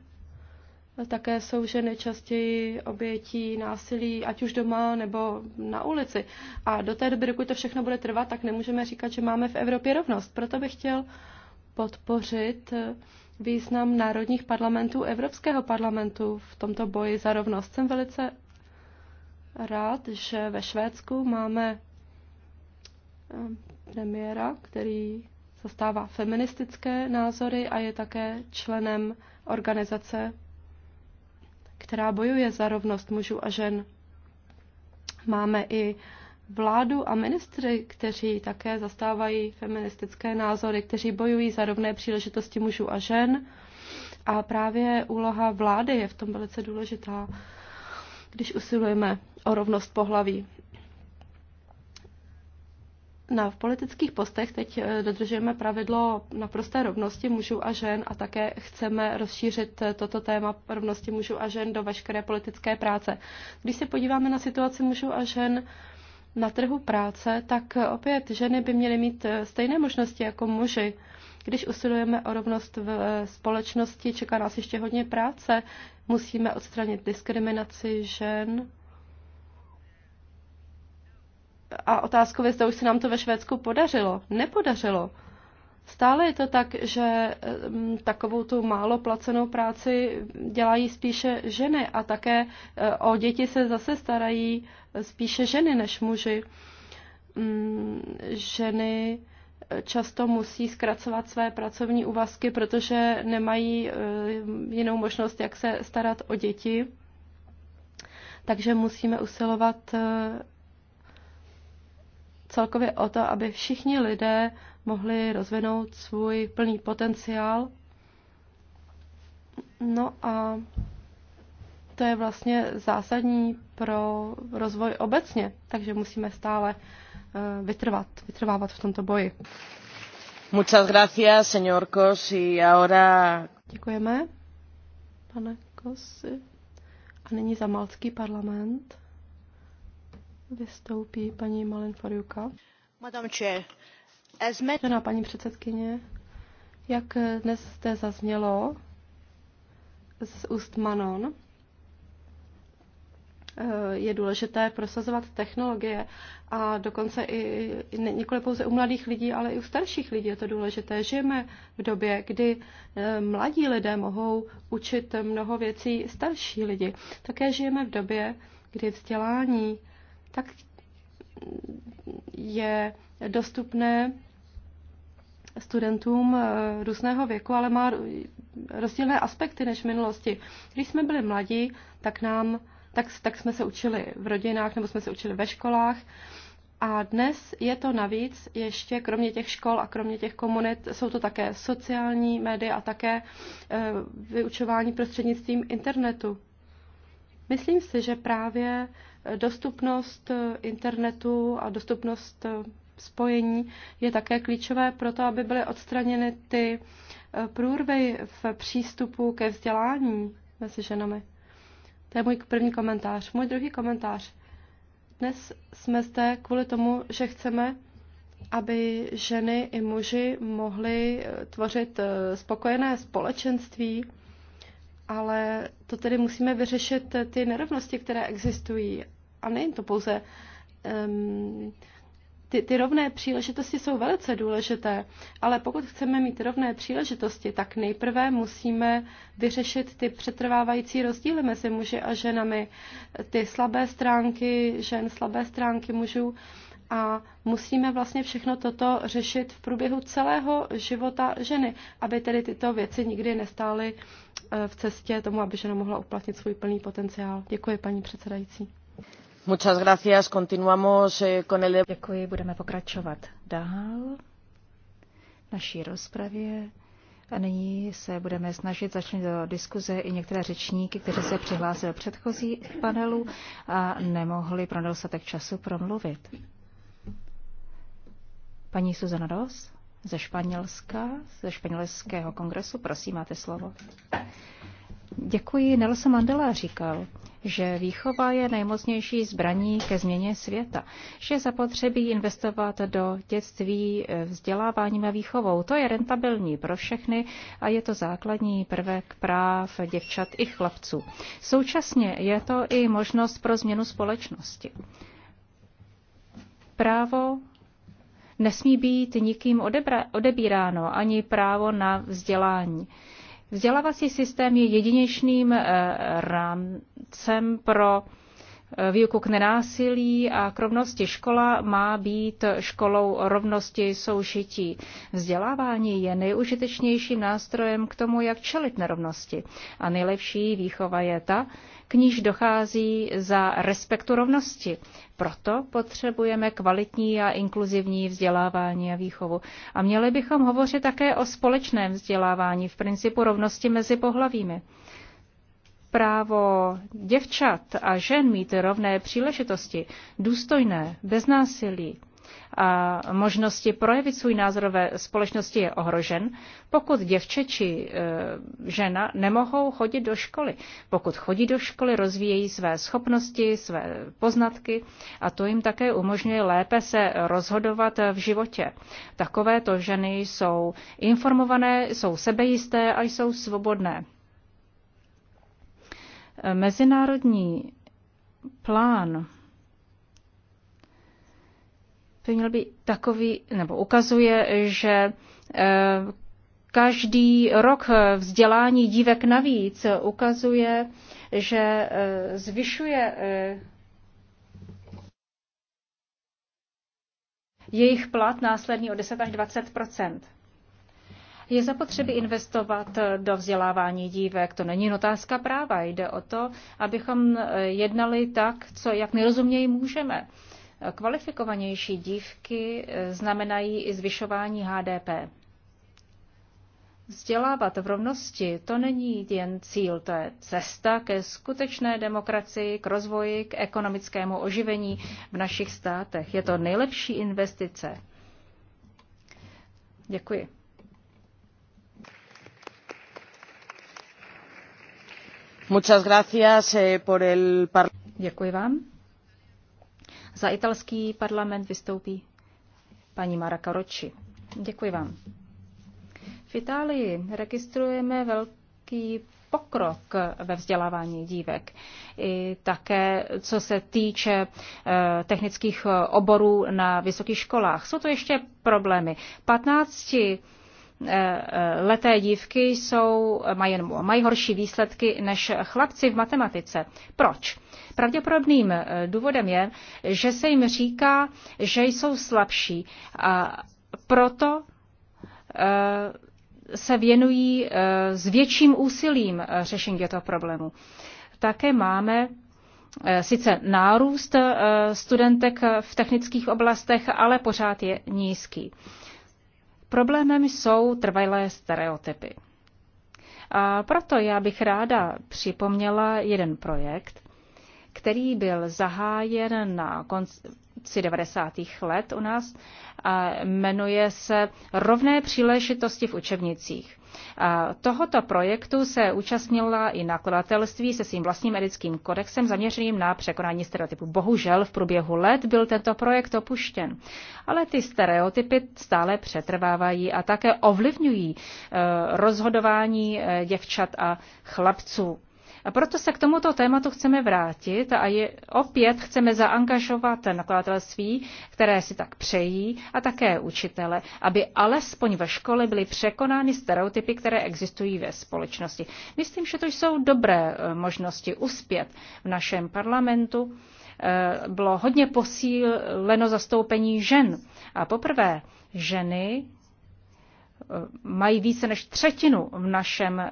Také jsou ženy častěji obětí násilí, ať už doma nebo na ulici. A do té doby, dokud to všechno bude trvat, tak nemůžeme říkat, že máme v Evropě rovnost. Proto bych chtěl podpořit význam národních parlamentů, Evropského parlamentu v tomto boji za rovnost. Jsem velice rád, že ve Švédsku máme eh, premiéra, který zastává feministické názory a je také členem organizace, která bojuje za rovnost mužů a žen. Máme i vládu a ministry, kteří také zastávají feministické názory, kteří bojují za rovné příležitosti mužů a žen. A právě úloha vlády je v tom velice důležitá, když usilujeme o rovnost pohlaví. Na politických postech teď eh, dodržujeme pravidlo naprosté rovnosti mužů a žen a také chceme rozšířit eh, toto téma rovnosti mužů a žen do veškeré politické práce. Když se podíváme na situaci mužů a žen na trhu práce, tak eh, opět ženy by měly mít stejné možnosti jako muži. Když usilujeme o rovnost v společnosti, čeká nás ještě hodně práce. Musíme odstranit diskriminaci žen, a otázkově zda už se nám to ve Švédsku podařilo. Nepodařilo. Stále je to tak, že mm, takovou tu málo placenou práci dělají spíše ženy a také e, o děti se zase starají e, spíše ženy než muži. Mm, ženy e, často musí zkracovat své pracovní úvazky, protože nemají jinou možnost, jak se starat o děti. Takže musíme usilovat celkově o to, aby všichni lidé mohli rozvinout svůj plný potenciál. No a to je vlastně zásadní pro rozvoj obecně, takže musíme stále eh, vytrvat, vytrvávat v tomto boji. Muchas gracias, señor Kos, y ahora... Děkujeme, pane Kosy. A nyní za malcký parlament. Vystoupí paní Malin Fariuka. Madam Chair, as met... paní předsedkyně, jak dnes zde zaznělo z úst Manon, eh, je důležité prosazovat technologie a dokonce i nikoli pouze u mladých lidí, ale i u starších lidí je to důležité. Žijeme v době, kdy eh, mladí lidé mohou učit mnoho věcí starší lidi. Také žijeme v době, kdy vzdělání tak je dostupné studentům eh, různého věku, ale má rozdílné aspekty než v minulosti. Když jsme byli mladí, tak, nám, tak, tak jsme se učili v rodinách nebo jsme se učili ve školách. A dnes je to navíc ještě, kromě těch škol a kromě těch komunit, jsou to také sociální média a také e, vyučování prostřednictvím internetu. Myslím si, že právě Dostupnost eh, internetu a dostupnost eh, spojení je také klíčové pro to, aby byly odstraněny ty eh, průrvy v přístupu ke vzdělání mezi ženami. To je můj první komentář. Můj druhý komentář. Dnes jsme zde kvůli tomu, že chceme, aby ženy i muži mohli tvořit spokojené společenství, ale to tedy musíme vyřešit eh, ty nerovnosti, které existují. A nejen to pouze. Um, ty, ty rovné příležitosti jsou velice důležité, ale pokud chceme mít rovné příležitosti, tak nejprve musíme vyřešit ty přetrvávající rozdíly mezi muži a ženami, ty slabé stránky žen, slabé stránky mužů a musíme vlastně všechno toto řešit v průběhu celého života ženy, aby tedy tyto věci nikdy nestály Eh, v cestě tomu, aby žena mohla uplatnit svůj plný potenciál. Děkuji, paní předsedající. Muchas gracias. Continuamos eh, con el... Děkuji, budeme pokračovat dál naší rozpravě. A nyní se budeme snažit začít do diskuze i některé řečníky, kteří se přihlásili do předchozí panelu a nemohli pro nedostatek času promluvit. Paní Suzana Ross? ze Španělska, ze španělského kongresu. Prosím, máte slovo. Děkuji. Nelson Mandela říkal, že výchova je nejmocnější zbraní ke změně světa, že zapotřebí investovat do dětství eh, vzděláváním a výchovou. To je rentabilní pro všechny a je to základní prvek práv děvčat i chlapců. Současně je to i možnost pro změnu společnosti. Právo nesmí být nikým odebíráno ani právo na vzdělání. Vzdělávací systém je jedinečným eh, rámcem pro eh, výuku k nenásilí a k rovnosti. Škola má být školou rovnosti soužití. Vzdělávání je nejužitečnějším nástrojem k tomu, jak čelit nerovnosti. A nejlepší výchova je ta, k níž dochází za respektu rovnosti. Proto potřebujeme kvalitní a inkluzivní vzdělávání a výchovu. A měli bychom hovořit také o společném vzdělávání v principu rovnosti mezi pohlavími. Právo děvčat a žen mít rovné příležitosti, důstojné, bez násilí, a možnosti projevit svůj názor ve společnosti je ohrožen, pokud děvče či e, žena nemohou chodit do školy. Pokud chodí do školy, rozvíjejí své schopnosti, své poznatky a to jim také umožňuje lépe se rozhodovat v životě. Takovéto ženy jsou informované, jsou sebejisté a jsou svobodné. Mezinárodní plán by měl být takový, nebo ukazuje, že eh, každý rok vzdělání dívek navíc ukazuje, že eh, zvyšuje eh, jejich plat následně o 10 až 20 je zapotřebí investovat do vzdělávání dívek. To není otázka práva. Jde o to, abychom jednali tak, co jak nejrozuměji můžeme. Kvalifikovanější dívky eh, znamenají i zvyšování HDP. Vzdělávat v rovnosti to není jen cíl, to je cesta ke skutečné demokracii, k rozvoji, k ekonomickému oživení v našich státech. Je to nejlepší investice. Děkuji. Muchas gracias eh, por el Děkuji vám. Za italský parlament vystoupí paní Mara Karoči. Děkuji vám. V Itálii registrujeme velký pokrok ve vzdělávání dívek. I také co se týče eh, technických oborů na vysokých školách. Jsou to ještě problémy. 15 eh, eh, leté dívky jsou, mají, mají horší výsledky než chlapci v matematice. Proč? Pravděpodobným eh, důvodem je, že se jim říká, že jsou slabší a proto eh, se věnují eh, s větším úsilím řešení těchto problémů. Také máme sice nárůst studentek v technických oblastech, ale pořád je nízký. Problémem jsou trvalé stereotypy. A proto já bych ráda připomněla jeden projekt, který byl zahájen na konci 90. let u nás a jmenuje se Rovné příležitosti v učebnicích. A tohoto projektu se účastnila i nakladatelství se svým vlastním etickým kodexem zaměřeným na překonání stereotypů. Bohužel v průběhu let byl tento projekt opuštěn, ale ty stereotypy stále přetrvávají a také ovlivňují eh, rozhodování eh, děvčat a chlapců. A proto se k tomuto tématu chceme vrátit a je, opět chceme zaangažovat nakladatelství, které si tak přejí, a také učitele, aby alespoň ve škole byly překonány stereotypy, které existují ve společnosti. Myslím, že to jsou dobré e, možnosti uspět v našem parlamentu. E, bylo hodně posíleno zastoupení žen. A poprvé ženy e, mají více než třetinu v našem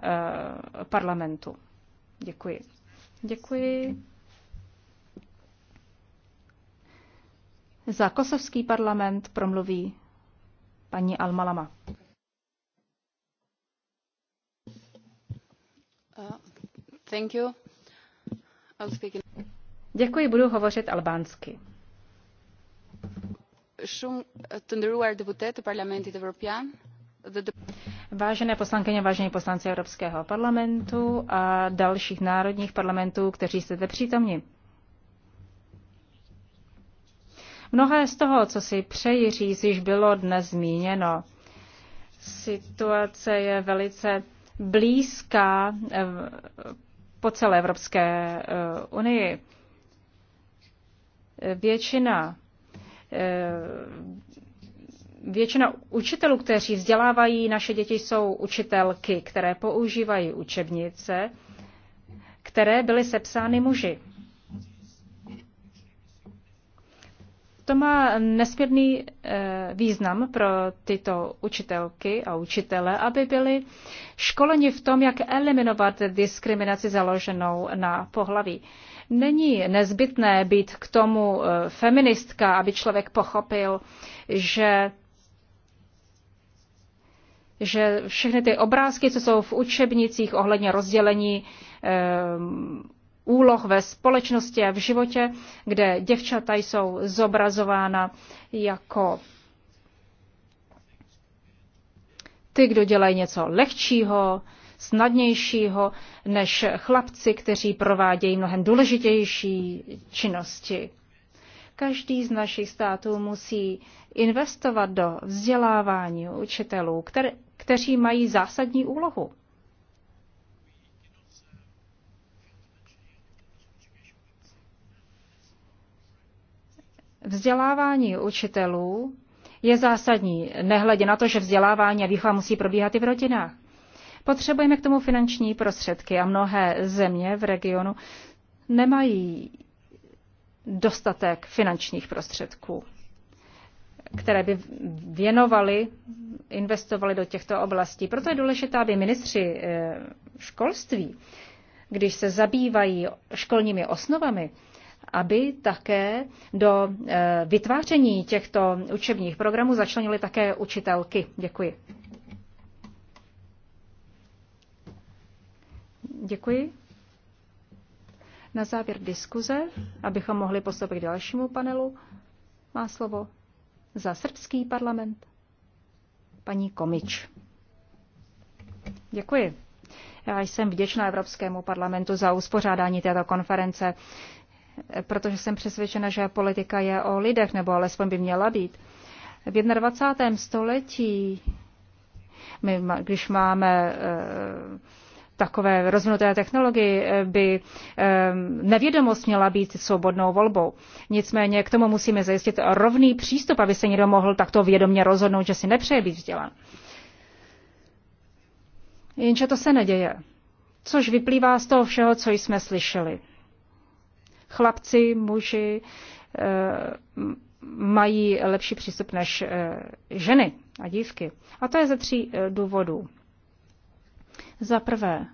parlamentu. Děkuji. Děkuji. Za kosovský parlament promluví paní Almalama. Uh, thank you. I'll speak in... Děkuji, budu hovořit albánsky. Shumë eh, të nderuar deputet të Parlamentit Evropian, Vážené poslankyně, vážení poslanci Evropského parlamentu a dalších národních parlamentů, kteří jste zde přítomni. Mnohé z toho, co si přeji říct, již bylo dnes zmíněno. Situace je velice blízká eh, po celé Evropské eh, unii. Eh, většina většina učitelů, kteří vzdělávají naše děti, jsou učitelky, které používají učebnice, které byly sepsány muži. To má nesmírný eh, význam pro tyto učitelky a učitele, aby byli školeni v tom, jak eliminovat diskriminaci založenou na pohlaví. Není nezbytné být k tomu eh, feministka, aby člověk pochopil, že že všechny ty obrázky, co jsou v učebnicích ohledně rozdělení eh, úloh ve společnosti a v životě, kde děvčata jsou zobrazována jako ty, kdo dělají něco lehčího, snadnějšího než chlapci, kteří provádějí mnohem důležitější činnosti. Každý z našich států musí investovat do vzdělávání učitelů, které, kteří mají zásadní úlohu. Vzdělávání učitelů je zásadní, nehledě na to, že vzdělávání a výchova musí probíhat i v rodinách. Potřebujeme k tomu finanční prostředky a mnohé země v regionu nemají dostatek finančních prostředků které by věnovali, investovali do těchto oblastí. Proto je důležité, aby ministři eh, školství, když se zabývají školními osnovami, aby také do eh, vytváření těchto učebních programů začlenili také učitelky. Děkuji. Děkuji. Na závěr diskuze, abychom mohli postoupit k dalšímu panelu, má slovo za srbský parlament paní Komič. Děkuji. Já jsem vděčná Evropskému parlamentu za uspořádání této konference, protože jsem přesvědčena, že politika je o lidech, nebo alespoň by měla být. V 21. století, my, když máme eh, takové rozvinuté technologii eh, by eh, nevědomost měla být svobodnou volbou. Nicméně k tomu musíme zajistit rovný přístup, aby se někdo mohl takto vědomě rozhodnout, že si nepřeje být vzdělán. Jenže to se neděje. Což vyplývá z toho všeho, co jsme slyšeli. Chlapci, muži eh, mají lepší přístup než ženy a dívky. A to je ze tří důvodů. Za prvé,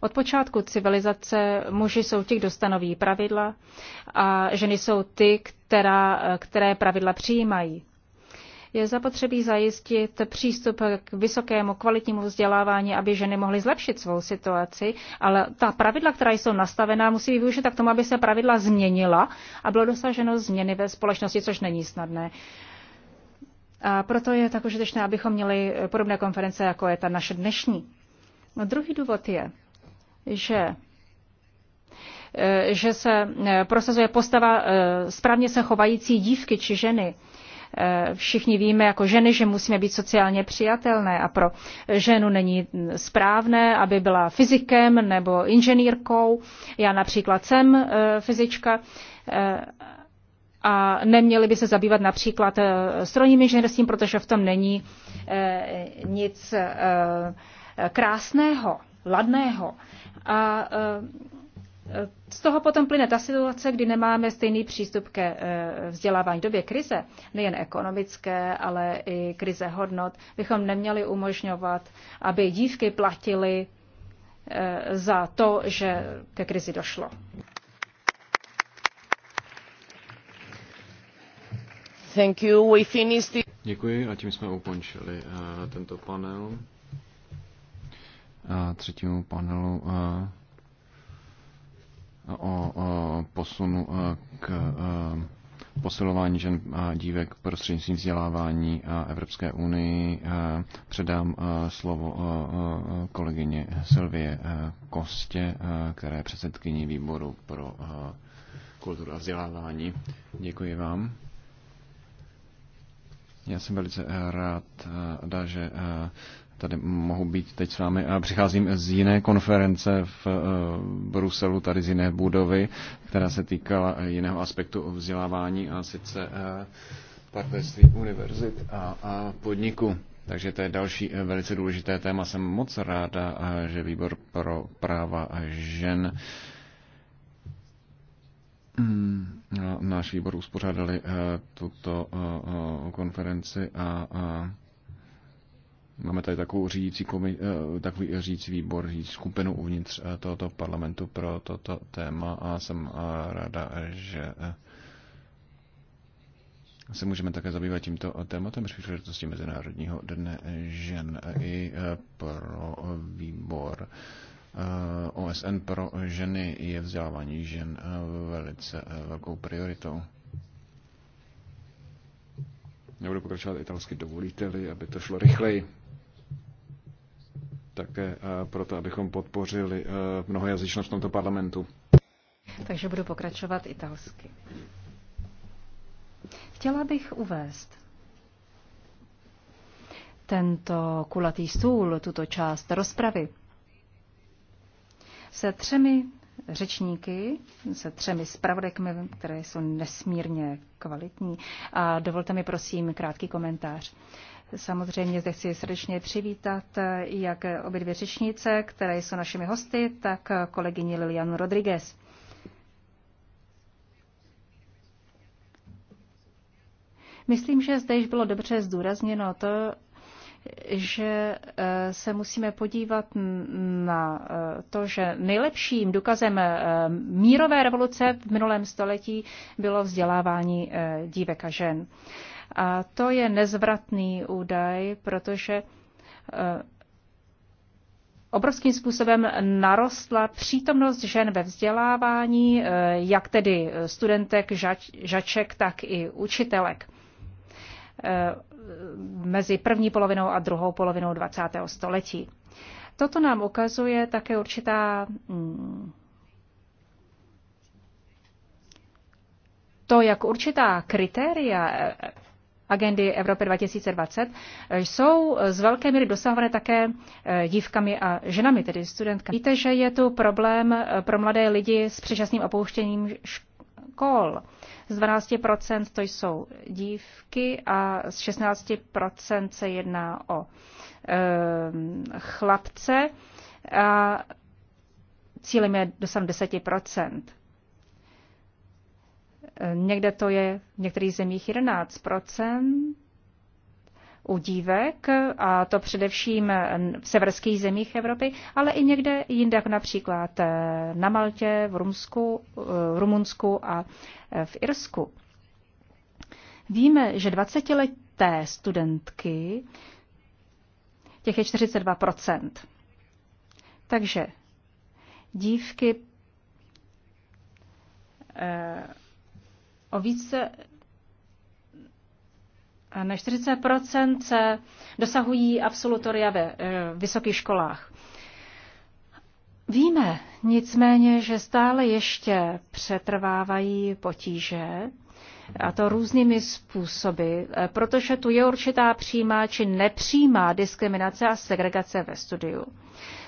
od počátku civilizace muži jsou ti, kdo stanoví pravidla a ženy jsou ty, která, které pravidla přijímají. Je zapotřebí zajistit přístup k vysokému kvalitnímu vzdělávání, aby ženy mohly zlepšit svou situaci, ale ta pravidla, která jsou nastavená, musí být využita k tomu, aby se pravidla změnila a bylo dosaženo změny ve společnosti, což není snadné. A proto je tak užitečné, abychom měli podobné konference, jako je ta naše dnešní. No, druhý důvod je, že eh, že se eh, prosazuje postava eh, správně se chovající dívky či ženy. Všichni víme jako ženy, že musíme být sociálně přijatelné a pro ženu není správné, aby byla fyzikem nebo inženýrkou. Já například jsem fyzička a neměli by se zabývat například eh, strojním inženýrstvím, protože v tom není eh, nic eh, krásného, ladného. A z toho potom plyne ta situace, kdy nemáme stejný přístup ke vzdělávání. V době krize, nejen ekonomické, ale i krize hodnot, bychom neměli umožňovat, aby dívky platily za to, že ke krizi došlo. Děkuji a tím jsme ukončili uh, tento panel. A třetímu panelu uh, o, o posunu uh, k uh, posilování žen a dívek prostřednictvím vzdělávání a Evropské unii předám slovo kolegyně Silvie Kostě, která je předsedkyní výboru pro kulturu a vzdělávání. Děkuji vám. Já jsem velice eh, rád, eh, že eh, tady mohu být teď s vámi. A přicházím z jiné konference v Bruselu, tady z jiné budovy, která se týkala jiného aspektu vzdělávání a sice partnerství univerzit a, a podniku. Takže to je další velice důležité téma. Jsem moc ráda, že výbor pro práva žen Mm, náš výbor uspořádali eh, tuto eh, eh, konferenci a máme tady takovou řídící komi, takový řídící výbor, řídící skupinu uvnitř tohoto parlamentu pro toto téma a jsem ráda, že se můžeme také zabývat tímto tématem při příležitosti Mezinárodního dne žen i pro výbor Eh, OSN pro ženy je vzdělávání žen eh, velice eh, velkou prioritou. Nebudu pokračovat italsky, dovolíte-li, aby to šlo rychleji. Také proto, abychom podpořili mnohojazyčnost v tomto parlamentu. Takže budu pokračovat italsky. Chtěla bych uvést tento kulatý stůl, tuto část rozpravy se třemi řečníky, se třemi zpravodajkami, které jsou nesmírně kvalitní. A dovolte mi prosím krátký komentář. Samozřejmě zde chci srdečně přivítat jak obě dvě řečnice, které jsou našimi hosty, tak kolegyni Lilianu Rodriguez. Myslím, že zde již bylo dobře zdůrazněno to, že eh, se musíme podívat na eh, to, že nejlepším důkazem eh, mírové revoluce v minulém století bylo vzdělávání dívek a žen. A to je nezvratný údaj, protože obrovským způsobem narostla přítomnost žen ve vzdělávání, jak tedy studentek, žač, žaček, tak i učitelek mezi první polovinou a druhou polovinou 20. století. Toto nám ukazuje také určitá mm, to, jak určitá kritéria agendy Evropy 2020 jsou z velké míry dosahované také e, dívkami a ženami, tedy studentkami. Víte, že je tu problém e, pro mladé lidi s předčasným opouštěním škol. Z 12% to jsou dívky a z 16% se jedná o e, chlapce a cílem je dosáhnout 10%. Eh, někde to je v některých zemích 11%, u dívek, a to především v severských zemích Evropy, ale i někde jinde, jako například eh, na Maltě, v, Rumsku, eh, v Rumunsku a eh, v Irsku. Víme, že 20-leté studentky, těch je 42 Takže dívky o více na 40 se dosahují absolutoria ve eh, vysokých školách. Víme nicméně, že stále ještě přetrvávají potíže, a to různými způsoby, eh, protože tu je určitá přímá či nepřímá diskriminace a segregace ve studiu.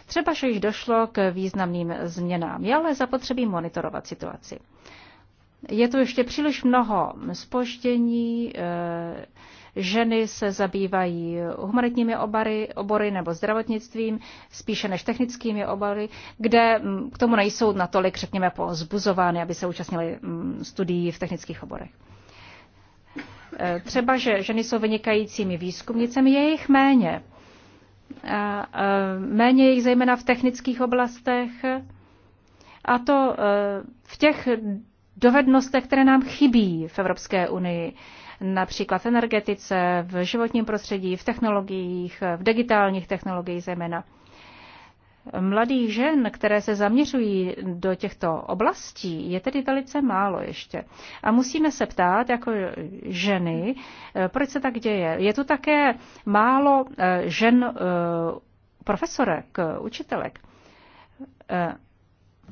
Třeba, že již došlo k významným změnám, je ale zapotřebí monitorovat situaci. Je tu ještě příliš mnoho spoždění, eh, ženy se zabývají humanitními obory, obory nebo zdravotnictvím, spíše než technickými obory, kde mm, k tomu nejsou natolik, řekněme, pozbuzovány, aby se účastnili mm, studií v technických oborech. E, třeba, že ženy jsou vynikajícími výzkumnicemi, je jich méně. Méně jich zejména v technických oblastech a to e, v těch dovednostech, které nám chybí v Evropské unii například v energetice, v životním prostředí, v technologiích, v digitálních technologiích zejména. Mladých žen, které se zaměřují do těchto oblastí, je tedy velice málo ještě. A musíme se ptát jako ženy, eh, proč se tak děje. Je tu také málo eh, žen eh, profesorek, učitelek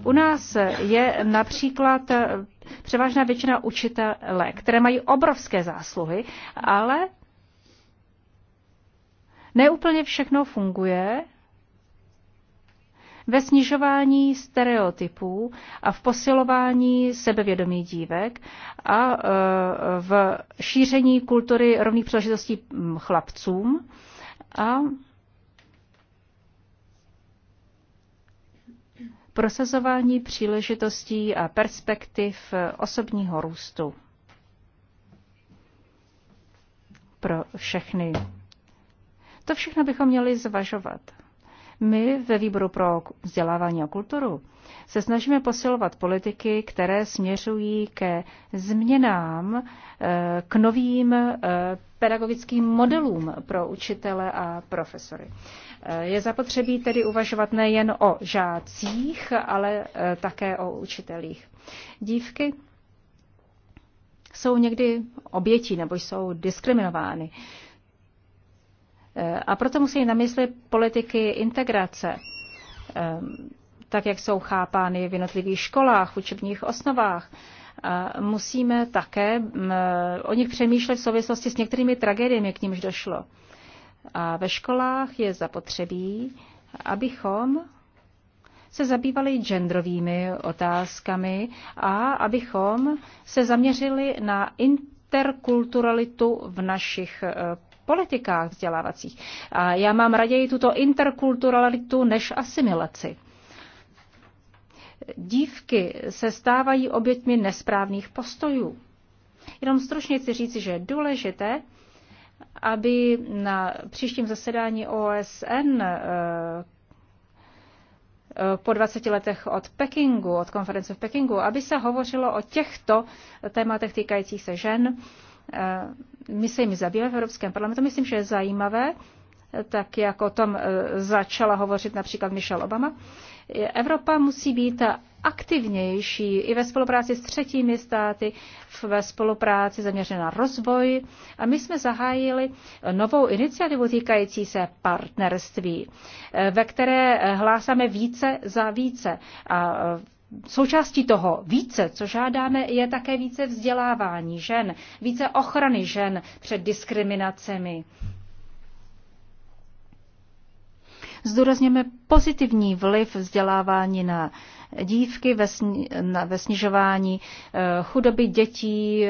u nás je například eh, převážná většina učitele, které mají obrovské zásluhy, ale neúplně všechno funguje ve snižování stereotypů a v posilování sebevědomí dívek a eh, v šíření kultury rovných příležitostí mm, chlapcům a prosazování příležitostí a perspektiv eh, osobního růstu pro všechny. To všechno bychom měli zvažovat. My ve výboru pro vzdělávání a kulturu se snažíme posilovat politiky, které směřují ke změnám, eh, k novým eh, pedagogickým modelům pro učitele a profesory. Je zapotřebí tedy uvažovat nejen o žácích, ale e, také o učitelích. Dívky jsou někdy obětí nebo jsou diskriminovány. E, a proto musí na mysli politiky integrace, e, tak jak jsou chápány v jednotlivých školách, v učebních osnovách, musíme také o nich přemýšlet v souvislosti s některými tragédiemi, k nímž došlo. A ve školách je zapotřebí, abychom se zabývali genderovými otázkami a abychom se zaměřili na interkulturalitu v našich e, politikách vzdělávacích. A já mám raději tuto interkulturalitu než asimilaci dívky se stávají oběťmi nesprávných postojů. Jenom stručně chci říci, že je důležité, aby na příštím zasedání OSN eh, eh, po 20 letech od Pekingu, od konference v Pekingu, aby se hovořilo o těchto tématech týkajících se žen. Eh, my se jim zabýváme v Evropském parlamentu. Myslím, že je zajímavé, tak jak o tom začala hovořit například Michelle Obama, Evropa musí být aktivnější i ve spolupráci s třetími státy, ve spolupráci zaměřená na rozvoj. A my jsme zahájili novou iniciativu týkající se partnerství, eh, ve které eh, hlásáme více za více. A eh, Součástí toho více, co žádáme, je také více vzdělávání žen, více ochrany žen před diskriminacemi Zdůrazněme pozitivní vliv vzdělávání na dívky ve, sni, na, ve snižování eh, chudoby dětí,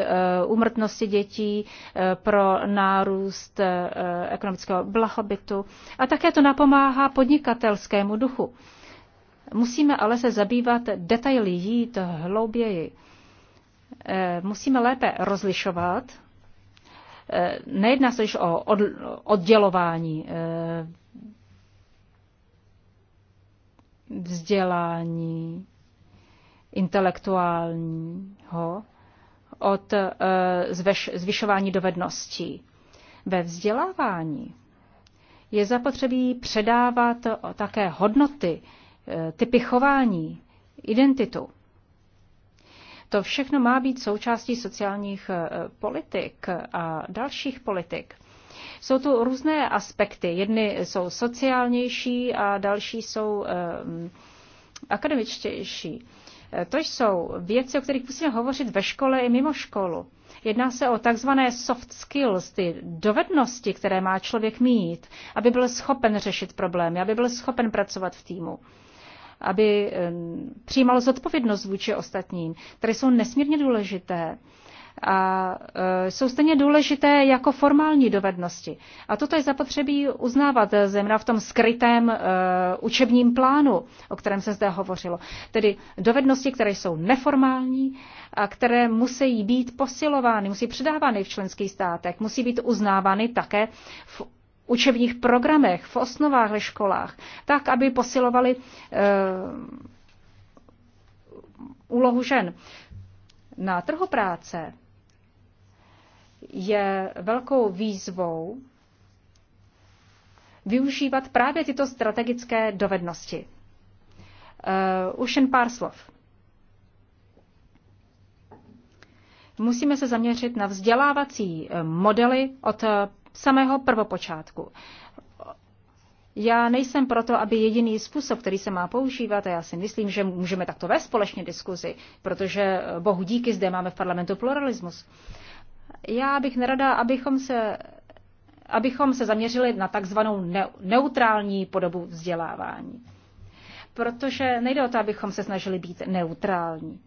umrtnosti eh, dětí eh, pro nárůst ekonomického blahobytu. A také to napomáhá podnikatelskému duchu. Musíme ale se zabývat detaily, jít hlouběji. Musíme lépe rozlišovat. Nejedná se již o oddělování vzdělání intelektuálního od eh, zvyšování dovedností. Ve vzdělávání je zapotřebí předávat také hodnoty, eh, typy chování, identitu. To všechno má být součástí sociálních eh, politik a dalších politik. Jsou tu různé aspekty. Jedny jsou sociálnější a další jsou ehm, akademičtější. E, to jsou věci, o kterých musíme hovořit ve škole i mimo školu. Jedná se o takzvané soft skills, ty dovednosti, které má člověk mít, aby byl schopen řešit problémy, aby byl schopen pracovat v týmu, aby ehm, přijímal zodpovědnost vůči ostatním, které jsou nesmírně důležité a e, jsou stejně důležité jako formální dovednosti. A toto je zapotřebí uznávat zejména v tom skrytém e, učebním plánu, o kterém se zde hovořilo. Tedy dovednosti, které jsou neformální a které musí být posilovány, musí předávány v členských státech, musí být uznávány také v učebních programech, v osnovách ve školách, tak, aby posilovali e, úlohu žen na trhu práce je velkou výzvou využívat právě tyto strategické dovednosti. Uh, už jen pár slov. Musíme se zaměřit na vzdělávací eh, modely od eh, samého prvopočátku. Já nejsem proto, aby jediný způsob, který se má používat, a já si myslím, že můžeme takto vést společně diskuzi, protože eh, bohu díky zde máme v parlamentu pluralismus. Já bych nerada, abychom se, abychom se zaměřili na takzvanou neutrální podobu vzdělávání. Protože nejde o to, abychom se snažili být neutrální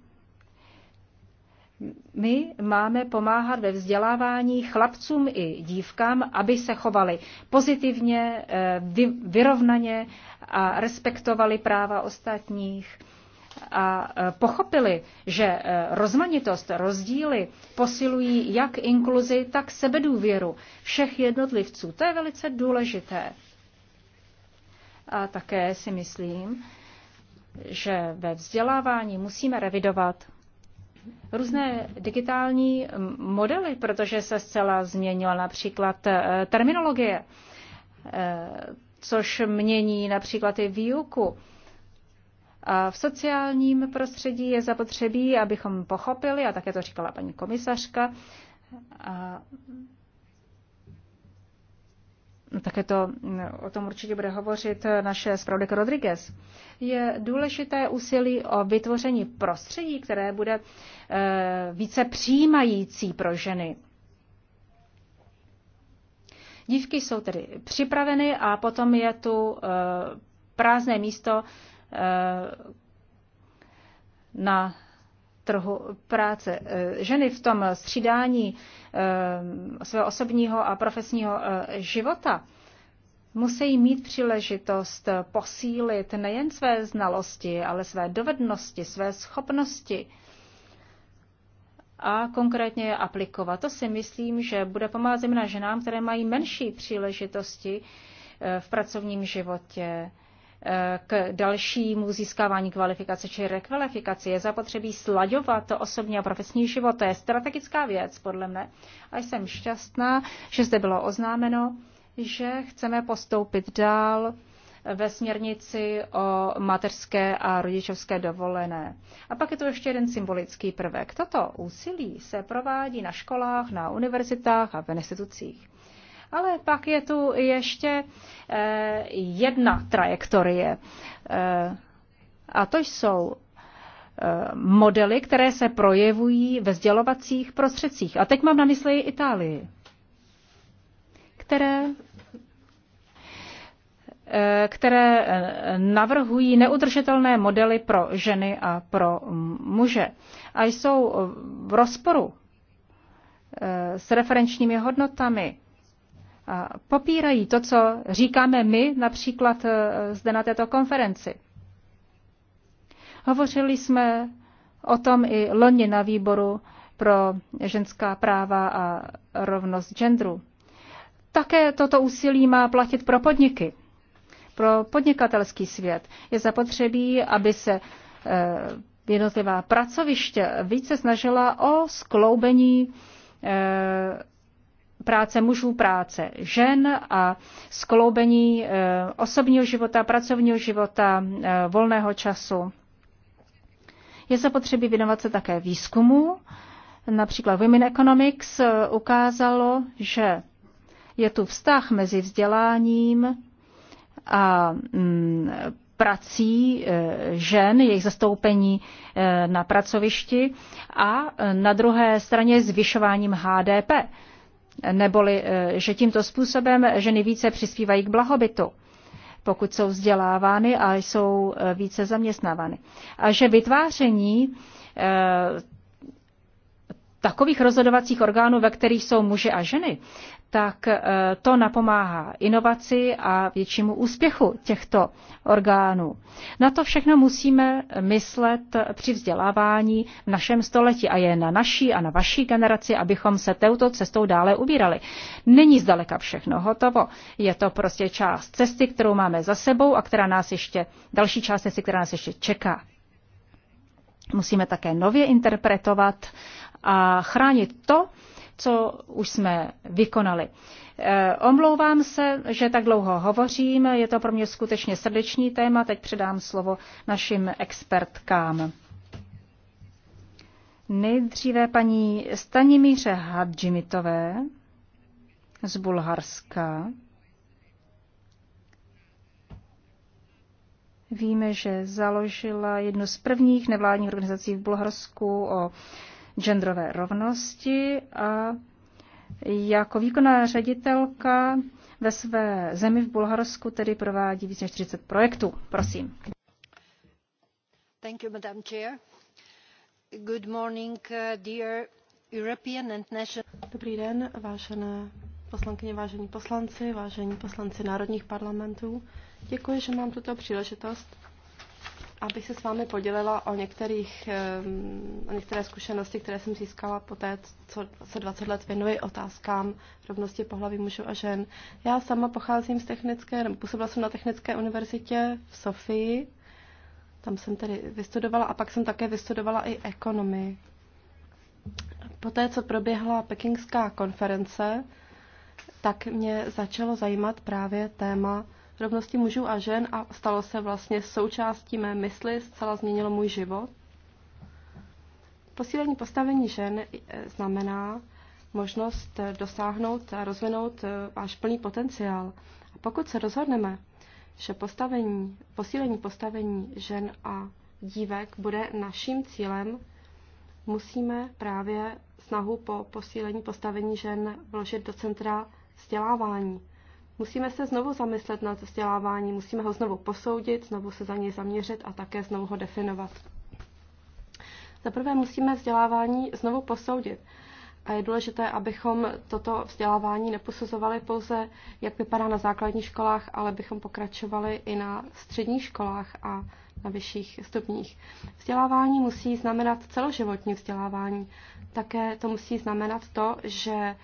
my máme pomáhat ve vzdělávání chlapcům i dívkám, aby se chovali pozitivně, eh, vyrovnaně a respektovali práva ostatních a eh, pochopili, že eh, rozmanitost, rozdíly posilují jak inkluzi, tak sebedůvěru všech jednotlivců. To je velice důležité. A také si myslím, že ve vzdělávání musíme revidovat různé digitální modely, protože se zcela změnila například eh, terminologie, eh, což mění například i výuku. A v sociálním prostředí je zapotřebí, abychom pochopili, a také to říkala paní komisařka, a také to, o tom určitě bude hovořit naše zpravodajka Rodriguez, je důležité úsilí o vytvoření prostředí, které bude eh, více přijímající pro ženy. Dívky jsou tedy připraveny a potom je tu eh, prázdné místo eh, na trhu práce. Eh, ženy v tom střídání eh, svého osobního a profesního eh, života musí mít příležitost posílit nejen své znalosti, ale své dovednosti, své schopnosti a konkrétně je aplikovat. To si myslím, že bude pomáhat zejména ženám, které mají menší příležitosti v pracovním životě k dalšímu získávání kvalifikace či rekvalifikaci. Je zapotřebí slaďovat to osobní a profesní život. To je strategická věc, podle mne. A jsem šťastná, že zde bylo oznámeno, že chceme postoupit dál ve směrnici o mateřské a rodičovské dovolené. A pak je tu ještě jeden symbolický prvek. Toto úsilí se provádí na školách, na univerzitách a v institucích. Ale pak je tu ještě eh, jedna trajektorie. Eh, a to jsou eh, modely, které se projevují ve sdělovacích prostředcích. A teď mám na mysli Itálii, které, které navrhují neudržitelné modely pro ženy a pro muže. A jsou v rozporu s referenčními hodnotami popírají to, co říkáme my například e, zde na této konferenci. Hovořili jsme o tom i loni na výboru pro ženská práva a rovnost genderu. Také toto úsilí má platit pro podniky, pro podnikatelský svět. Je zapotřebí, aby se e, jednotlivá pracoviště více snažila o skloubení e, práce mužů, práce žen a skloubení eh, osobního života, pracovního života, eh, volného času. Je zapotřebí věnovat se také výzkumu. Například Women Economics eh, ukázalo, že je tu vztah mezi vzděláním a mm, prací žen, jejich zastoupení na pracovišti a na druhé straně zvyšováním HDP neboli eh, že tímto způsobem ženy více přispívají k blahobytu pokud jsou vzdělávány a jsou eh, více zaměstnávány. A že vytváření eh, takových rozhodovacích orgánů, ve kterých jsou muži a ženy, tak eh, to napomáhá inovaci a většímu úspěchu těchto orgánů. Na to všechno musíme myslet při vzdělávání v našem století a je na naší a na vaší generaci, abychom se touto cestou dále ubírali. Není zdaleka všechno hotovo. Je to prostě část cesty, kterou máme za sebou a která nás ještě, další část cesty, která nás ještě čeká. Musíme také nově interpretovat a chránit to, co už jsme vykonali. Eh, omlouvám se, že tak dlouho hovořím, je to pro mě skutečně srdeční téma, teď předám slovo našim expertkám. Nejdříve paní Stanimíře Hadžimitové z Bulharska. Víme, že založila jednu z prvních nevládních organizací v Bulharsku o genderové rovnosti a jako výkonná ředitelka ve své zemi v Bulharsku tedy provádí více než 30 projektů. Prosím. Thank you, Madam Chair. Good morning, uh, dear European and national... Dobrý den, vážené poslankyně, vážení poslanci, vážení poslanci národních parlamentů. Děkuji, že mám tuto příležitost abych se s vámi podělila o, některých, o některé zkušenosti, které jsem získala po té, co se 20 let věnuji otázkám rovnosti pohlaví mužů a žen. Já sama pocházím z technické, nebo působila jsem na technické univerzitě v Sofii, tam jsem tedy vystudovala a pak jsem také vystudovala i ekonomii. Poté, co proběhla pekingská konference, tak mě začalo zajímat právě téma rovnosti mužů a žen a stalo se vlastně součástí mé mysli, zcela změnilo můj život. Posílení postavení žen eh, znamená možnost eh, dosáhnout a rozvinout eh, váš plný potenciál. A pokud se rozhodneme, že postavení, posílení postavení žen a dívek bude naším cílem, musíme právě snahu po posílení postavení žen vložit do centra vzdělávání. Musíme se znovu zamyslet nad vzdělávání, musíme ho znovu posoudit, znovu se za něj zaměřit a také znovu ho definovat. Za prvé musíme vzdělávání znovu posoudit. A je důležité, abychom toto vzdělávání neposuzovali pouze, jak vypadá na základních školách, ale bychom pokračovali i na středních školách a na vyšších stupních. Vzdělávání musí znamenat celoživotní vzdělávání. Také to musí znamenat to, že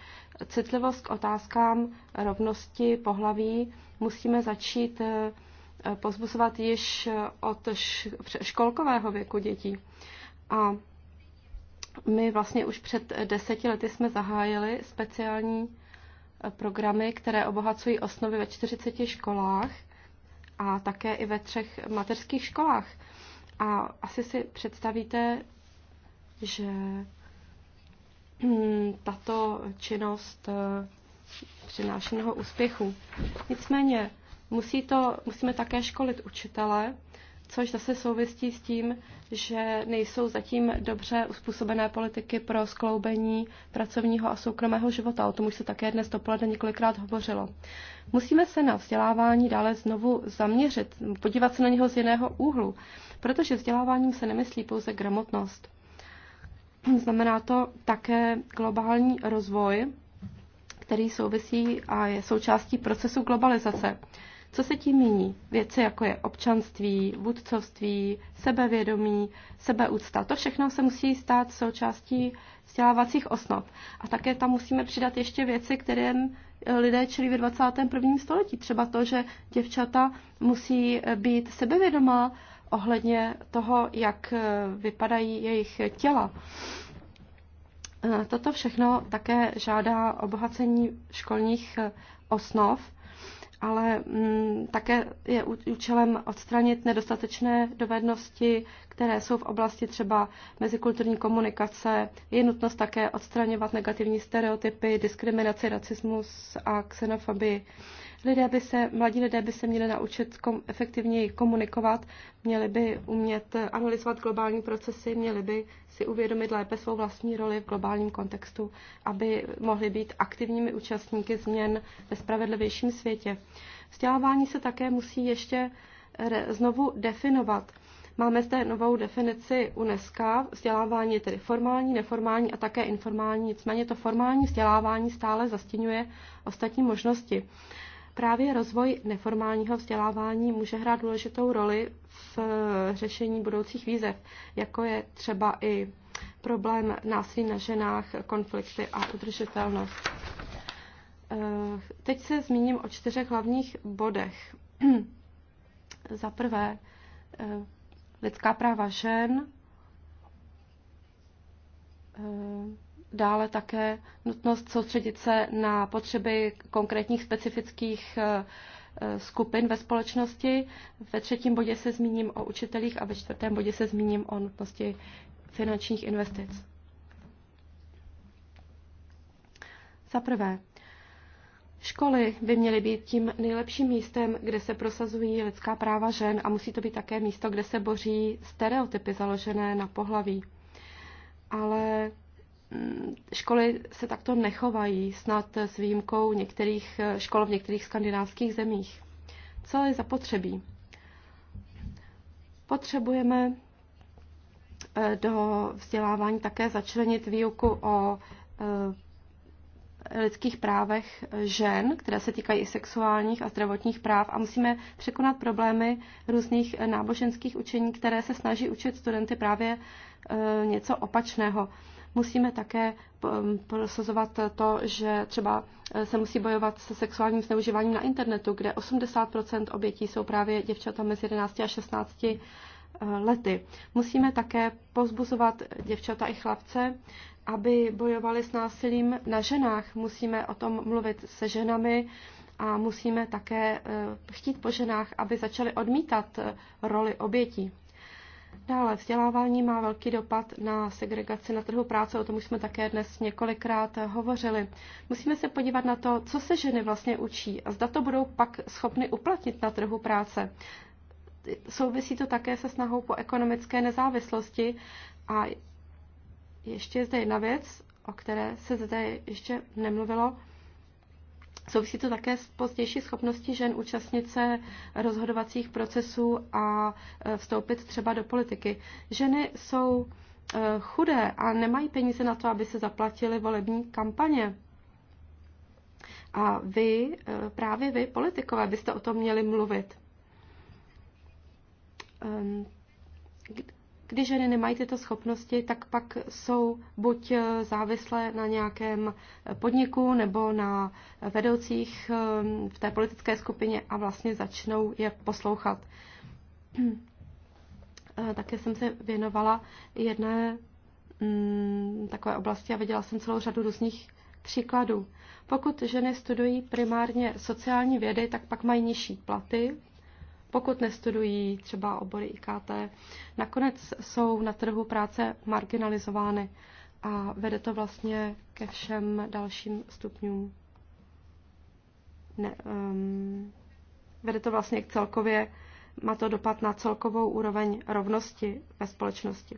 citlivost k otázkám rovnosti pohlaví musíme začít eh, pozbuzovat již eh, od školkového věku dětí. A my vlastně už před deseti lety jsme zahájili speciální eh, programy, které obohacují osnovy ve 40 školách a také i ve třech mateřských školách. A asi si představíte, že Hmm, tato činnost eh, přináší mnoho Nicméně musí to, musíme také školit učitele, což zase souvisí s tím, že nejsou zatím dobře uspůsobené politiky pro skloubení pracovního a soukromého života. O tom už se také dnes dopoledne několikrát hovořilo. Musíme se na vzdělávání dále znovu zaměřit, podívat se na něho z jiného úhlu, protože vzděláváním se nemyslí pouze gramotnost. Znamená to také globální rozvoj, který souvisí a je součástí procesu globalizace. Co se tím míní? Věci jako je občanství, vůdcovství, sebevědomí, sebeúcta. To všechno se musí stát součástí vzdělávacích osnov. A také tam musíme přidat ještě věci, kterým lidé čelí ve 21. století. Třeba to, že děvčata musí být sebevědomá, ohledně toho, jak eh, vypadají jejich těla. Eh, toto všechno také žádá obohacení školních eh, osnov, ale mm, také je účelem odstranit nedostatečné dovednosti, které jsou v oblasti třeba mezikulturní komunikace. Je nutnost také odstraňovat negativní stereotypy, diskriminaci, racismus a xenofobii. Lidé by se, mladí lidé by se měli naučit kom, efektivněji komunikovat, měli by umět analyzovat globální procesy, měli by si uvědomit lépe svou vlastní roli v globálním kontextu, aby mohli být aktivními účastníky změn ve spravedlivějším světě. Vzdělávání se také musí ještě znovu definovat. Máme zde novou definici UNESCO. Vzdělávání je tedy formální, neformální a také informální. Nicméně to formální vzdělávání stále zastěňuje ostatní možnosti. Právě rozvoj neformálního vzdělávání může hrát důležitou roli v eh, řešení budoucích výzev, jako je třeba i problém násilí na ženách, konflikty a udržitelnost. Eh, teď se zmíním o čtyřech hlavních bodech. Za prvé, eh, lidská práva žen, dále také nutnost soustředit se na potřeby konkrétních specifických eh, eh, skupin ve společnosti. Ve třetím bodě se zmíním o učitelích a ve čtvrtém bodě se zmíním o nutnosti finančních investic. Za prvé, školy by měly být tím nejlepším místem, kde se prosazují lidská práva žen a musí to být také místo, kde se boří stereotypy založené na pohlaví. Ale školy se takto nechovají, snad s výjimkou některých eh, škol v některých skandinávských zemích. Co je zapotřebí? Potřebujeme eh, do vzdělávání také začlenit výuku o eh, lidských právech žen, které se týkají i sexuálních a zdravotních práv a musíme překonat problémy různých náboženských učení, které se snaží učit studenty právě něco opačného. Musíme také um, prosazovat to, že třeba eh, se musí bojovat se sexuálním zneužíváním na internetu, kde 80 obětí jsou právě děvčata mezi 11 a 16 eh, lety. Musíme také pozbuzovat děvčata i chlapce, aby bojovali s násilím na ženách. Musíme o tom mluvit se ženami a musíme také eh, chtít po ženách, aby začaly odmítat roli obětí. Dále vzdělávání má velký dopad na segregaci na trhu práce, o tom už jsme také dnes několikrát hovořili. Musíme se podívat na to, co se ženy vlastně učí a zda to budou pak schopny uplatnit na trhu práce. Souvisí to také se snahou po ekonomické nezávislosti a ještě je zde jedna věc, o které se zde ještě nemluvilo, Souvisí to také s pozdější schopností žen účastnit se rozhodovacích procesů a e, vstoupit třeba do politiky. Ženy jsou e, chudé a nemají peníze na to, aby se zaplatili volební kampaně. A vy, e, právě vy, politikové, byste o tom měli mluvit ehm, když ženy nemají tyto schopnosti, tak pak jsou buď eh, závislé na nějakém eh, podniku nebo na vedoucích eh, v té politické skupině a vlastně začnou je poslouchat. Také jsem se věnovala jedné mm, takové oblasti a viděla jsem celou řadu různých příkladů. Pokud ženy studují primárně sociální vědy, tak pak mají nižší platy, pokud nestudují třeba obory IKT, nakonec jsou na trhu práce marginalizovány a vede to vlastně ke všem dalším stupňům. Ne, um, vede to vlastně k celkově, má to dopad na celkovou úroveň rovnosti ve společnosti.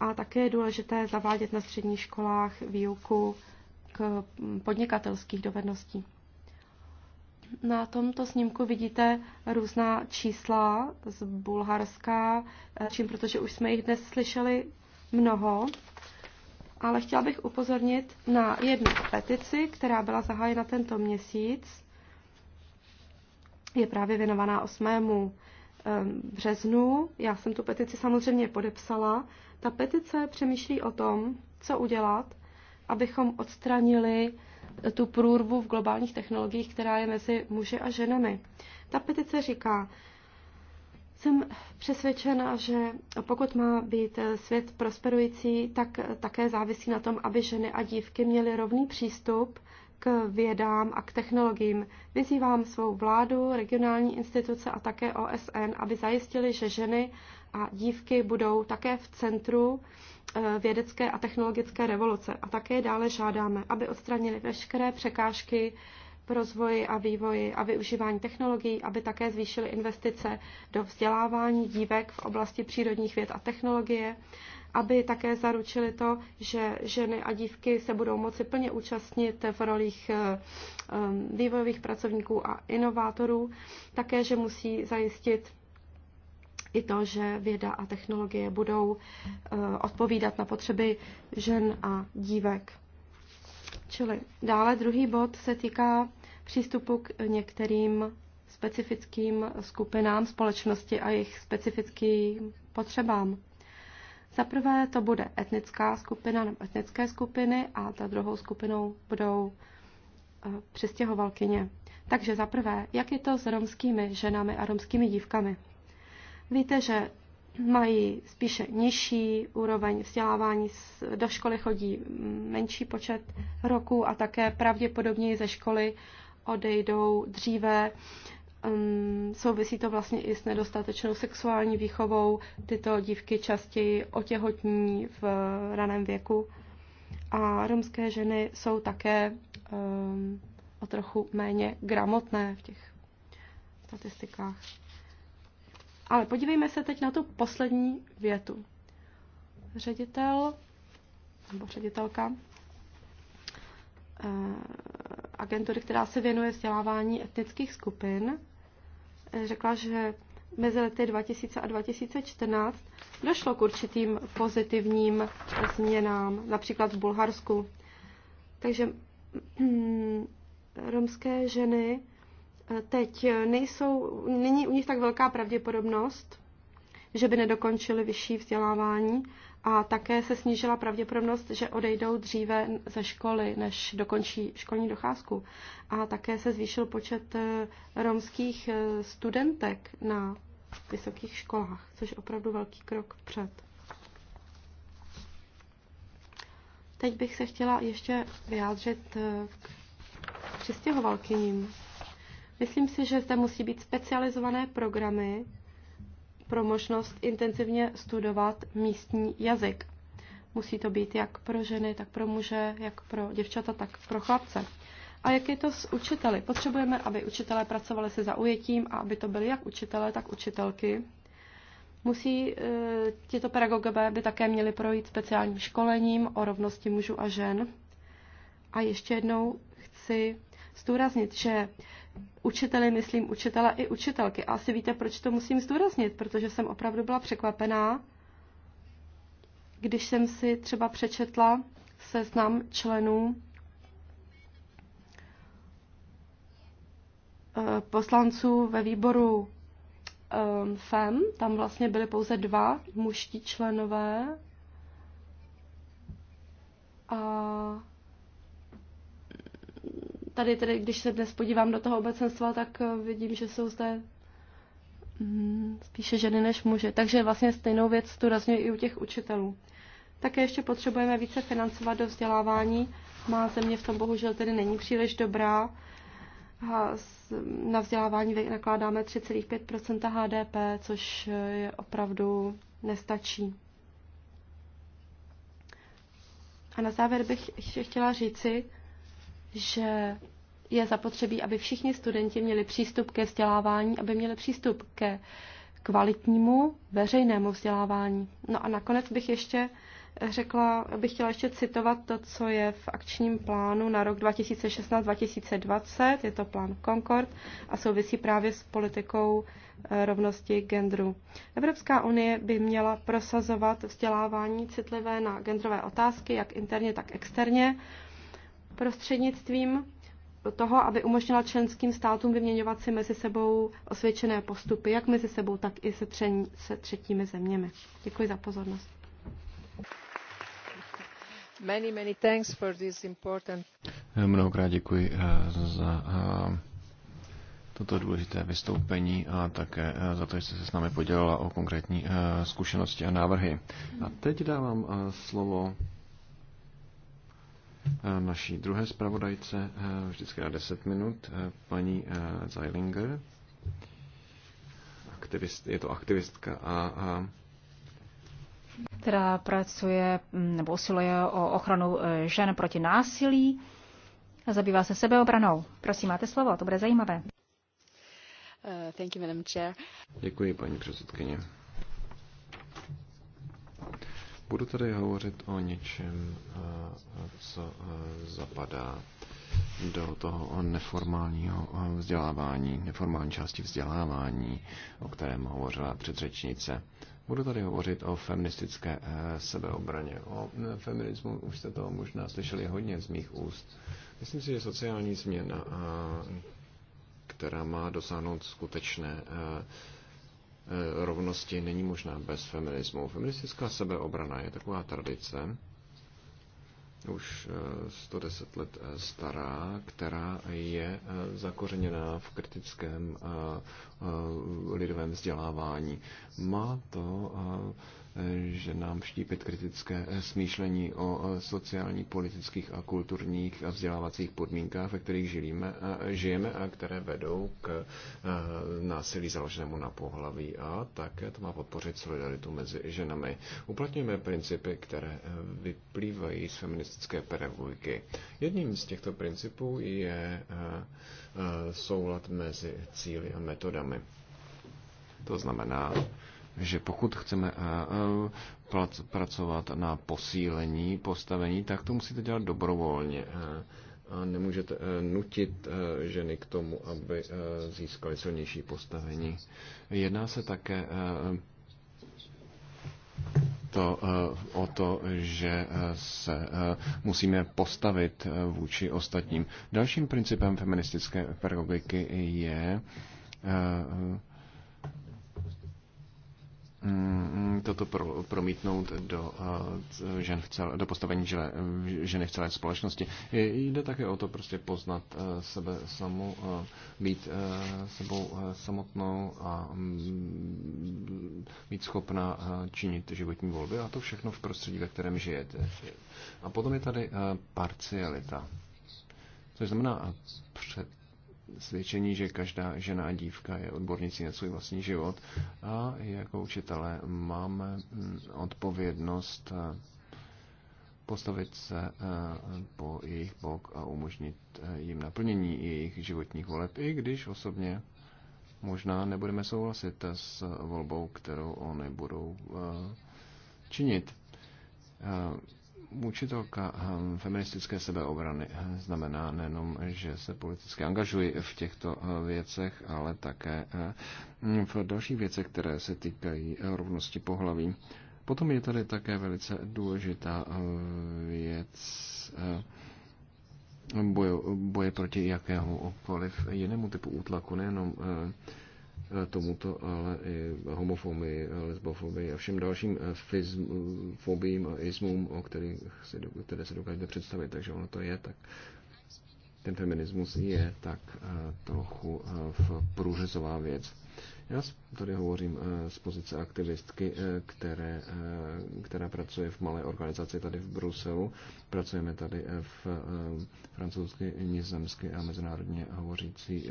A také je důležité zavádět na středních školách výuku k podnikatelských dovedností. Na tomto snímku vidíte různá čísla z Bulharska, eh, čím protože už jsme jich dnes slyšeli mnoho. Ale chtěla bych upozornit na jednu petici, která byla zahájena tento měsíc. Je právě věnovaná 8. Ehm, březnu. Já jsem tu petici samozřejmě podepsala. Ta petice přemýšlí o tom, co udělat, abychom odstranili tu průrvu v globálních technologiích, která je mezi muži a ženami. Ta petice říká, jsem přesvědčena, že pokud má být svět prosperující, tak také závisí na tom, aby ženy a dívky měly rovný přístup k vědám a k technologiím. Vyzývám svou vládu, regionální instituce a také OSN, aby zajistili, že ženy a dívky budou také v centru eh, vědecké a technologické revoluce. A také dále žádáme, aby odstranili veškeré překážky pro rozvoji a vývoji a využívání technologií, aby také zvýšili investice do vzdělávání dívek v oblasti přírodních věd a technologie, aby také zaručili to, že ženy a dívky se budou moci plně účastnit v rolích eh, eh, vývojových pracovníků a inovátorů, také, že musí zajistit i to, že věda a technologie budou eh, odpovídat na potřeby žen a dívek. Čili dále druhý bod se týká přístupu k některým specifickým skupinám společnosti a jejich specifickým potřebám. Za prvé to bude etnická skupina nebo etnické skupiny a ta druhou skupinou budou eh, přistěhovalkyně. Takže za prvé, jak je to s romskými ženami a romskými dívkami? Víte, že mají spíše nižší úroveň vzdělávání, do školy chodí menší počet roků a také pravděpodobně ze školy odejdou dříve. Um, souvisí to vlastně i s nedostatečnou sexuální výchovou. Tyto dívky častěji otěhotní v raném věku. A romské ženy jsou také um, o trochu méně gramotné v těch statistikách. Ale podívejme se teď na tu poslední větu. Ředitel nebo ředitelka eh, agentury, která se věnuje vzdělávání etnických skupin, eh, řekla, že mezi lety 2000 a 2014 došlo k určitým pozitivním změnám, například v Bulharsku. Takže mm, mm, romské ženy teď nejsou, není u nich tak velká pravděpodobnost, že by nedokončili vyšší vzdělávání a také se snížila pravděpodobnost, že odejdou dříve ze školy, než dokončí školní docházku. A také se zvýšil počet eh, romských eh, studentek na vysokých školách, což je opravdu velký krok vpřed. Teď bych se chtěla ještě vyjádřit eh, k přistěhovalkyním. Myslím si, že zde musí být specializované programy pro možnost intenzivně studovat místní jazyk. Musí to být jak pro ženy, tak pro muže, jak pro děvčata, tak pro chlapce. A jak je to s učiteli? Potřebujeme, aby učitelé pracovali se zaujetím a aby to byli jak učitelé, tak učitelky. Musí e, tito pedagogové by také měli projít speciálním školením o rovnosti mužů a žen. A ještě jednou chci zdůraznit, že učiteli, myslím učitele i učitelky. A asi víte, proč to musím zdůraznit, protože jsem opravdu byla překvapená, když jsem si třeba přečetla seznam členů eh, poslanců ve výboru ehm, FEM, tam vlastně byly pouze dva muští členové a tady tedy, když se dnes podívám do toho obecenstva, tak eh, vidím, že jsou zde mm, spíše ženy než muže. Takže vlastně stejnou věc tu zdůrazňuji i u těch učitelů. Také ještě potřebujeme více financovat do vzdělávání. Má země v tom bohužel tedy není příliš dobrá. na vzdělávání nakládáme 3,5 HDP, což eh, je opravdu nestačí. A na závěr bych ještě chtěla říci, že je zapotřebí, aby všichni studenti měli přístup ke vzdělávání, aby měli přístup ke kvalitnímu veřejnému vzdělávání. No a nakonec bych ještě řekla, bych chtěla ještě citovat to, co je v akčním plánu na rok 2016-2020, je to plán Concord a souvisí právě s politikou eh, rovnosti genderu. Evropská unie by měla prosazovat vzdělávání citlivé na genderové otázky, jak interně, tak externě, prostřednictvím toho, aby umožnila členským státům vyměňovat si mezi sebou osvědčené postupy, jak mezi sebou, tak i se, tření, se třetími zeměmi. Děkuji za pozornost. Many, many thanks for this important... Eh, mnohokrát děkuji eh, za eh, toto důležité vystoupení a také za to, že jste se s námi podělila o konkrétní zkušenosti a návrhy. A teď dávám slovo Eh, naší druhé zpravodajce eh, vždycky na 10 minut, eh, paní Zeilinger. Aktivist, je to aktivistka a, a která pracuje mm, nebo usiluje o ochranu žen proti násilí a zabývá se sebeobranou. Prosím, máte slovo, to bude zajímavé. Uh, thank you, Madam Chair. Děkuji, paní předsedkyně. Budu tady hovořit o něčem, eh, co eh, zapadá do toho neformálního eh, vzdělávání, neformální části vzdělávání, o kterém hovořila předřečnice. Budu tady hovořit o feministické sebeobraně. O feminismu už jste toho možná slyšeli hodně z mých úst. Myslím si, že sociální změna, která má dosáhnout skutečné Eh, rovnosti není možná bez feminismu. Feministická sebeobrana je taková tradice, už 110 eh, let eh, stará, která je zakořeněná v kritickém lidovém vzdělávání. Má to že nám vštípit kritické smýšlení o sociálních, politických a kulturních a vzdělávacích podmínkách, ve kterých žijeme a, žijeme a které vedou k e, násilí založenému na pohlaví a také to má podpořit solidaritu mezi ženami. Uplatňujeme principy, které vyplývají z feministické pedagogiky. Jedním z těchto principů je e, e, soulad mezi cíly a metodami. To znamená, že pokud chceme eh, eh, pracovat na posílení postavení, tak to musíte dělat dobrovolně. Eh, a nemůžete nutit ženy k tomu, aby získaly silnější postavení. Jedná se také to, o to, že se musíme postavit vůči ostatním. Dalším principem feministické pedagogiky je Mm, mm, toto pro, promítnout do, eh, žen v celé, do postavení žele, ženy v celé společnosti. Jde také o to prostě poznat eh, sebe samu, eh, být sebou samotnou a mm, být schopna činit životní volby a to všechno v prostředí, ve kterém žijete. A potom je tady parcialita, To znamená před svědčení, že každá žena a dívka je odbornicí na svůj vlastní život a jako učitelé máme mm, odpovědnost eh, postavit se eh, po jejich bok a umožnit eh, jim naplnění jejich životních voleb, i když osobně možná nebudeme souhlasit s volbou, kterou oni budou činit. Učitelka eh, feministické sebeobrany eh, znamená nejenom, že se politicky angažuji v těchto eh, věcech, ale také v dalších věcech, které se týkají rovnosti pohlaví. Potom je tady také velice důležitá věc boje, boje proti jakéhokoliv jinému typu útlaku, nejenom tomuto, ale i homofobii, lesbofobii a všem dalším eh, fobím a ismům, o kterých si, které se dokážete představit. Takže ono to je tak. Ten feminismus je tak eh, trochu eh, průřezová věc. Já tady hovořím eh, z pozice aktivistky, eh, které, eh, která pracuje v malé organizaci tady v Bruselu. Pracujeme tady v francouzsky, nizozemsky a mezinárodně hovořící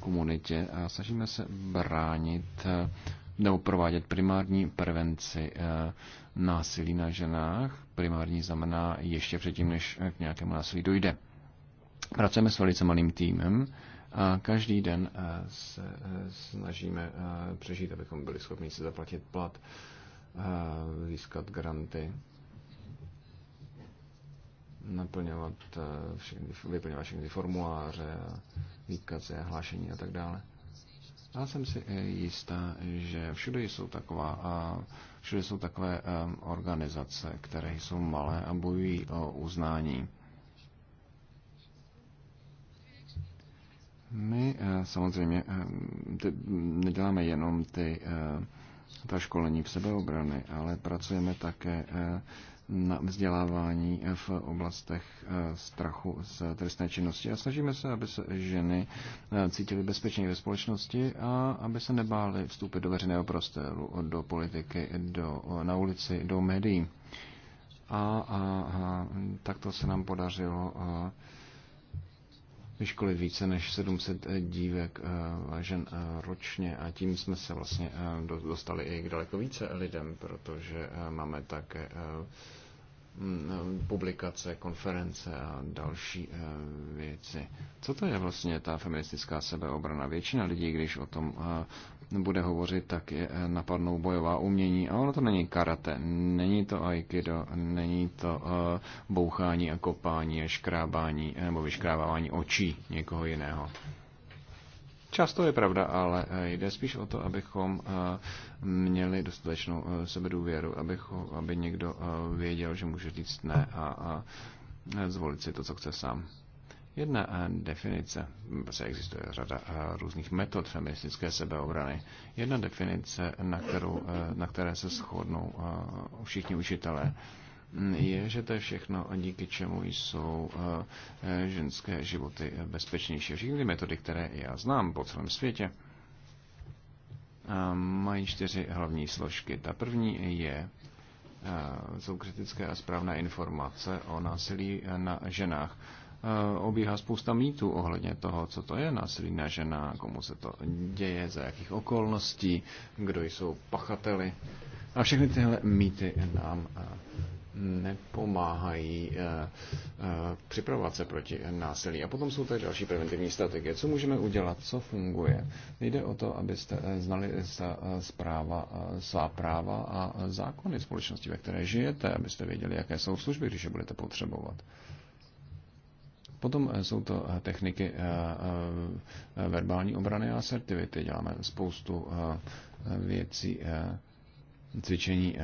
komunitě a snažíme se bránit nebo provádět primární prevenci násilí na ženách. Primární znamená ještě předtím, než k nějakému násilí dojde. Pracujeme s velice malým týmem a každý den eh, se eh, snažíme eh, přežít, abychom byli schopni si zaplatit plat, získat granty, naplňovat všechny, vyplňovat všechny formuláře, výkazy, hlášení a tak dále. Já jsem si jistá, že všude jsou, taková, všude jsou takové organizace, které jsou malé a bojují o uznání My eh, samozřejmě eh, neděláme jenom ty, eh, ta školení v sebeobrany, ale pracujeme také na vzdělávání v oblastech strachu z trestné činnosti a snažíme se, aby se ženy cítily bezpečně ve společnosti a aby se nebály vstoupit do veřejného prostoru, do politiky, do, na ulici, do médií. A, a, a takto se nám podařilo a, vyškolit více než 700 eh, dívek a eh, žen eh, ročně a tím jsme se vlastně dostali i k daleko více lidem, protože máme také mm, publikace, konference a další věci. Co to je vlastně ta feministická sebeobrana? Většina lidí, když o tom bude hovořit, tak je eh, napadnou bojová umění. A ono to není karate, není to aikido, není to eh, bouchání a kopání a škrábání eh, nebo vyškrábávání očí někoho jiného. Často je pravda, ale jde spíš o to, abychom měli dostatečnou sebedůvěru, abychom, aby někdo věděl, že může říct ne a, a zvolit si to, co chce sám. Jedna eh, definice, protože existuje řada eh, různých metod feministické sebeobrany, jedna definice, na, kterou, eh, na které se shodnou všichni učitelé, mm, je, že to je všechno, díky čemu jsou ženské životy bezpečnější. Všechny metody, které já znám po celém světě, mají čtyři hlavní složky. Ta první je, jsou kritické a správné informace o násilí na ženách Eh, obíhá spousta mýtů ohledně toho, co to je násilí na žena, komu se to děje, za jakých okolností, kdo jsou pachateli. A všechny tyhle mýty nám eh, nepomáhají eh, připravovat se proti násilí. A potom jsou tady další preventivní strategie. Co můžeme udělat, co funguje? Jde o to, abyste znali zpráva, svá práva a zákony společnosti, ve které žijete, abyste věděli, jaké jsou služby, když je budete potřebovat. Potom eh, jsou to eh, techniky eh, verbální obrany a asertivity. Děláme spoustu věcí, cvičení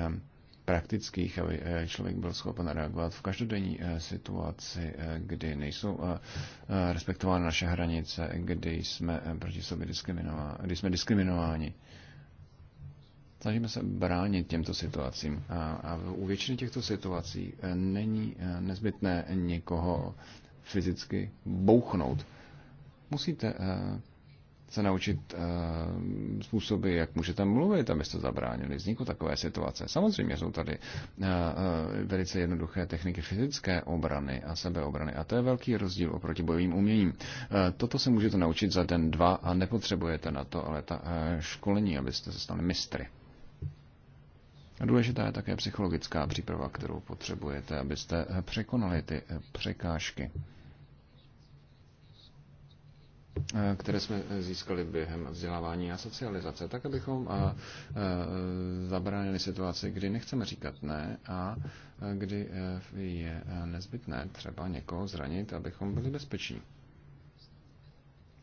praktických, aby člověk byl schopen reagovat v každodenní situaci, kdy nejsou respektovány naše hranice, kdy jsme proti sobě diskriminováni, kdy jsme diskriminováni. Snažíme se bránit těmto situacím a, a u většiny těchto situací není nezbytné někoho fyzicky bouchnout. Musíte eh, se naučit uh, způsoby, jak můžete mluvit, abyste zabránili vzniku takové situace. Samozřejmě jsou tady uh, uh, velice jednoduché techniky fyzické obrany a sebeobrany a to je velký rozdíl oproti bojovým uměním. Uh, toto se můžete naučit za den, dva a nepotřebujete na to ale ta uh, školení, abyste se stali mistry. A důležitá je také psychologická příprava, kterou potřebujete, abyste překonali ty překážky. Eh, které jsme eh, získali během vzdělávání a socializace, tak abychom eh, zabránili situaci, kdy nechceme říkat ne a kdy je nezbytné třeba někoho zranit, abychom byli bezpeční.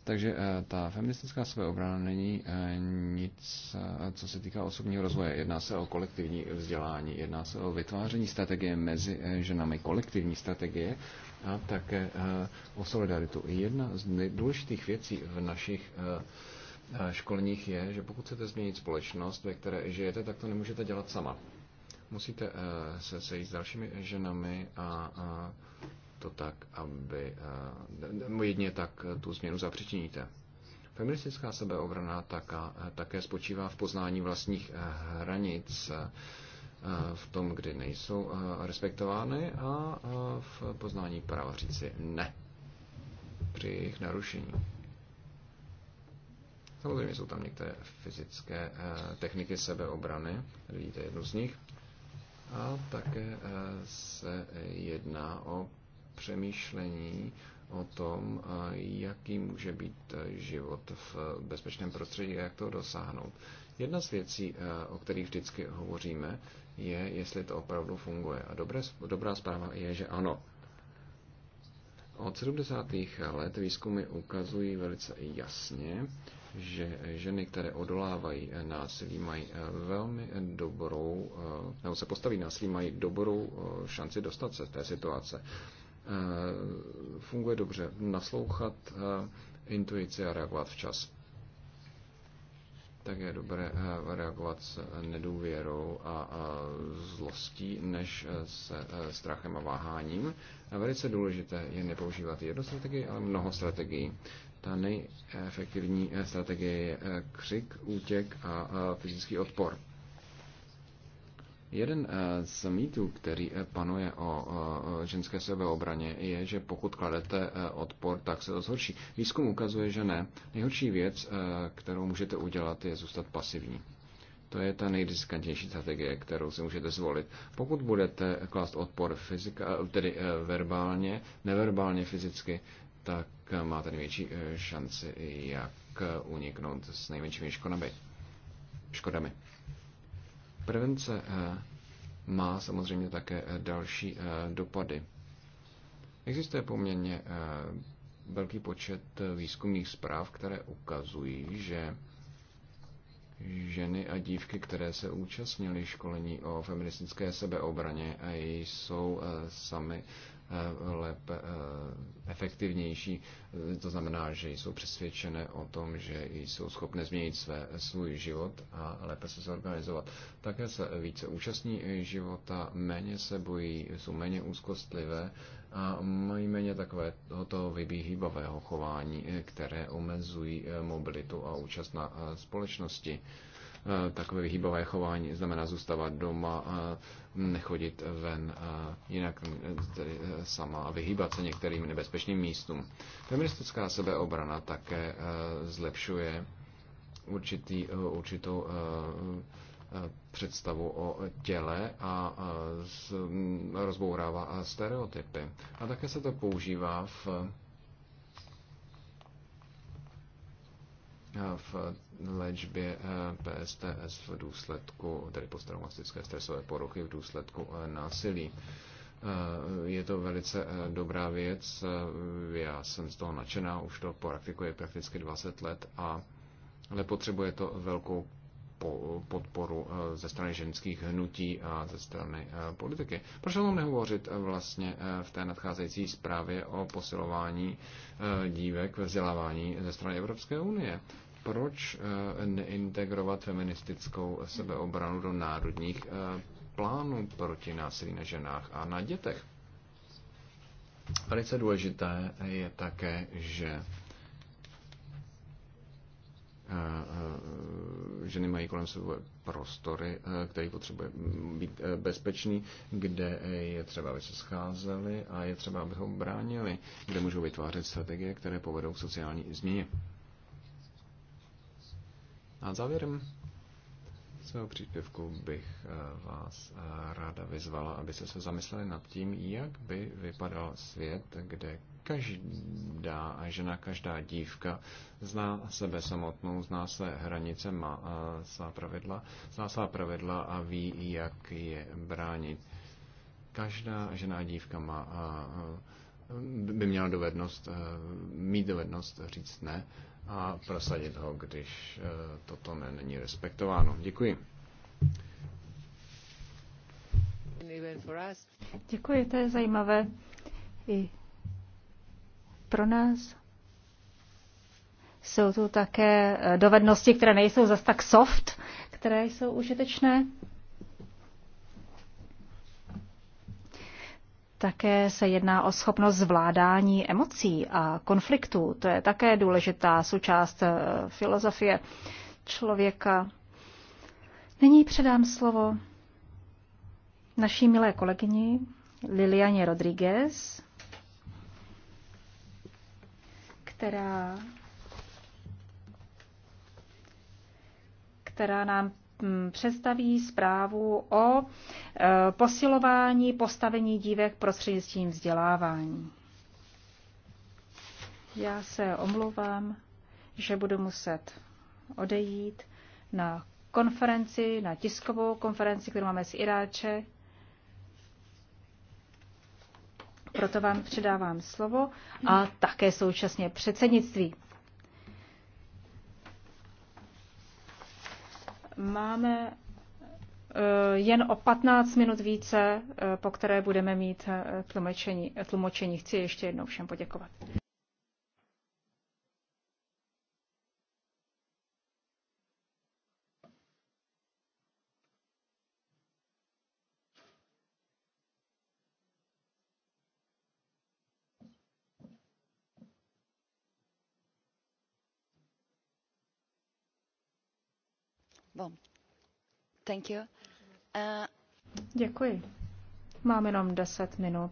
Takže ta feministická sebeobrana není nic, co se týká osobního rozvoje. Jedná se o kolektivní vzdělání, jedná se o vytváření strategie mezi ženami, kolektivní strategie a také eh, o solidaritu. Jedna z nejdůležitých věcí v našich eh, eh, školních je, že pokud chcete změnit společnost, ve které žijete, tak to nemůžete dělat sama. Musíte se sejít s dalšími ženami a to tak, aby jedně tak tu změnu zapřičiníte. Feministická sebeobrana také spočívá v poznání vlastních hranic, Eh, v tom, kdy nejsou eh, respektovány a eh, v poznání práva říci ne při jejich narušení. Samozřejmě jsou tam některé fyzické techniky sebeobrany, tady vidíte jednu z nich. A také se jedná o přemýšlení o tom, jaký může být život v bezpečném prostředí a jak to dosáhnout. Jedna z věcí, o kterých vždycky hovoříme, je, jestli to opravdu funguje. A dobré, dobrá zpráva je, že ano. Od 70. let výzkumy ukazují velice jasně, že ženy, které odolávají násilí, mají eh, velmi dobrou, eh, nebo se postaví násilí, mají dobrou eh, šanci dostat se z té situace. Funguje dobře naslouchat intuici a reagovat včas tak je dobré eh, reagovat s nedůvěrou a zlostí, než eh, se eh, strachem a váháním. A velice důležité je nepoužívat jednu strategii, ale mnoho strategií. Ta nejefektivní strategie je křik, útěk a fyzický odpor. Jeden eh, z mýtů, který eh, panuje o ženské sebeobraně, je, že pokud kladete eh, odpor, tak se to zhorší. Výzkum ukazuje, že ne. Nejhorší věc, kterou můžete udělat, je zůstat pasivní. To je ta nejdiskantnější strategie, kterou si můžete zvolit. Pokud budete klást odpor fyzika, tedy verbálně, neverbálně fyzicky, tak máte největší šanci, jak uniknout s nejmenšími škodami. škodami. Prevence eh, má samozřejmě také eh, další eh, dopady. Existuje poměrně velký počet výzkumných zpráv, které ukazují, že ženy a dívky, které se účastnily školení o feministické sebeobraně, jsou sami Eh, lépe eh, efektivnější. Eh, to znamená, že jsou přesvědčené o tom, že jsou schopné změnit své, svůj život a lépe se zorganizovat. Také se více účastní života, méně se bojí, jsou méně úzkostlivé a mají méně takového toho vybíhybavého chování, které omezují mobilitu a účast na společnosti. Takové vyhýbavé chování znamená zůstávat doma, nechodit ven jinak e, tedy e, sama a vyhýbat se některým nebezpečným místům. Feministická sebeobrana také e, zlepšuje určitý, určitou představu o těle a rozbourává stereotypy. A také se to používá v v léčbě eh, PSTS v důsledku, tedy posttraumatické stresové poruchy v důsledku eh, násilí. Eh, je to velice dobrá věc, já jsem z toho nadšená, už to praktikuje prakticky 20 let, a, ale potřebuje to velkou podporu ze strany ženských hnutí a ze strany politiky. Proč o tom nehovořit vlastně v té nadcházející zprávě o posilování dívek ve vzdělávání ze strany Evropské unie? proč eh, neintegrovat feministickou sebeobranu do národních eh, plánů proti násilí na ženách a na dětech? Velice důležité je také, že eh, ženy mají kolem sebe prostory, který potřebuje být bezpečný, kde je třeba, aby se scházeli a je třeba, aby ho bránili, kde můžou vytvářet strategie, které povedou k sociální změně. A závěrem svého příspěvku bych eh, vás eh, ráda vyzvala, abyste se zamysleli nad tím, jak by vypadal svět, kde každá žena, každá dívka zná sebe samotnou, zná své hranice, má eh, svá pravidla, zná svá pravidla a ví, jak je bránit. Každá žena a dívka má, by měla dovednost, mít dovednost říct ne a prosadit ho, když eh, toto není respektováno. Děkuji. Děkuji, to je zajímavé i pro nás. Jsou tu také eh, dovednosti, které nejsou zas tak soft, které jsou užitečné. Také se jedná o schopnost zvládání emocí a konfliktů. To je také důležitá součást eh, filozofie člověka. Nyní předám slovo naší milé kolegyni Lilianě Rodriguez, která, která nám Mm, představí zprávu o e, posilování postavení dívek prostřednictvím vzdělávání. Já se omlouvám, že budu muset odejít na konferenci, na tiskovou konferenci, kterou máme z Iráče. Proto vám předávám slovo a také současně předsednictví. Máme eh, jen o 15 minut více, eh, po které budeme mít eh, tlumočení. Chci ještě jednou všem poděkovat. Bom. Thank you. Uh... Děkuji. Mám jenom 10 minut.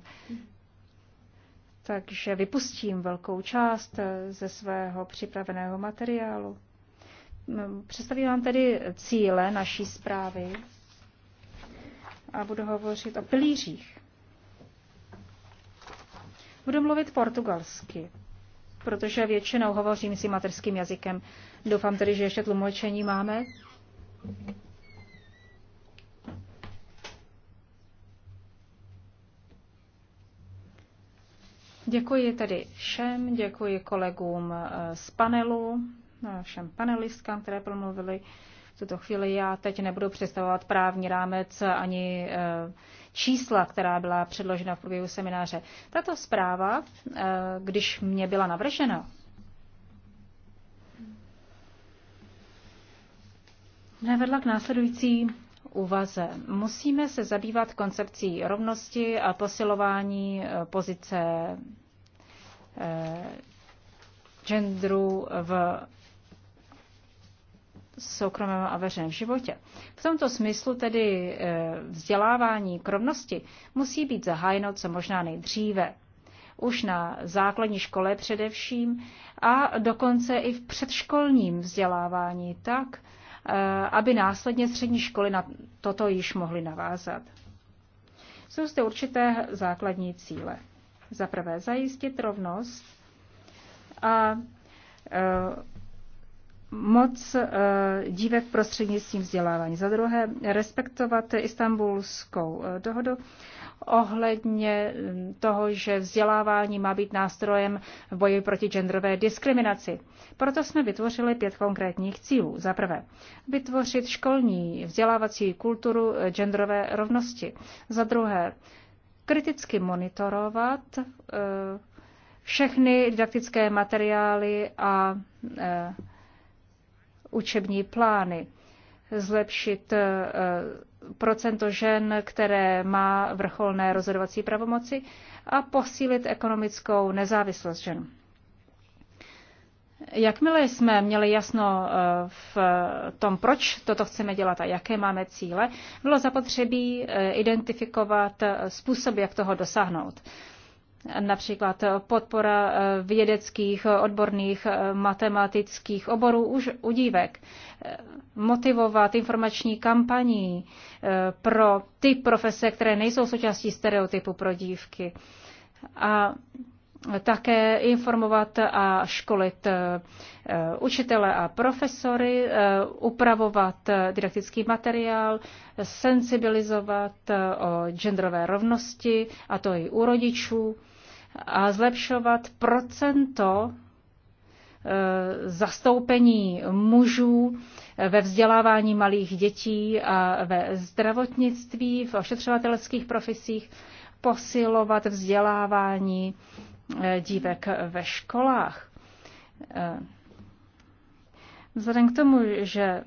Takže vypustím velkou část ze svého připraveného materiálu. Představím vám tedy cíle naší zprávy a budu hovořit o pilířích. Budu mluvit portugalsky, protože většinou hovořím si materským jazykem. Doufám tedy, že ještě tlumočení máme. Děkuji tedy všem, děkuji kolegům eh, z panelu, eh, všem panelistkám, které promluvili v tuto chvíli. Já teď nebudu představovat právní rámec ani eh, čísla, která byla předložena v průběhu semináře. Tato zpráva, když mě byla navržena, mne vedla k následující úvaze. Musíme se zabývat koncepcí rovnosti a posilování eh, pozice eh, genderu v soukromém a veřejném životě. V tomto smyslu tedy eh, vzdělávání k rovnosti musí být zahájeno co možná nejdříve. Už na základní škole především a dokonce i v předškolním vzdělávání tak, Eh, aby následně střední školy na toto již mohly navázat. Jsou zde určité základní cíle. Za prvé zajistit rovnost a eh, moc eh, dívek prostřednictvím vzdělávání. Za druhé, respektovat istambulskou eh, dohodu ohledně mm, toho, že vzdělávání má být nástrojem v boji proti genderové diskriminaci. Proto jsme vytvořili pět konkrétních cílů. Za prvé, vytvořit školní vzdělávací kulturu eh, genderové rovnosti. Za druhé, kriticky monitorovat všechny didaktické materiály a učební plány, zlepšit eh, procento žen, které má vrcholné rozhodovací pravomoci a posílit ekonomickou nezávislost žen. Jakmile jsme měli jasno eh, v tom, proč toto chceme dělat a jaké máme cíle, bylo zapotřebí eh, identifikovat způsob, jak toho dosáhnout například podpora eh, vědeckých, odborných, eh, matematických oborů už u dívek, eh, motivovat informační kampaní pro ty profese, které nejsou součástí stereotypu pro dívky a také informovat a školit učitele a profesory, upravovat didaktický materiál, sensibilizovat o genderové rovnosti, a to i u rodičů a zlepšovat procento e, zastoupení mužů ve vzdělávání malých dětí a ve zdravotnictví, v ošetřovatelských profesích, posilovat vzdělávání e, dívek ve školách. E, Vzhledem k tomu, že e,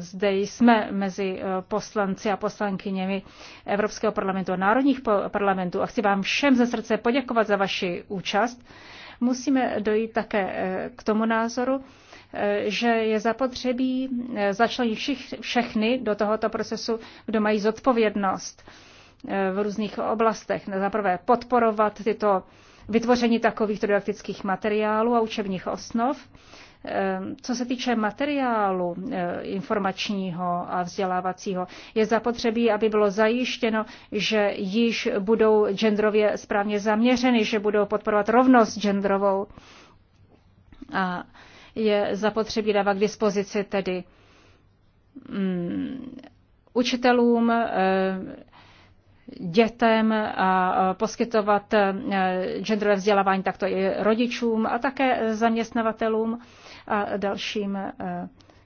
zde jsme mezi e, poslanci a poslankyněmi Evropského parlamentu a národních parlamentů a chci vám všem ze srdce poděkovat za vaši účast, musíme dojít také e, k tomu názoru, že je zapotřebí začlenit všich, všechny do tohoto procesu, kdo mají zodpovědnost v různých oblastech. Zaprvé podporovat tyto vytvoření takových didaktických materiálů a učebních osnov, Ehm, co se týče materiálu eh, informačního a vzdělávacího, je zapotřebí, aby bylo zajištěno, že již budou genderově správně zaměřeny, že budou podporovat rovnost genderovou. A je zapotřebí dávat k dispozici tedy um, učitelům, eh, dětem a eh, poskytovat genderové vzdělávání takto i rodičům a také zaměstnavatelům a dalším eh,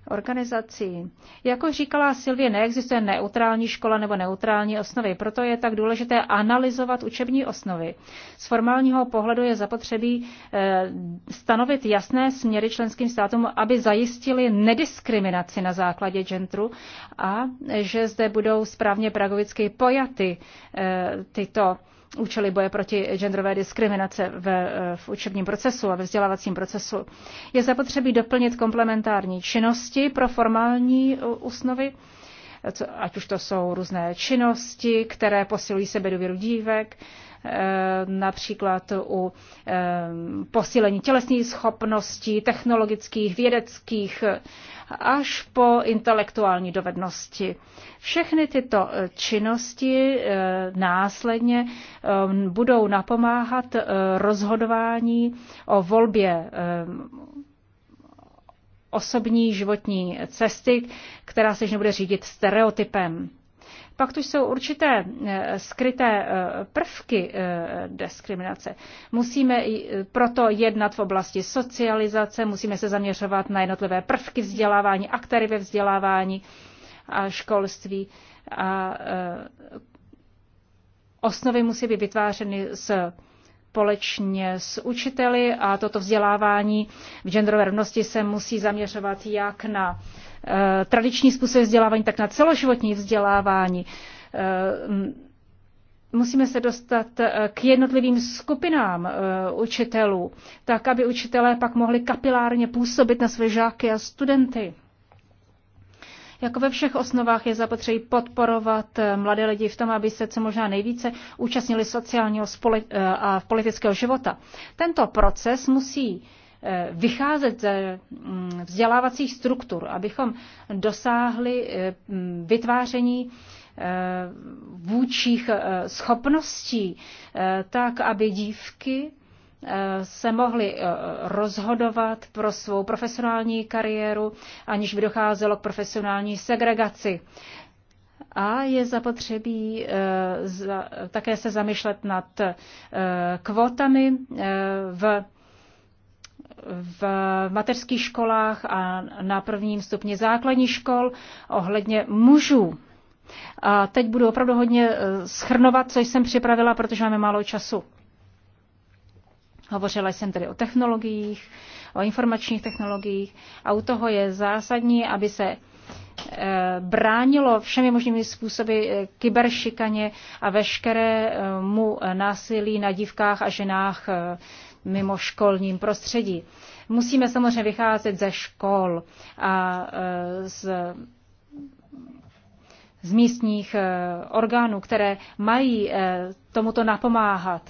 organizací. Jako říkala Silvie, neexistuje neutrální škola nebo neutrální osnovy, proto je tak důležité analyzovat učební osnovy. Z formálního pohledu je zapotřebí eh, stanovit jasné směry členským státům, aby zajistili nediskriminaci na základě genderu a že zde budou správně pragovicky pojaty eh, tyto účely boje proti genderové diskriminace v, eh, v učebním procesu a ve vzdělávacím procesu. Je zapotřebí doplnit komplementární činnosti pro formální usnovy, eh, ať už to jsou různé činnosti, které posilují sebe důvěru dívek, Eh, například u eh, posílení tělesných schopností, technologických, vědeckých, až po intelektuální dovednosti. Všechny tyto eh, činnosti následně budou napomáhat rozhodování o volbě osobní životní cesty, která se již nebude řídit stereotypem. Pak tu jsou určité eh, skryté eh, prvky eh, diskriminace. Musíme proto jednat v oblasti socializace, musíme se zaměřovat na jednotlivé prvky vzdělávání, aktéry ve vzdělávání a školství. A osnovy musí být vytvářeny s společně s učiteli a toto vzdělávání v genderové rovnosti se musí zaměřovat jak na eh, tradiční způsob vzdělávání, tak na celoživotní vzdělávání. Eh, musíme se dostat eh, k jednotlivým skupinám učitelů, tak aby učitelé pak mohli kapilárně působit na své žáky a studenty. Jako ve všech osnovách je zapotřebí podporovat eh, mladé lidi v tom, aby se co možná nejvíce účastnili sociálního eh, a politického života. Tento proces musí eh, vycházet ze mm, vzdělávacích struktur, abychom dosáhli mm, vytváření vůčích schopností, tak aby dívky se mohli eh, rozhodovat pro svou profesionální kariéru, aniž by docházelo k profesionální segregaci. A je zapotřebí eh, také se zamýšlet nad eh, kvotami v v mateřských školách a na prvním stupni základních škol ohledně mužů. A teď budu opravdu hodně schrnovat, co jsem připravila, protože máme málo času. Hovořila jsem tedy o technologiích, o informačních technologiích a u toho je zásadní, aby se e, bránilo všemi možnými způsoby e, kyberšikaně a veškerému e, násilí na dívkách a ženách mimo školním prostředí. Musíme samozřejmě vycházet ze škol a z, z místních orgánů, které mají tomuto napomáhat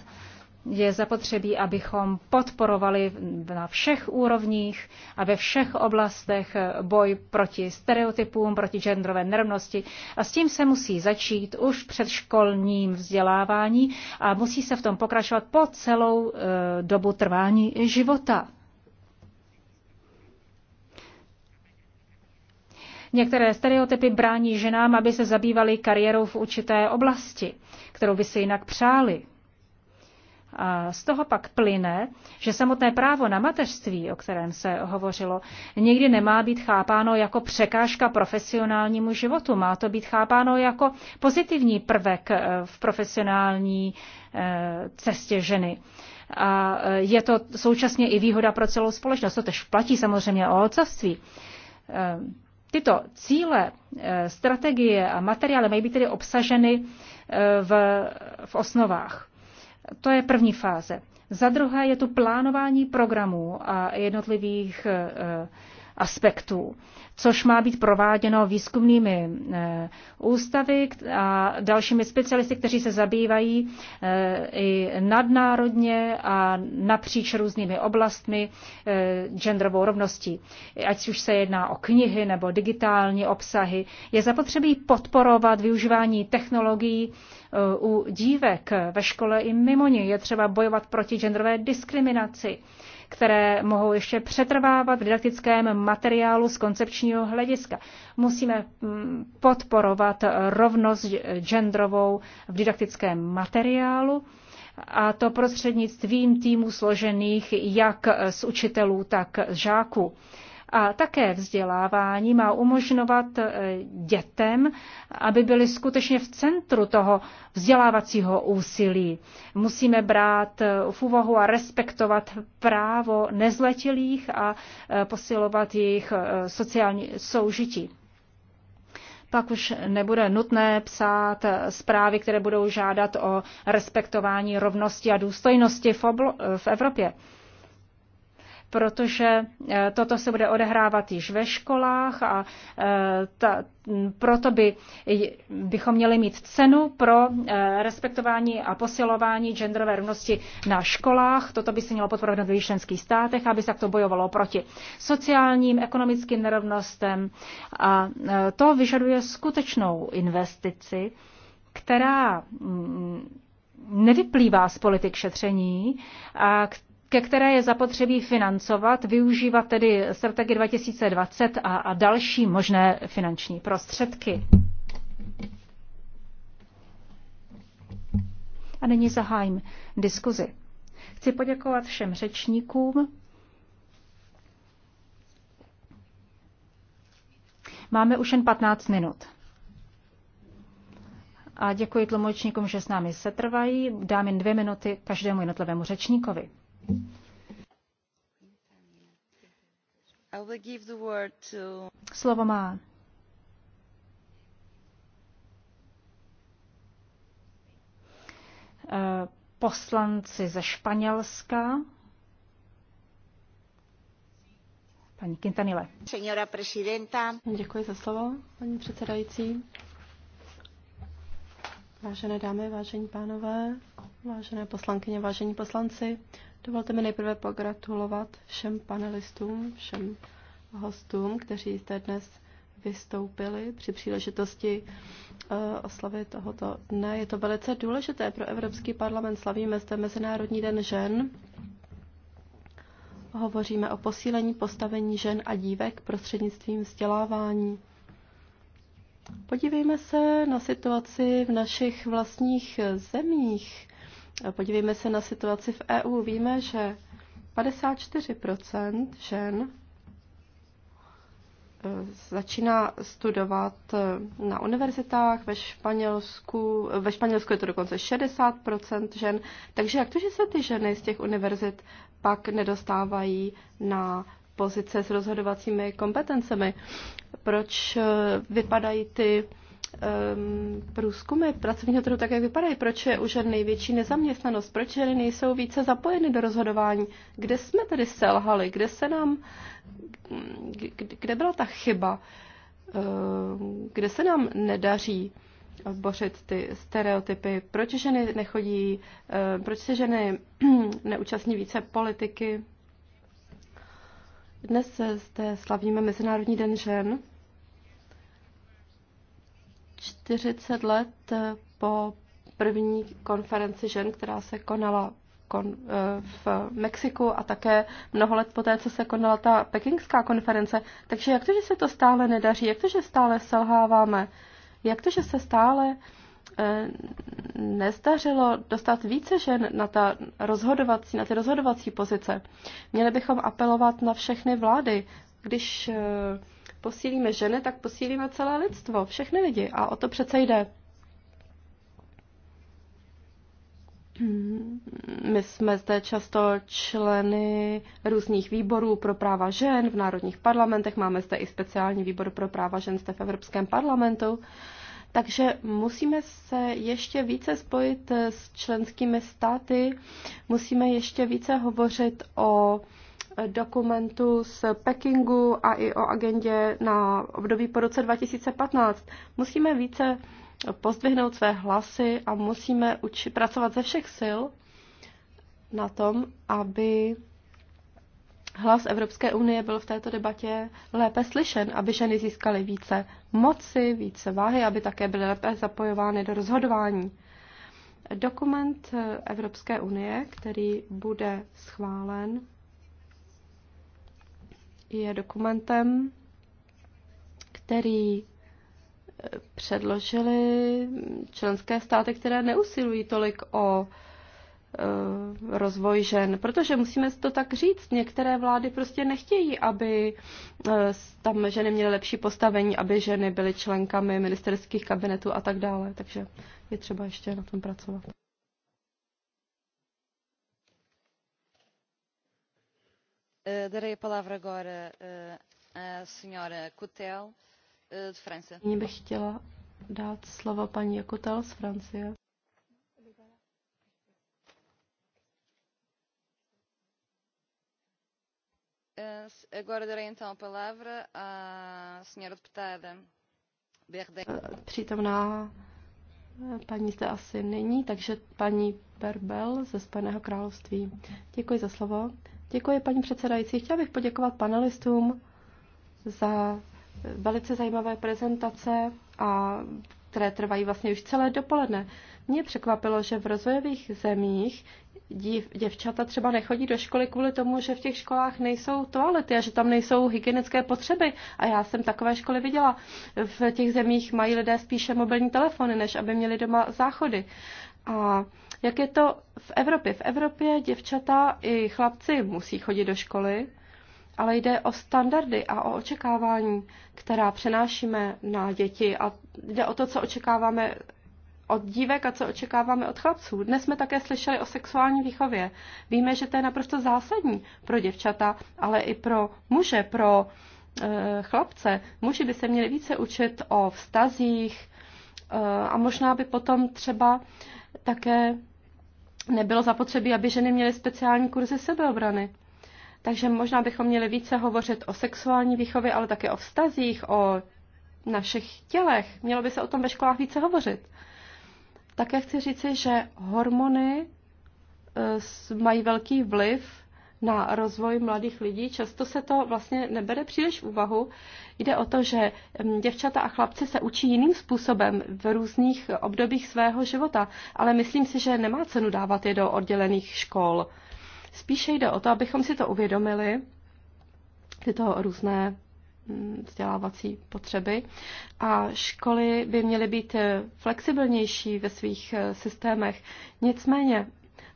je zapotřebí, abychom podporovali na všech úrovních a ve všech oblastech boj proti stereotypům, proti genderové nerovnosti. A s tím se musí začít už před předškolním vzdělávání a musí se v tom pokračovat po celou eh, dobu trvání života. Některé stereotypy brání ženám, aby se zabývaly kariérou v určité oblasti, kterou by si jinak přáli. A z toho pak plyne, že samotné právo na mateřství, o kterém se hovořilo, nikdy nemá být chápáno jako překážka profesionálnímu životu. Má to být chápáno jako pozitivní prvek eh, v profesionální eh, cestě ženy. A eh, je to současně i výhoda pro celou společnost. To tež platí samozřejmě o otcovství. Tyto cíle, strategie a materiály mají být tedy obsaženy v, v osnovách. To je první fáze. Za druhé je tu plánování programů a jednotlivých eh, aspektů, což má být prováděno výzkumnými eh, ústavy a dalšími specialisty, kteří se zabývají eh, i nadnárodně a napříč různými oblastmi eh, genderovou rovností. Ať už se jedná o knihy nebo digitální obsahy, je zapotřebí podporovat využívání technologií u dívek ve škole i mimo ně. Je třeba bojovat proti genderové diskriminaci které mohou ještě přetrvávat v didaktickém materiálu z koncepčního hlediska. Musíme mm, podporovat rovnost genderovou v didaktickém materiálu a to prostřednictvím týmů složených jak z učitelů, tak z žáků. A také vzdělávání má umožňovat e, dětem, aby byly skutečně v centru toho vzdělávacího úsilí. Musíme brát e, v úvahu a respektovat právo nezletilých a e, posilovat jejich sociální soužití pak už nebude nutné psát zprávy, které budou žádat o respektování rovnosti a důstojnosti v, oblo- v Evropě protože eh, toto se bude odehrávat již ve školách a eh, ta, proto by, bychom měli mít cenu pro eh, respektování a posilování genderové rovnosti na školách. Toto by se mělo podporovat v členských státech, aby se to bojovalo proti sociálním, ekonomickým nerovnostem. A to vyžaduje skutečnou investici, která mm, nevyplývá z politik šetření a ke které je zapotřebí financovat, využívat tedy strategii 2020 a, a další možné finanční prostředky. A nyní zahájím diskuzi. Chci poděkovat všem řečníkům. Máme už jen 15 minut. A děkuji tlumočníkům, že s námi setrvají. Dám jen dvě minuty každému jednotlivému řečníkovi. Slovo má eh, poslanci ze Španělska. Paní Quintanile. Děkuji za slovo, paní předsedající. Vážené dámy, vážení pánové, vážené poslankyně, vážení poslanci, dovolte mi nejprve pogratulovat všem panelistům, všem hostům, kteří jste dnes vystoupili při příležitosti eh, oslavy tohoto dne. Je to velice důležité pro Evropský parlament. Slavíme zde Mezinárodní den žen. Hovoříme o posílení postavení žen a dívek prostřednictvím vzdělávání. Podívejme se na situaci v našich vlastních zemích. Podívejme se na situaci v EU. Víme, že 54% žen eh, začíná studovat eh, na univerzitách ve Španělsku. Eh, ve Španělsku je to dokonce 60% žen. Takže jak to, že se ty ženy z těch univerzit pak nedostávají na pozice s rozhodovacími kompetencemi? proč eh, vypadají ty um, průzkumy pracovního trhu tak, jak vypadají, proč je už největší nezaměstnanost, proč ženy nejsou více zapojeny do rozhodování, kde jsme tedy selhali, kde se nám, kde byla ta chyba, ehm, kde se nám nedaří bořit ty stereotypy, proč ženy nechodí, ehm, proč se ženy neúčastní více politiky. Dnes zde slavíme Mezinárodní den žen 40 let eh, po první konferenci žen, která se konala eh, v Mexiku a také mnoho let poté, co se konala ta pekingská konference. Takže jak to, že se to stále nedaří? Jak to, že stále selháváme? Jak to, že se stále eh, nezdařilo dostat více žen na, ta rozhodovací, na ty rozhodovací pozice. Měli bychom apelovat na všechny vlády, když posílíme ženy, tak posílíme celé lidstvo, všechny lidi. A o to přece jde. My jsme zde často členy různých výborů pro práva žen v národních parlamentech, máme zde i speciální výbor pro práva žen zde v Evropském parlamentu. Takže musíme se ještě více spojit s členskými státy, musíme ještě více hovořit o dokumentu z Pekingu a i o agendě na období po roce 2015. Musíme více pozdvihnout své hlasy a musíme uči- pracovat ze všech sil na tom, aby hlas Evropské unie byl v této debatě lépe slyšen, aby ženy získaly více moci, více váhy, aby také byly lépe zapojovány do rozhodování. Dokument Evropské unie, který bude schválen je dokumentem, který eh, předložili členské státy, které neusilují tolik o eh, rozvoj žen, protože musíme to tak říct, některé vlády prostě nechtějí, aby eh, tam ženy měly lepší postavení, aby ženy byly členkami ministerských kabinetů a tak dále, takže je třeba ještě na tom pracovat. Eh, eh, eh, Nyní bych chtěla dát slovo paní Kotel z Francie. Agora darei então a palavra à senhora deputada Berdet. Přítomná paní zde asi není, takže paní Berbel ze Spojeného království. Děkuji za slovo. Děkuji, paní předsedající. Chtěla bych poděkovat panelistům za velice zajímavé prezentace, a které trvají vlastně už celé dopoledne. Mě překvapilo, že v rozvojových zemích dív, děvčata třeba nechodí do školy kvůli tomu, že v těch školách nejsou toalety a že tam nejsou hygienické potřeby. A já jsem takové školy viděla. V těch zemích mají lidé spíše mobilní telefony, než aby měli doma záchody. A jak je to v Evropě? V Evropě děvčata i chlapci musí chodit do školy, ale jde o standardy a o očekávání, která přenášíme na děti a jde o to, co očekáváme od dívek a co očekáváme od chlapců. Dnes jsme také slyšeli o sexuální výchově. Víme, že to je naprosto zásadní pro děvčata, ale i pro muže, pro e, chlapce. Muži by se měli více učit o vztazích e, a možná by potom třeba také nebylo zapotřebí, aby ženy měly speciální kurzy sebeobrany. Takže možná bychom měli více hovořit o sexuální výchově, ale také o vztazích, o našich tělech. Mělo by se o tom ve školách více hovořit. Také chci říci, že hormony eh, mají velký vliv na rozvoj mladých lidí. Často se to vlastně nebere příliš v úvahu. Jde o to, že mm, děvčata a chlapci se učí jiným způsobem v různých obdobích svého života, ale myslím si, že nemá cenu dávat je do oddělených škol. Spíše jde o to, abychom si to uvědomili, tyto různé mm, vzdělávací potřeby. A školy by měly být eh, flexibilnější ve svých eh, systémech. Nicméně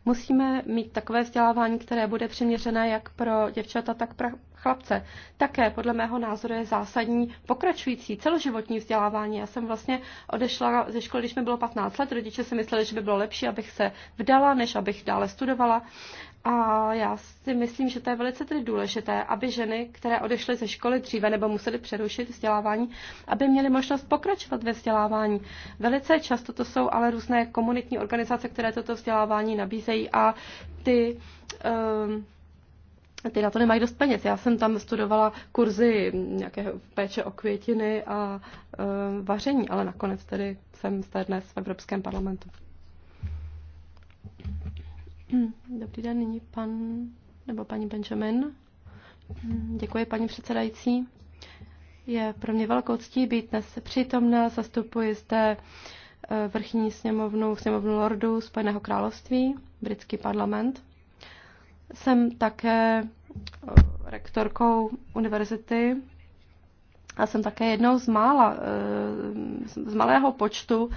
Musíme mít takové vzdělávání, které bude přiměřené jak pro děvčata, tak pro chlapce. Také podle mého názoru je zásadní pokračující celoživotní vzdělávání. Já jsem vlastně odešla ze školy, když mi bylo 15 let. Rodiče si mysleli, že by bylo lepší, abych se vdala, než abych dále studovala. A já si myslím, že to je velice tedy důležité, aby ženy, které odešly ze školy dříve nebo musely přerušit vzdělávání, aby měly možnost pokračovat ve vzdělávání. Velice často to jsou ale různé komunitní organizace, které toto vzdělávání nabízejí a ty. Um, ty na to nemají dost peněz. Já jsem tam studovala kurzy nějaké péče o květiny a e, vaření, ale nakonec tedy jsem zde dnes v Evropském parlamentu. Mm, dobrý den, nyní pan nebo paní Benjamin. Mm, děkuji, paní předsedající. Je pro mě velkou ctí být dnes přítomná. Zastupuji zde eh, vrchní sněmovnu, sněmovnu Lordů Spojeného království, britský parlament. Jsem také eh, rektorkou univerzity já jsem také jednou z, mála, eh, z malého počtu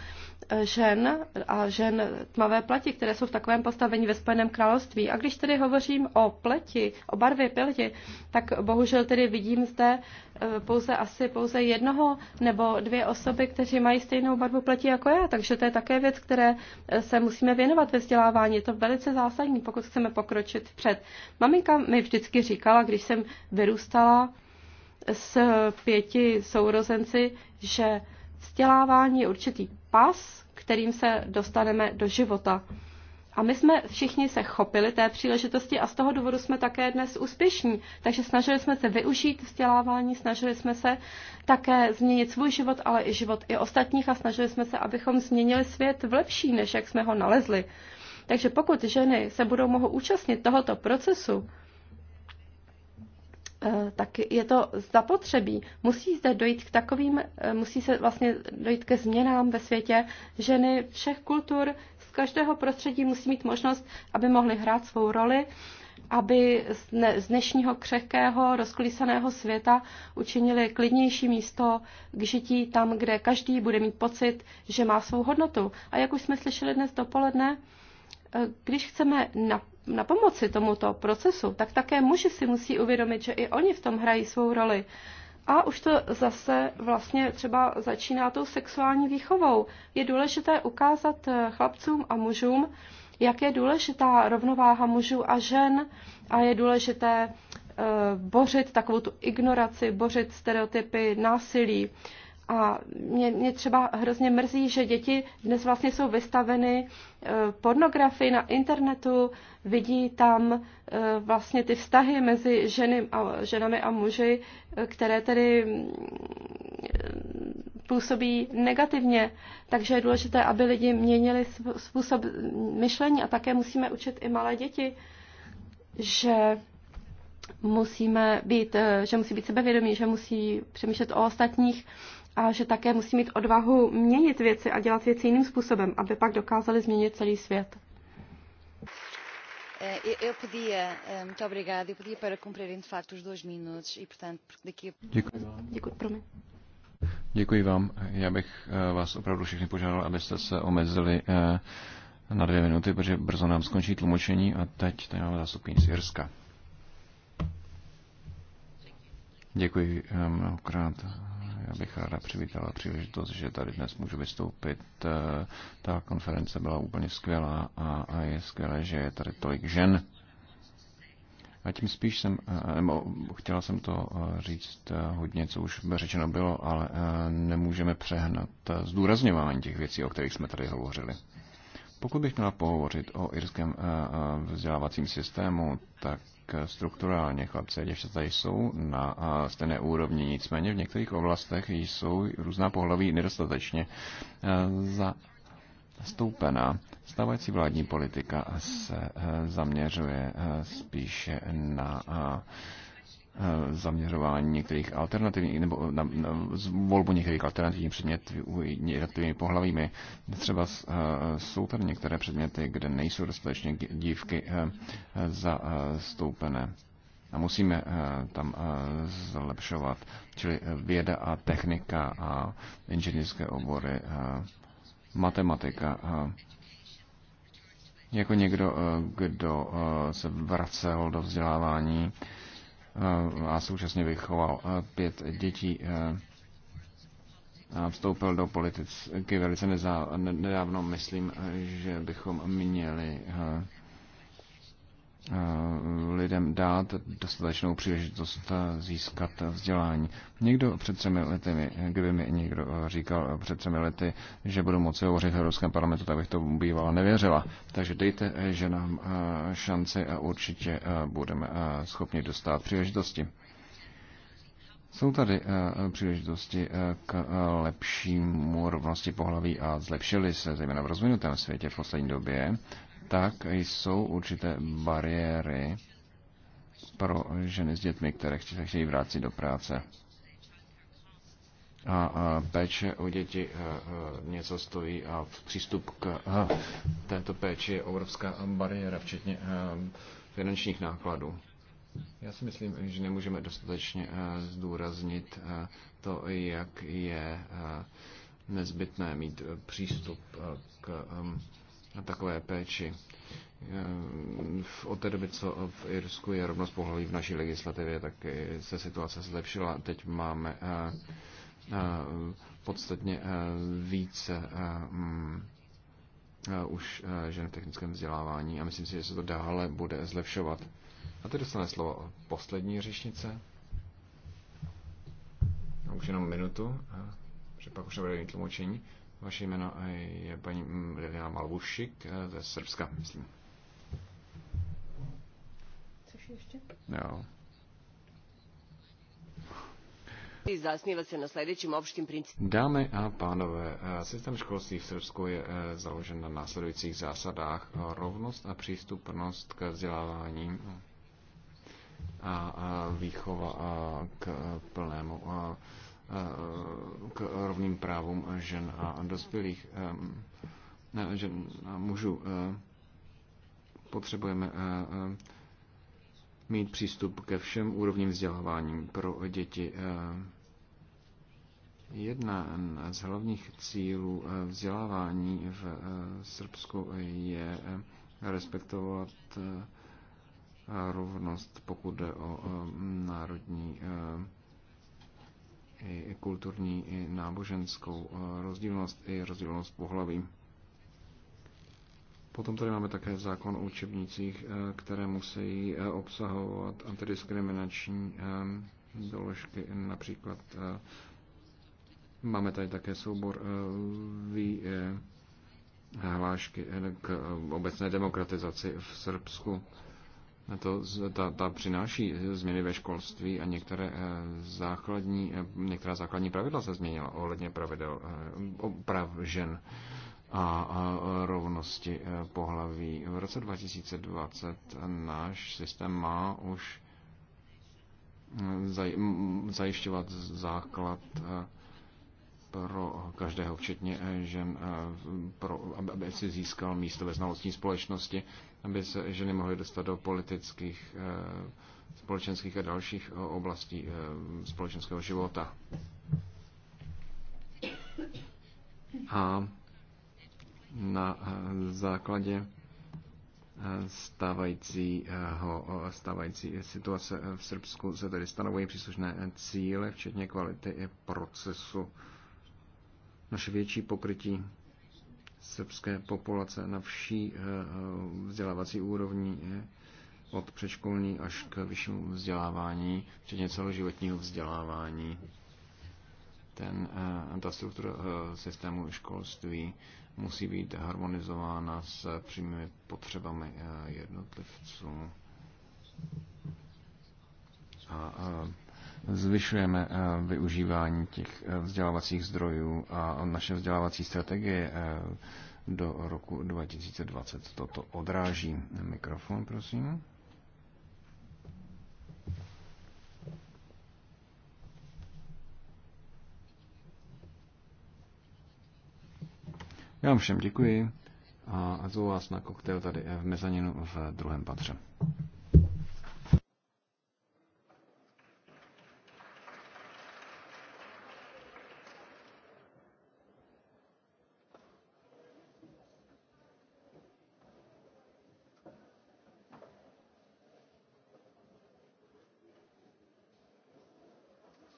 eh, žen a žen tmavé pleti, které jsou v takovém postavení ve Spojeném království. A když tedy hovořím o pleti, o barvě pleti, tak bohužel tedy vidím zde eh, pouze asi pouze jednoho nebo dvě osoby, kteří mají stejnou barvu pleti jako já. Takže to je také věc, které se musíme věnovat ve vzdělávání. Je to velice zásadní, pokud chceme pokročit před. Maminka mi vždycky říkala, když jsem vyrůstala, s pěti sourozenci, že vzdělávání je určitý pas, kterým se dostaneme do života. A my jsme všichni se chopili té příležitosti a z toho důvodu jsme také dnes úspěšní. Takže snažili jsme se využít vzdělávání, snažili jsme se také změnit svůj život, ale i život i ostatních a snažili jsme se, abychom změnili svět v lepší, než jak jsme ho nalezli. Takže pokud ženy se budou mohou účastnit tohoto procesu, Eh, tak je to zapotřebí. Musí zde dojít k takovým, eh, musí se vlastně dojít ke změnám ve světě. Ženy všech kultur z každého prostředí musí mít možnost, aby mohly hrát svou roli, aby z dnešního křehkého, rozklísaného světa učinili klidnější místo k žití tam, kde každý bude mít pocit, že má svou hodnotu. A jak už jsme slyšeli dnes dopoledne, když chceme na, na pomoci tomuto procesu, tak také muži si musí uvědomit, že i oni v tom hrají svou roli. A už to zase vlastně třeba začíná tou sexuální výchovou. Je důležité ukázat eh, chlapcům a mužům, jak je důležitá rovnováha mužů a žen a je důležité eh, bořit takovou tu ignoraci, bořit stereotypy, násilí. A mě, mě třeba hrozně mrzí, že děti dnes vlastně jsou vystaveny e, pornografii na internetu, vidí tam e, vlastně ty vztahy mezi ženy a, ženami a muži, e, které tedy mm, působí negativně. Takže je důležité, aby lidi měnili způsob myšlení a také musíme učit i malé děti, že musíme být, že musí být sebevědomí, že musí přemýšlet o ostatních a že také musí mít odvahu měnit věci a dělat věci jiným způsobem, aby pak dokázali změnit celý svět. Eh, eh, e, Děkuji vám. Děkuji, Děkuji vám. Já bych eh, vás opravdu všechny požádal, abyste se omezili na dvě minuty, protože brzo nám skončí tlumočení a teď tady máme zástupkyni z Jirska. Děkuji mnohokrát. Já bych ráda přivítala příležitost, že tady dnes můžu vystoupit. Eh, Ta konference byla úplně skvělá a je skvělé, že je tady tolik žen. A tím spíš jsem, eh, nebo chtěla jsem to eh, říct hodně, co už řečeno bylo, ale nemůžeme přehnat zdůrazňování těch věcí, o kterých jsme tady hovořili. Pokud bych měla pohovořit o irském vzdělávacím systému, tak strukturálně chlapci a děvčata jsou na stejné úrovni, nicméně v některých oblastech jsou různá pohlaví nedostatečně za stoupená. Stávající vládní politika se e, zaměřuje e, spíše na Eh, zaměřování některých alternativních, nebo eh, na, na, volbu některých alternativních předmětů jednotlivými pohlavími. Třeba eh, jsou tady některé předměty, kde nejsou dostatečně dívky zastoupené a musíme tam zlepšovat, čili věda a technika a inženýrské obory, matematika. Jako někdo, kdo se vracel do vzdělávání, Eh, a současně vychoval eh, pět dětí eh, a vstoupil do politiky velice nedávno. Myslím, že bychom měli lidem dát dostatečnou příležitost získat vzdělání. Někdo před třemi lety, kdyby mi někdo říkal před třemi lety, že budu moci hovořit v Evropském parlamentu, tak bych to bývala nevěřila. Takže dejte, že nám eh, šanci a určitě eh, budeme eh, schopni dostat příležitosti. Jsou tady příležitosti k lepšímu rovnosti pohlaví a zlepšily se, zejména v rozvinutém světě v poslední době tak jsou určité bariéry pro ženy s dětmi, které se chtějí vrátit do práce. A, a péče o děti a, a něco stojí a v přístup k a, této péči je obrovská bariéra, včetně a, finančních nákladů. Já si myslím, že nemůžeme dostatečně zdůraznit to, jak je nezbytné mít přístup k takové péči. Eh, od té doby, co v Irsku je rovnost pohlaví v naší legislativě, tak se situace zlepšila. Teď máme eh, eh, podstatně více mm, už žen v technickém vzdělávání a myslím si, že se to dále bude zlepšovat. A teď dostane slovo poslední řečnice. Už jenom minutu, že pak už nebude tlumočení. Vaše jméno je paní mm, Liliana Malvušik eh, ze Srbska, myslím. Což ještě? Jo. se na sledujícím opštim principu. Dámy a pánové, eh, systém školství v Srbsku je eh, založen na následujících zásadách rovnost a přístupnost k vzdělávání a výchova k plnému k rovným právům žen a dospělých žen a mužů. Potřebujeme mít přístup ke všem úrovním vzdělávání pro děti. Jedna z hlavních cílů eh, vzdělávání v eh, Srbsku je respektovat eh, rovnost, pokud jde o národní i kulturní, i náboženskou e, rozdílnost, i rozdílnost pohlaví. Potom tady máme také zákon o učebnicích, e, které musí e, obsahovat antidiskriminační doložky. Například máme tady také soubor vý, hlášky k obecné demokratizaci v Srbsku. To, ta, ta přináší změny ve školství a některé eh, základní, eh, některá základní pravidla se změnila ohledně pravidel eh, práv žen a rovnosti pohlaví. V roce 2020 náš systém má už zajišťovat základ pro každého, včetně žen, pro, aby si získal místo ve znalostní společnosti aby se ženy mohly dostat do politických, eh, společenských a dalších eh, oblastí eh, společenského života. A na základě stávajícího, stávající situace v Srbsku se tedy stanovují příslušné cíle, včetně kvality i procesu. Naše větší pokrytí srbské populace na vší eh, eh, vzdělávací úrovni eh, od předškolní až k vyššímu vzdělávání, včetně celoživotního vzdělávání. Ten, ta struktura systému školství musí být harmonizována s přímými potřebami jednotlivců. A, a zvyšujeme eh, využívání těch eh, vzdělávacích zdrojů a naše vzdělávací strategie eh, do roku 2020 toto odráží. Mikrofon, prosím. Já vám všem děkuji a zvu vás na koktejl tady v mezaninu v druhém patře.